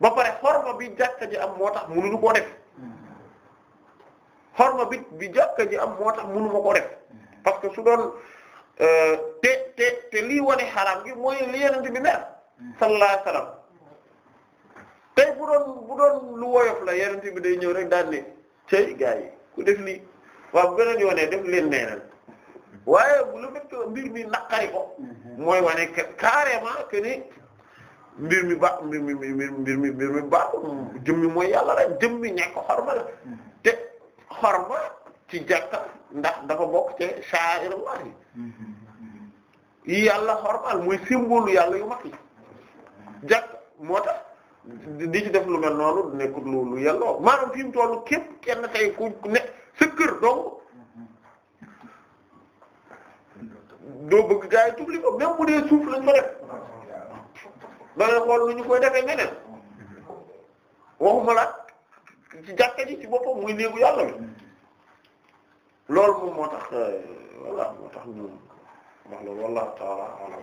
ba pare xorma bi jàkka ji am moo tax mënuñu koo def xorma bi bi jàkka ji am moo tax mënu def parce que su doon euh, te te te lii wane xaram gi mooy li yenente bi mer sallallahu alayhi wasallam tey bu doon lu woyof la yenente bi day ñëw rek daal ne cey gars yi ku def lii waaw bu beneen yoonee def leen neeneen waaye lu fekk mbir mi naqari ko mooy wane carrément que mbir mi ba mbir mi mbir mi mbir mi baax jëmmi mooy yàlla rek jëmmi ñàkk xorma la te xorma ci jàkka ndax dafa bokk ci sha'irullah yi yàlla xormal muy symbole yàlla yu mag yi jàkk di ci def lu mel noonu nekkul lu lu yelloo maanaam fi mu toll képp kenn tey ku ne sa kër donc doo bëgg gars yi tubli bu dee suuf lañ ko def da xool nu ñu koy defee neneen waxuma la ci jàkka ji ci boppam muy néegu yàlla bi loolu moom moo tax euh, voilà moo tax ñu wax loolu wallahu ta'ala alam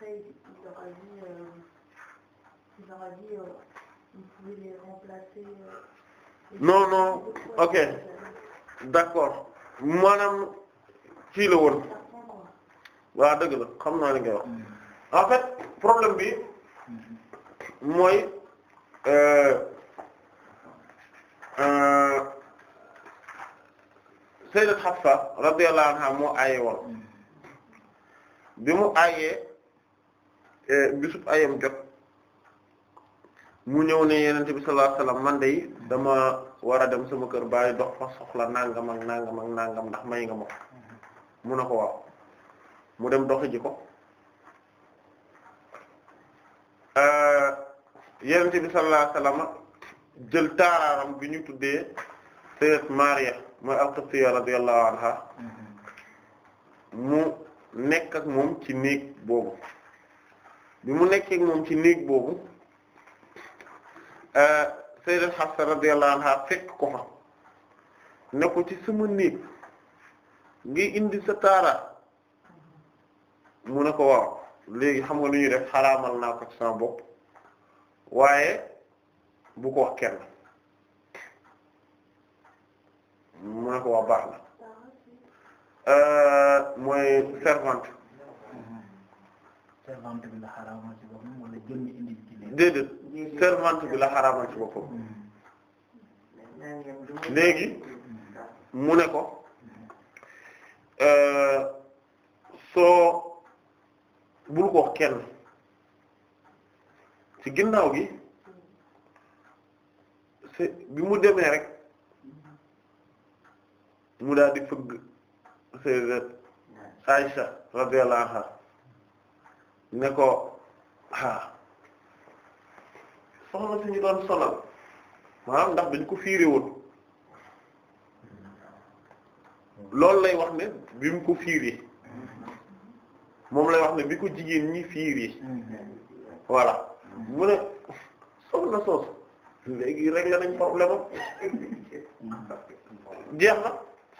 après, il euh, euh, euh, non non ok d'accord maanaam fii la woon waaw dëgg la xam naa li ngay wax hmm. en bi hmm. mooy Sayyidat Hafsa radiyallahu anha moo aaye woon hmm. bi mu aayee E, bisub ayam jot mu ñëw ne yenente bi sallallahu alayhi man day dama war a dem sama kër bàyyi dox fa soxla nangam ak nangam ndax may nga ma mu ne ko waaw dem doxi ko e, yenente bi sallallahu bi ñu tuddee sayyidat Maria mooy al mm-hmm. nekk moom ci néeg boobu bi mu nekkee moom ci néeg boobu euh, sayyidat Hafsa radiyallahu anha fekk ko fa ne ko ci sama néeg ngi indi sa taara mu ne ko waaw léegi xam nga lu ñuy def xaraamal naa ko ci sama bopp waaye bu ko wax kenn mu ne ko wax baax na euh, mooy servante servante bi ci boppam wala jëmmi individu. bi la xaraamal ci boppam. Mm. léegi mu ne ko mm. euh, soo bul ko kenn ci ginnaaw gi c'est bi mu demee rek mu daal di fëgg c'est Aïcha radiyallahu anha ne ko ah soxna doon sonal maanaam ndax dañ ko fiire woon loolu lay wax ne bi mu ko fiire moom lay wax ne bi ko jigéen ñi fiire voilà mu ne soxna soos léegi réglé nañ problème am jeex na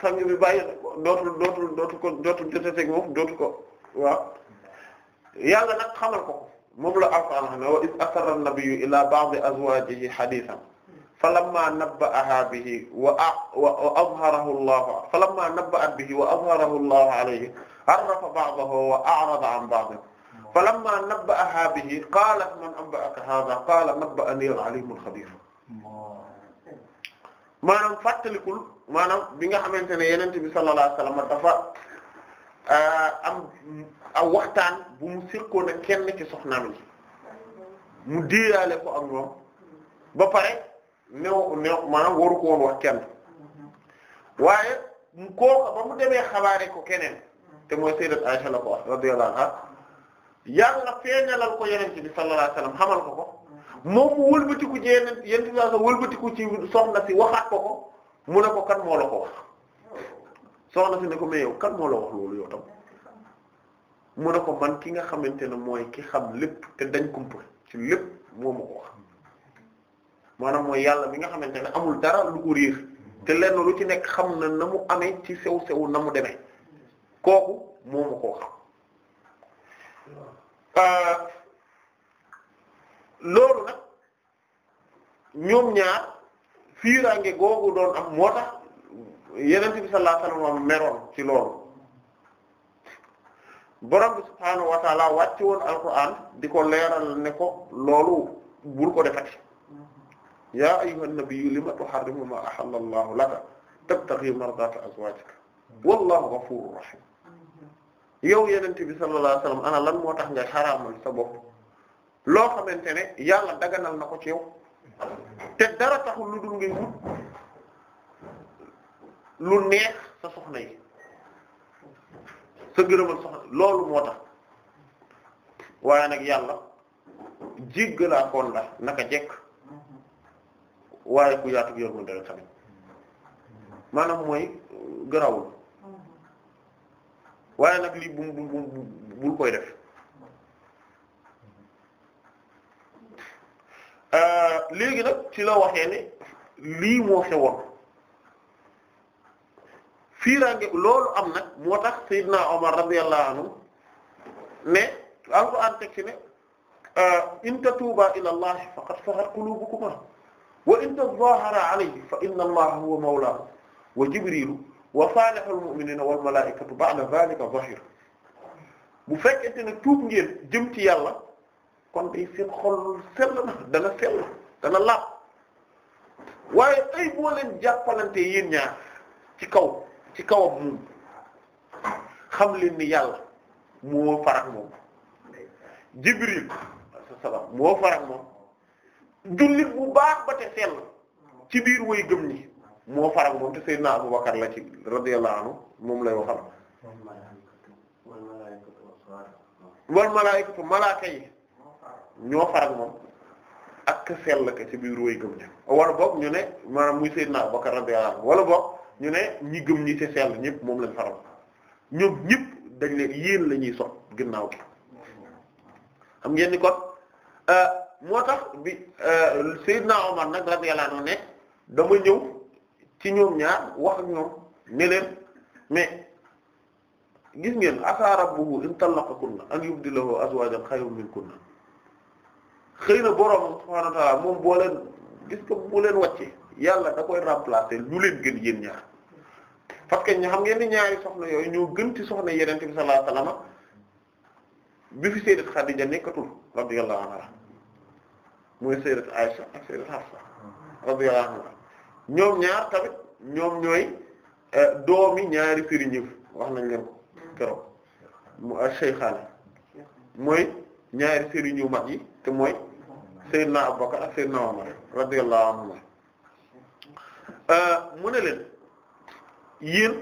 sang bi bàyyi dootul dootul dootul ko dootul joteteeg moom dootu ko waaw yàlla nag xamal ko moom la alquran xam ne wa iz asarra an-nabiyyu ila ba'di azwajihi hadithan falamma nabba'aha bihi wa azharahu Allah falamma nabba'at bihi wa azharahu Allah alayhi arrafa ba'dahu wa a'rada 'an ba'd falamma nabba'aha bihi qalat man anba'aka hadha qala nabba'ani al-'alim al-khabir maanaam fàttalikul maanaam bi nga xamante ne yonent bi sallallahu alayhi wa sallam dafa Euh, am mm, aw waxtaan bu mu sirkoon ak kenn ci soxnaam yi mu diiraale ko ak ñoom ba pare new new waru ko woon wax kenn waaye mu koo ba mu demee xabaare ko keneen te mooy sayyidat Aisha la ko wax radiyallahu anha yàlla feeñalal ko yonent bi sallallahu wasallam xamal ko ko moom mu wëlbatiku jeeneen yonent bi sallallahu alayhi wëlbatiku ci soxna si waxaat ko ko mu ne ko kan moo la ko soxna si ne ko mais yow kan moo la wax loolu yow tam mu ne ko man ki nga xamante ne mooy ki xam lépp te dañ kumpa ci lépp moo ma ko wax maanaam mooy yàlla mi nga xamante ne amul dara lu ko réer te lenn lu ci nekk xam na na mu amee ci sew sewu na mu demee kooku moo ma ko wax euh, loolu nag ñoom ñaar fiiraange googu doon am moo tax yenent bi sallallahu alayhi wasallam meroon ci loolu borom bi subhaanahu wa taala wàcc woon alquran di ko leeral ne ko loolu bul ko defati yaa ayyuhan nabiyyu lima tuharrimu ma ahalla allahu laka tabtaghi mardata azwajika wallahu ghafurur rahim yow yenent bi sallallahu alayhi wasallam ana lan moo tax ngay xaraamal sa bopp loo xamante ne yàlla daganal na ko ci yow dara taxul lu dul ngay wut lu neex sa soxna yi sa gërëmal soxna loolu moo tax waaye nag yàlla jéggalaakoon la naka jekk waaye ku yaatu yor mu dara tamit maanaam mooy euh, garawul waaye nag lii bu bu bu bul koy def euh, léegi nag ci la waxee ne lii moo xewoon fiiraange loolu am nag moo tax Seydina Omar radiyallahu anhu ne alquran teg ci ne euh, in tatuuba ila allahi faqad sahat qulubukuma wa in tazahara alayhi fa inna allaha huwa mawlaahu wa jibrilu wa salihul mu'minina wal malaa'ikatu ba'da dhalika zahir bu fekkente ne tuub ngeen jëm ci yàlla kon day seen xol sell na dana sell dana laab waaye ay boo leen jàppalante yéen ñaar ci kaw ci kawam moom xam leen ni yàlla moo farak moom jibril asalaam moo jullit bu baax ba te sell ci biir way gëm ni moo farak moom te Seydina Abubakar la ci radiyallahu anhu moom lay waxal wal malaayikatu malaaka yi ñoo farak moom ak sell ka ci biir way gëm ni wala boog ñu ne maanaam muy Seydina Abubakar radiyallahu anhu wala boog ñu ne ñi gëm ñi te sell ñëpp moom lañ faral ñoom ñëpp dañ leen yéen la ñuy sot ginnaaw gi xam ngeen ni kon euh, moo tax bi euh, Seydina Omar nag radiyallahu anhu ne dama ñëw ci ñoom ñaar wax ak ñoom ne leen mais gis ngeen asa rabbuhu in tallaqakunna an yubdilahu azwajan khayran minkunna xëy na borom moom boo leen gis ko bu leen wàcce yàlla da koy remplacer lu leen gën yéen ñaar parce que xam ngeen ni ñaari soxna yooyu ñoo gën ci soxna yenente bi sallallahu alayhi wasallam bi fi sayyidat Khadija nekkatul radiyallahu anha mooy sayyidat Aisha ak sayyidat Hafsa radiyallahu anha ñoom ñaar tamit ñoom ñooy euh, doomi ñaari firiñëf wax nañ leen ko keroog mu euh, Shaykhaan mooy ñaari firiñu mag yi te mooy sayyidna Abubakar ak sayyidna Umar radiyallahu anhu euh, mu ne leen yéen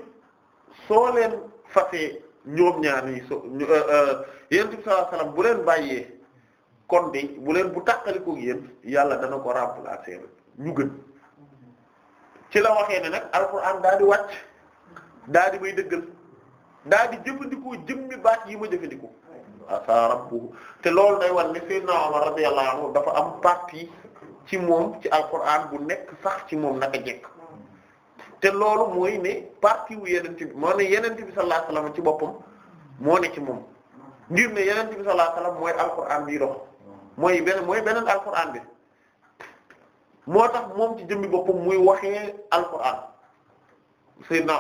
soo leen fasee ñoom ñaar ñi so euh, euh, yéen bi sallallahu alayhi bu leen bàyyee kon de bu leen bu tàqalikoog yéen yàlla dana ko remplacer ñu gën ci la waxee ne nag alxuraan daa di wàcc daa di may dëggal daa di jëfandikoo jëmmi baat yi ma jëfandikoo asa rabbuhu te loolu day war ne sayyidna Umar radiyallahu anhu dafa am partie ci moom ci alxuraan bu nekk sax ci moom naka jekk te loolu mooy ne partie wu yenente bi moo ne yenente bi ci boppam moo ne ci moom ngir ne yenente bi sallallahu alayhi mooy alquran bi dox mooy beneen tax moom ci muy waxee alquran sayyidna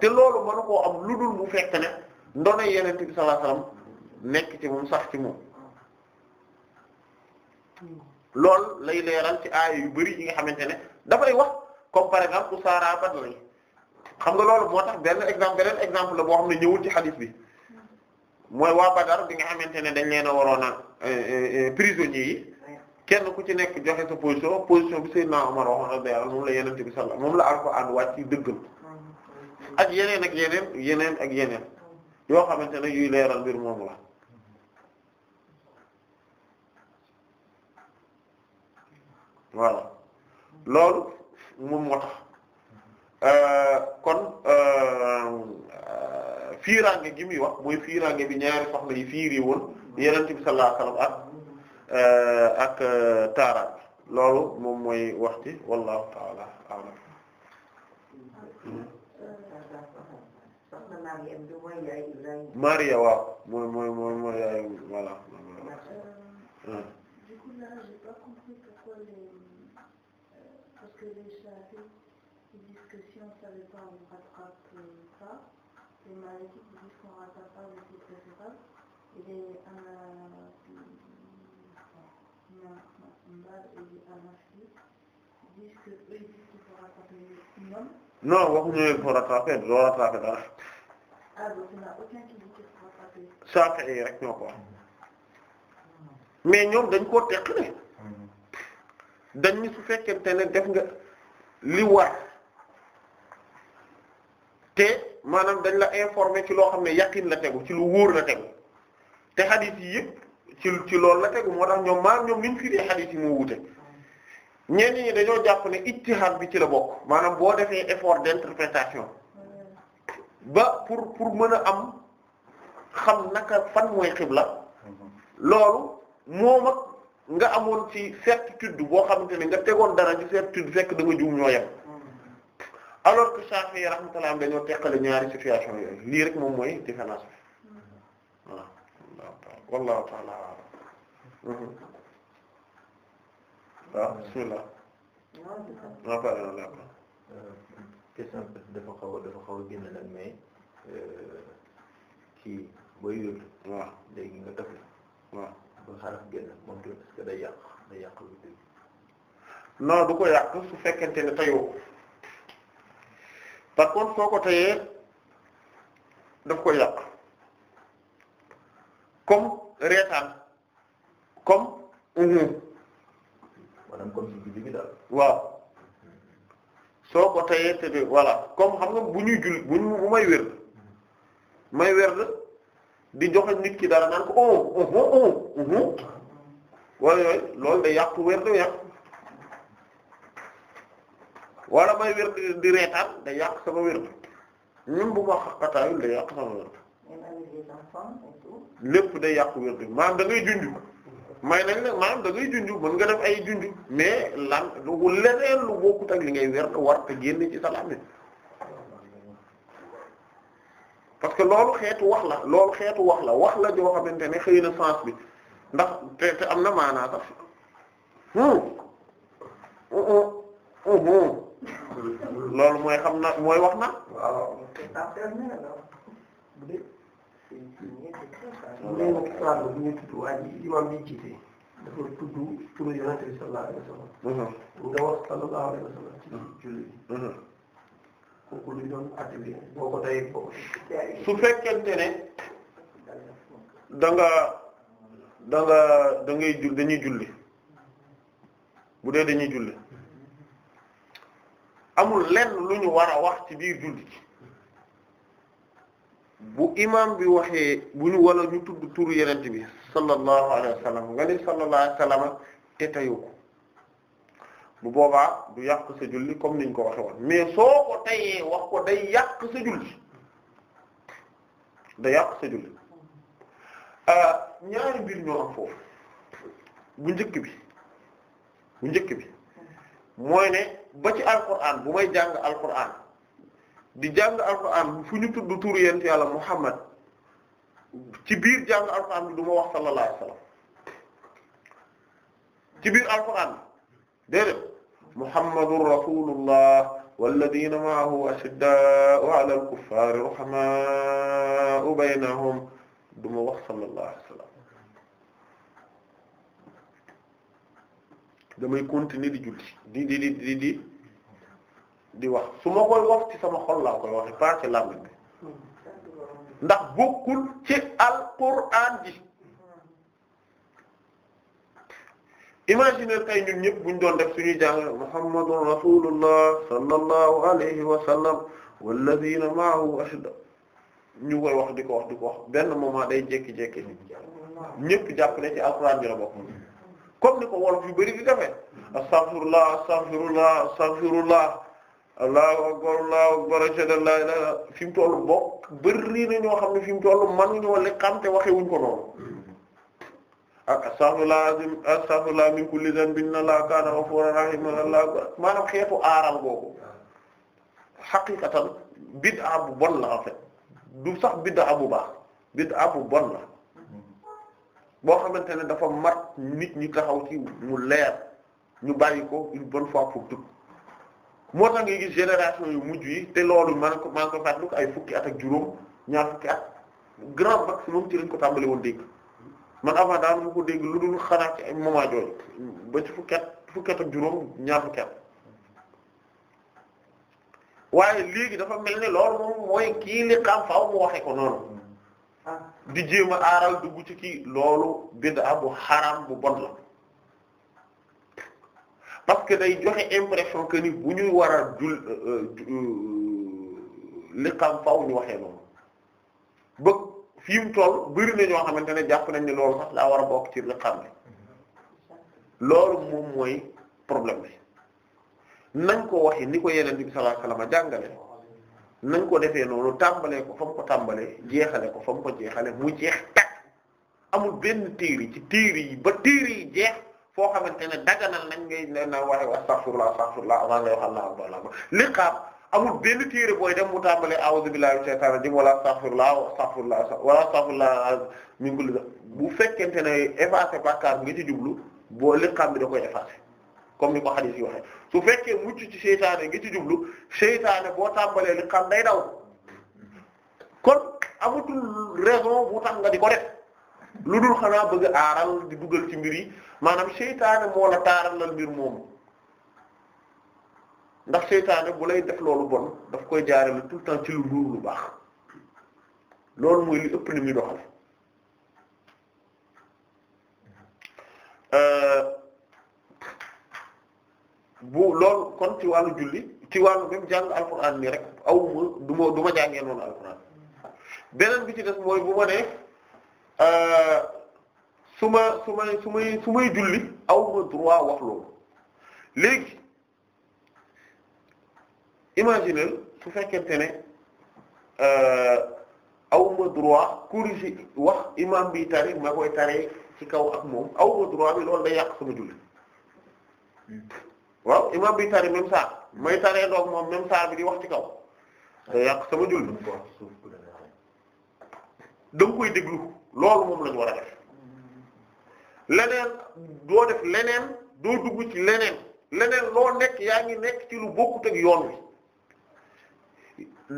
te loolu mënu koo lu dul mu fekk ne ndono yenente bi nekk ci moom sax ci moom loolu lay leeral ci aaya yu bari yi nga xamante ne dafay wax comme par exemple ku saaraa badr xam nga loolu moo tax benn exemple beneen exemple la boo xam ne ñëwul ci xadis bi mooy waa badar bi nga xamante ne dañ leen a waroon a euh, euh, euh, prisonniers yi kenn ku ci nekk joxe sa position position bi Seydina Omar waxoon a moom la yenente bi sallallahu moom la Alxuraan wàcc ci dëggal ak yeneen ak yeneen yeneen ak yeneen yoo xamante ne yuy leeral mbir moomu la voilà loolu moom moo euh, kon euh, fiiraange gi muy wax mooy fiiraange bi ñaari soxna yi fiiri woon Yonent bi sallallahu wa ak euh, ak taaraat loolu moom mooy wax wallahu ta'ala a'lam Maria waaw mooy mooy mooy mooy yaay voilà que les chafis ils disent que si on ne savait pas, on ne rattrape pas. Euh, les maléfiques ils disent qu'on ne rattrape pas les titres de Et les Anabal et les Anafis disent que eux ils disent qu'il faut rattraper l'imam. Non, waxuñu il faut rattraper, doo rattraper dara. Ah donc il n'y a aucun qui dit qu'il faut rattraper. Chafi'i yi rek ñoo ko wax mais ñoom dañ koo teqale. dañ ni su fekkente ne def nga li war te maanaam dañ la informé ci loo xam ne yaqin la tegu ci lu wóor la tegu te xadis yi yëpp ci ci loolu la tegu moo tax ñoom maa ñoom liñ firee xadis yi moo wute ñenn ñi dañoo jàpp ne ijtihad bi ci la bokk maanaam boo defee effort d'interprétation ba pour pour mën a am xam naka fan mooy xibla mhm. loolu moom ak nga amoon ci certitude boo xam ne nga tegoon dara ci certitude fekk da nga juum ñoo yem alors que Shafi'i rahmatullah am dañoo teqale ñaari situation yooyu lii rek moom mooy différence bi voilà wallahu ta'ala waaw mmh. ah, bismillah waaw pare na question dafa xaw a dafa xaw a génn nag mais ci booy yóbbu waaw léegi nga def waaw ba a génn moom tamit parce que yàq day yàq lu dégg du ko yàq su fekkente ne tayoo par contre soo ko tayee daf koy yàq kom reetaan comme uhum maanaam comme si waaw soo ko tayee te voilà kom xam nga bu ñuy julli bu ñu bu may wér may di joxe nit ki dara naan ko oh oh oh, oh, oh, oh. wala yooyu loolu day yàq wér di yàq wala di reetaan day yàq sama wér même bu ma day yàq sama wér lépp day yàq wér di maanaam da ngay junj may nañ la maanaam da ngay junj mën nga def ay junj mais lan lu leneen lu bokkut ak li ngay wér war te génn ci salaam parce que loolu xeetu wax la loolu xeetu wax la wax la joo xamante xëy na sens bi ndax te te am na maanaa sax hmm. Hmm, hmm. loolu mooy xam na mooy wax na waaw léegi nag xalaat bu ñu tudd waa ji imam bi jiite dafa tudd wax sallallahu pour lu doon attribué su fekkente ne da nga da nga da ngay jul dañuy julli bu dee dañuy julli amul lenn lu ñu war wax ci biir julli bu imam bi waxee bu ñu wala ñu tudd turu yenent bi sallallahu alayhi wa nga ni sallallahu alayhi wa sallam te tayu ko bu boobaa du yàq sa julli comme niñ ko waxe woon mais soo ko tayee wax ko day yàq sa julli day yàq sa julli euh, ñaari mbir ñoo am foofu bu njëkk bi bu njëkk bi mooy ne ba ci alquran bu may jàng alquran di jàng alquran fu ñu tudd turu yent yàlla muhammad ci biir jàng alquran bi du ma wax sallallahu alayhi ci biir alquran bi déedéet muhammadur rasulullah walladina maahu ashiddaa'u ala al-kuffari ruhamaa'u baynahum du ma wax sallallahu alayhi wa sallam damay continuer di julli di di di di di wax su ma koy wax ci sama xol laa koy waxe pas ci làmmiñ bi ndax bokkul ci alquran ji imaginer kay ñun ñëpp buñ doon def suñuy jàng muhammadun rasulullah sallallahu alayhi wa sallam walladina maahu ashda ñu koy wax di ko wax moment day jékki-jékki ñëpp jàpp ne ci alxuraan bi la comme ni ko wolof yu bari di defee astaghfirullah astaghfirullah astaghfirullah allahu akbar allahu akbar ashhadu an la ilaha fi mu toll bokk bari na ñoo xam ne fi mu toll mënuñoo lekkante waxewuñ ko noonu astaghfirullah azim astaghfirullah min kulli dhanbin inna allaha kana ghafuran rahima maanaam xeetu aaral boobu xaqiqatan bid'a bu bon la en fait du sax bid'a bu baax bid'a bu bon la boo xamante ne dafa mat nit ñi taxaw ci mu leer ñu bàyyi ko une bonne fois pour moo tax nga gis génération yu mujj yi te loolu man ko man ko ay fukki at ak juróom ñaar fukki at grand maximum ci lañ ko tàmbali woon dégg man avant daal ma ko dégg lu dul xanaa ci moment jooju ba ci fukki at juróom ñaar fukki at waaye léegi dafa mel ni loolu moom mooy kii li xam mu waxee ko noonu di jéem a aaral dugg ci kii loolu bid'a bu xaraam bu bon la parce que day joxe impression que ni bu ñuy war a jul euh, euh, euh, li xam ñu waxee noonu fi mu toll bëri na ñoo xamante ne jàpp nañ ne loolu sax daa war a bokk ci liqaam bi loolu moom mooy problème bi nañ ko waxee ni ko yeneen bi sallallahu alayhi wasallam jàngale nañ ko defee noonu tàmbalee ko fa mu ko tàmbalee jeexale ko fa mu ko jeexale mu jeex takk amul benn téere ci téere yi ba téere yi jeex foo xamante ne daganal nañ ngay na waxe astaghfirullah astaghfirullah avant ngay wax allah akbar liqaam amul benn téere booy dem mu tàmbalee a'uuzu billahi minash shaytaanir rajiim wala astaghfirullah wala astaghfirullah wala astaghfirullah min kulli bu fekkente ne effacé bàkkaar nga ci jublu boo liqaam bi da koy effacé comme ni ko hadith yi waxee su fekkee mucc ci seytaane nga ci jublu seytaane boo tàmbalee liqaam day daw kon amatul raison bu tax nga di ko def lu dul xanaa bëgg aaral di dugal ci mbir yi maanaam seytaane moo la taaralal mbir moomu. ndax seytaane bu lay def loolu bon daf koy jaarale tout le temps ci lu luur lu baax loolu mooy li ëpp li muy doxal euh, bu loolu kon ci wàllu julli ci wàllu même jàng alquran nii rek awma du ma du ma jàngee noonu alquran beneen bi ci def mooy bu ma ne euh, su ma su may su may su may julli awma droit wax loolu léegi imaginer su fekkente ne euh, awma droit corriger wax imam bi tari ma koy taree ci kaw ak moom awma droit bi loolu day yàq sama julli hmm. waaw imam bi tari même saa may taree doog moom même saa bi di wax ci kaw day yàq sama julli da nga koy déglu loolu moom lañu war a def leneen doo def leneen doo dugg ci leneen leneen loo nekk yaa ngi nekk ci lu bokkut ak yoon wi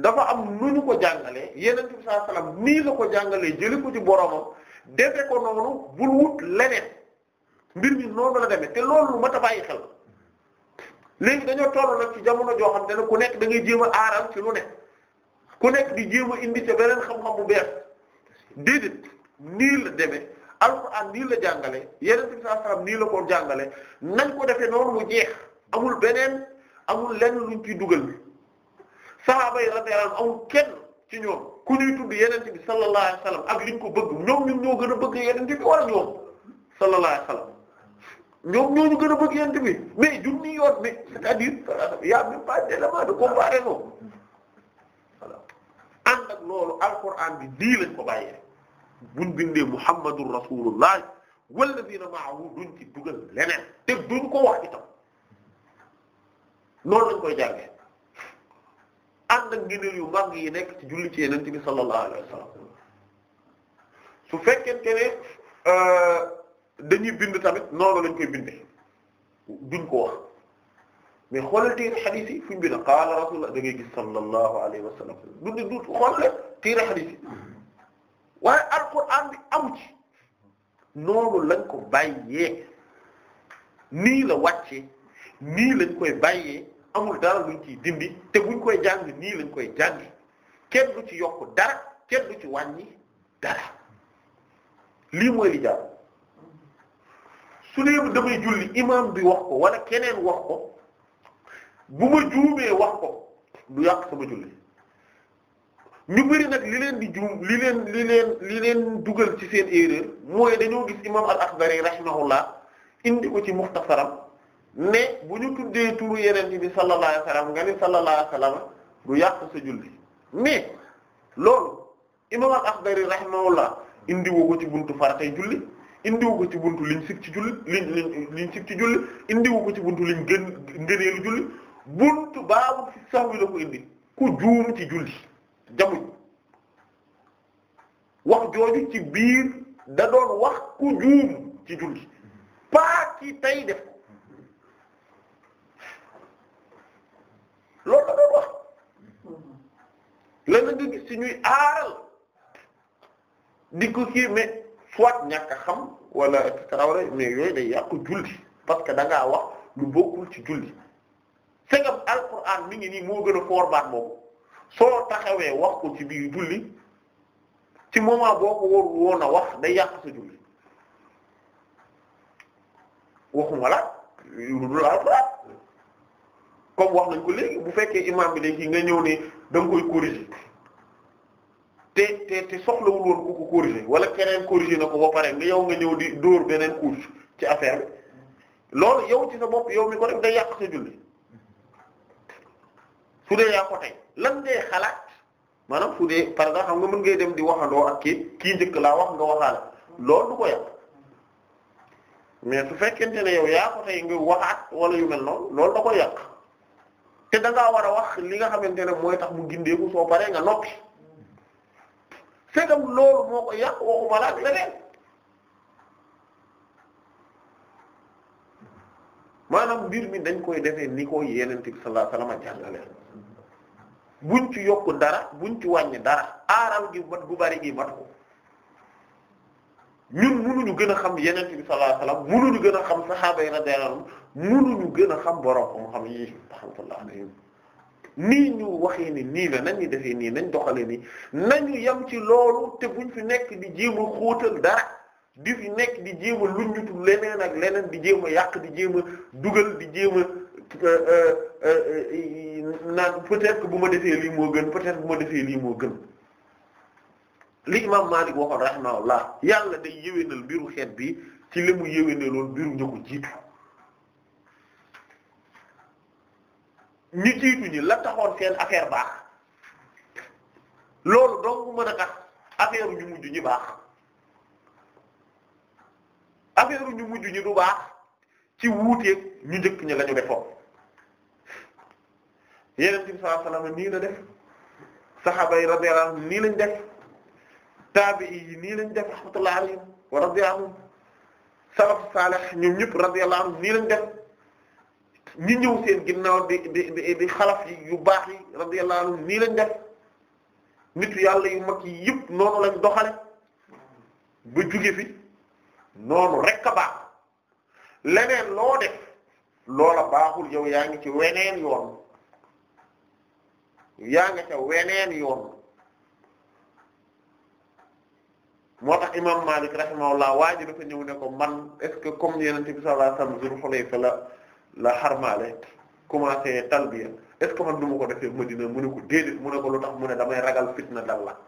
dafa am nu ñu ko jàngale yeneen bi sallallahu alayhi nii la ko jàngalee jëli ko ci boromam defe ko noonu bul wut leneen mbir mi noonu la demee te loolu mat a bàyyi xel léegi dañoo toll nag ci jamono joo xam te ne ku nekk da ngay jéem a aaral ci lu ku nekk di jéem a indi ca beneen xam-xam bu bees déedéet nii la demee alxuraan nii la jàngale yeneen bi la ko jàngale nañ ko defee noonu mu jeex amul beneen amul lenn luñ ci dugal. sahaaba yi radiyallahu anhum amul kenn ci ñoom ku ñuy tudd yenente bi sallallahu alayhi wasallam ak liñ ko bëgg ñoom ñun ñoo gën a bëgg yenente bi wala ñoom sallallahu alayhi wasallam ñoom ñoo gën a bëgg yenente bi mais junni yoon mais c'est-à-dire y'a même pas du de comparaison voilà ànd ak loolu alquran bi lii lañ ko bàyyee buñ bindee muhammadur rasulullah walladina ma'ahu duñ ci dugal leneen te duñ ko wax itam noonu lañ koy jàngee ànd ak yu mag yi nekk ci julli ci yeneen bi su fekkente ne euh, dañuy bind tamit noonu lañ koy bindee duñ ko wax mais xoolal tiir xadiis yi fu ñu bind qaala rasulullah da ngay gis sallallahu alayhi bi amu ci noonu lañ ko bàyyee nii la wàccee nii lañ koy bàyyee. amul dara lu ciy dindi te buñ koy jàng nii lañ koy jàngi kenn lu ci yokk dara kenn du ci wàññi dara lii mooy li jaar su ne damay julli imam bi wax ko wala keneen wax ko bu ma juumee wax ko du yàq sama julli ñu bari nag li leen di juum li leen li leen li leen dugal ci seen erreur mooy dañoo gis imam al-Akhdari indi ko ci muxtasaram ne bu ñu tuddee tuur yeneen bi sallallahu alayhi wa nga ni sallallahu alayhi wa sallam du sa julli mais loolu imam al-Akhdari rahimahullah indiwu ko ci buntu faratay julli indiwu ko ci buntu liñ sib ci julli liñ liñ liñ sib ko ci buntu liñ gën ngëneelu julli buntu baabu fi sahwi la ko indi ku juum ci julli jamuñ wax jooju ci biir da doon wax ku juum ci julli pas ci tey def loolu la doon wax la nga gis ci ñuy aaral di ko kii mais soit ñàkk a xam wala et mais yooyu day yàqu julli parce que da wax lu bokkul ci julli segam alquran mi ngi nii moo gën a foor baat boobu soo taxawee wax ko ci biir julli ci moment boo ko war woon a wax day yàq sa julli waxuma la lu dul alquran comme wax nañ ko léegi bu fekkee imam bi léegi nga ñëw ne da koy corriger te te te soxlawul woon ku ko corriger wala keneen corriger na ko ba pare nga yow nga ñëw di dóor beneen couche ci affaire bi loolu yow ci sa bopp yow mi ko def yàq sa dee yaa ko tey lan ngay xalaat maanaam su dee par xam nga mën ngay dem di waxandoo ak ki kii njëkk laa wax nga waxaale loolu du ko yàq mais su fekkente ne yow yaa ko tey nga waxaat wala yu mel noonu loolu da koy yàq. te da war a wax li nga xamante ne mooy tax mu gindeeku soo paree nga noppi c'est comme loolu moo ko yàq waxuma la ak leneen maanaam mbir mi dañ koy defee ni ko Yonent bi sallallahu alayhi wasallam jàngale buñ ci yokku dara buñ ci wàññi dara aaral gi gu bari gi mat ko ñun mënuñu gën a xam Yonent bi sallallahu alayhi gën a xam saxaaba yi radiyallahu anhum mënuñu gën a xam borom xam-xam yi rahmatullah alayhim nii ñu waxee ni nii la nañu defee nii nañ doxalee nii nañu yem ci loolu te buñ fi nekk di jéem a xóotal dara di fi nekk di jéem a luññutu leneen ak leneen di jéem a yàq di jéem a dugal di jéem a euh, euh, euh, naan peut-être bu ma defee lii moo gën peut-être bu ma defee lii moo gën li imam Malik waxoon rahimahullah yàlla day yéwénal mbiru xeet bi ci li mu yéwénaloon mbiru ñu ko jiitu ñi jiitu ñi la taxoon seen affaire baax loolu donc mën a tax affaire ñu mujj ñi baax affaire ñu mujj ñi du baax ci wuuteeg ñu njëkk ñi la ñu yeneen bi nii saxaaba yi radiyallahu nii lañ def taabi'i yi nii lañ def rahmatullahi alayhim wa radiyallahu anhum salaf salih ñoom ñëpp radiyallahu anhum nii lañ def ñi ñëw seen ginnaaw di di di di xalaf yi yu baax yi radiyallahu anhum nii lañ def nitu yàlla yu mag yi yëpp noonu lañ doxale ba jóge fi noonu rek a baax leneen loo def loola baaxul yow yaa ngi ci weneen yoon yaa ngi ca weneen yoon moo tax imam Malik rahimahullah waa ji dafa ñëw ne ko man est ce que comme yenente bi sallallahu alayhi wasallam Zul Hulayfa la la xarmaale commencé talbiya est ce que man du ko defee Madina mu ne ko déedéet mu ne ko lu tax mu ne damay ragal fitna dal la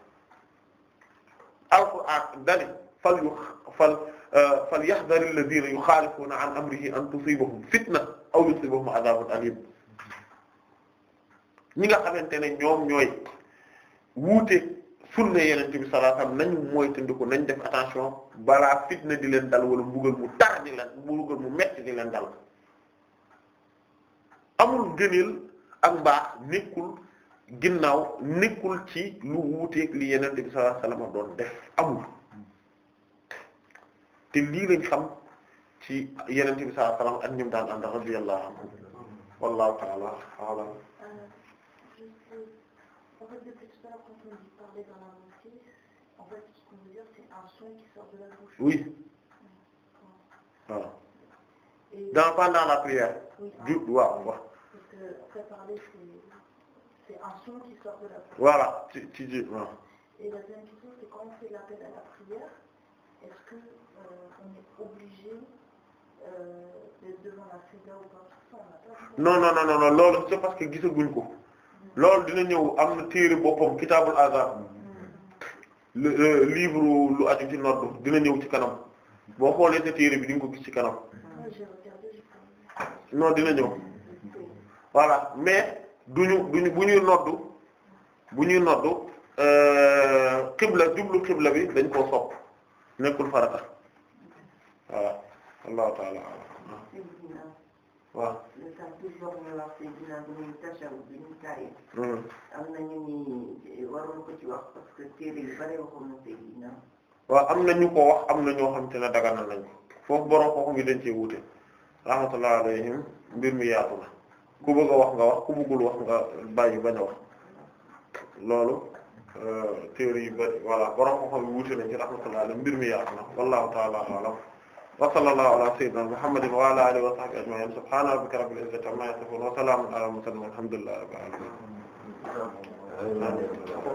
alquran dani fal yu fal euh, fal yahdari alladhina yukhalifuuna an amrihi an tusibahum fitna aw yusibahum adhabun alim ñi nga xamante ne ñoom ñooy wuute sunna yeneen bi sallallahu alayhi wasallam nañu nañ def attention balaa fitna di leen dal wala mbugal mu tar di leen mbugal mu metti di dal amul gëneel ak mbaax nekkul ginnaaw nekkul ci lu wuuteeg li yeneen bi sallallahu alayhi wasallam doon def amul te lii lañ xam ci yeneen bi sallallahu alayhi wasallam ak ñim daan ànd radiyallahu anhu wallahu ta'ala a'lam oui voilà dans pendant la prière. du waaw wax. c'est un son ji que euh, on euh, non non non non non loolu c'est parce que gisaguñ ko. Mm. loolu dina ñëw am na téere boppam kitaabul azan mm. le livre lu aju ci noddu dina ñëw ci kanam boo xoolee sa téere bi di nga ko gis ci kanam. Mm. non dina ñëw voilà mais du duñu bu ñuy noddu bu ñuy noddu euh, xibla jublu xibla bi dañ koo sopp nekkul farata voilà allahu taala mm-hmm. eh, waaw. am na ñu ko ci wax parce am na ñu wax am na ñoo xam te ne daganal nañ ko foofu borom kooku bi dañ cee wuute. rahmatullah alayhim mbir mi yaatu la ku bëgg a wax nga wax ku bëggul wax nga bàyyi bañ a wax loolu euh, théorie yu bari voilà borom ko xam wuute nañ ci rahmatullah alayhim mbir mi yaatu la wallahu ta'ala a'lam wa sallallahu ala sayyidina muhammadin wa ala alihi wa sahbihi ajma'in subhana rabbika rabbil izzati amma yasifun wa salamun ala mursalin walhamdulillahi rabbil alamin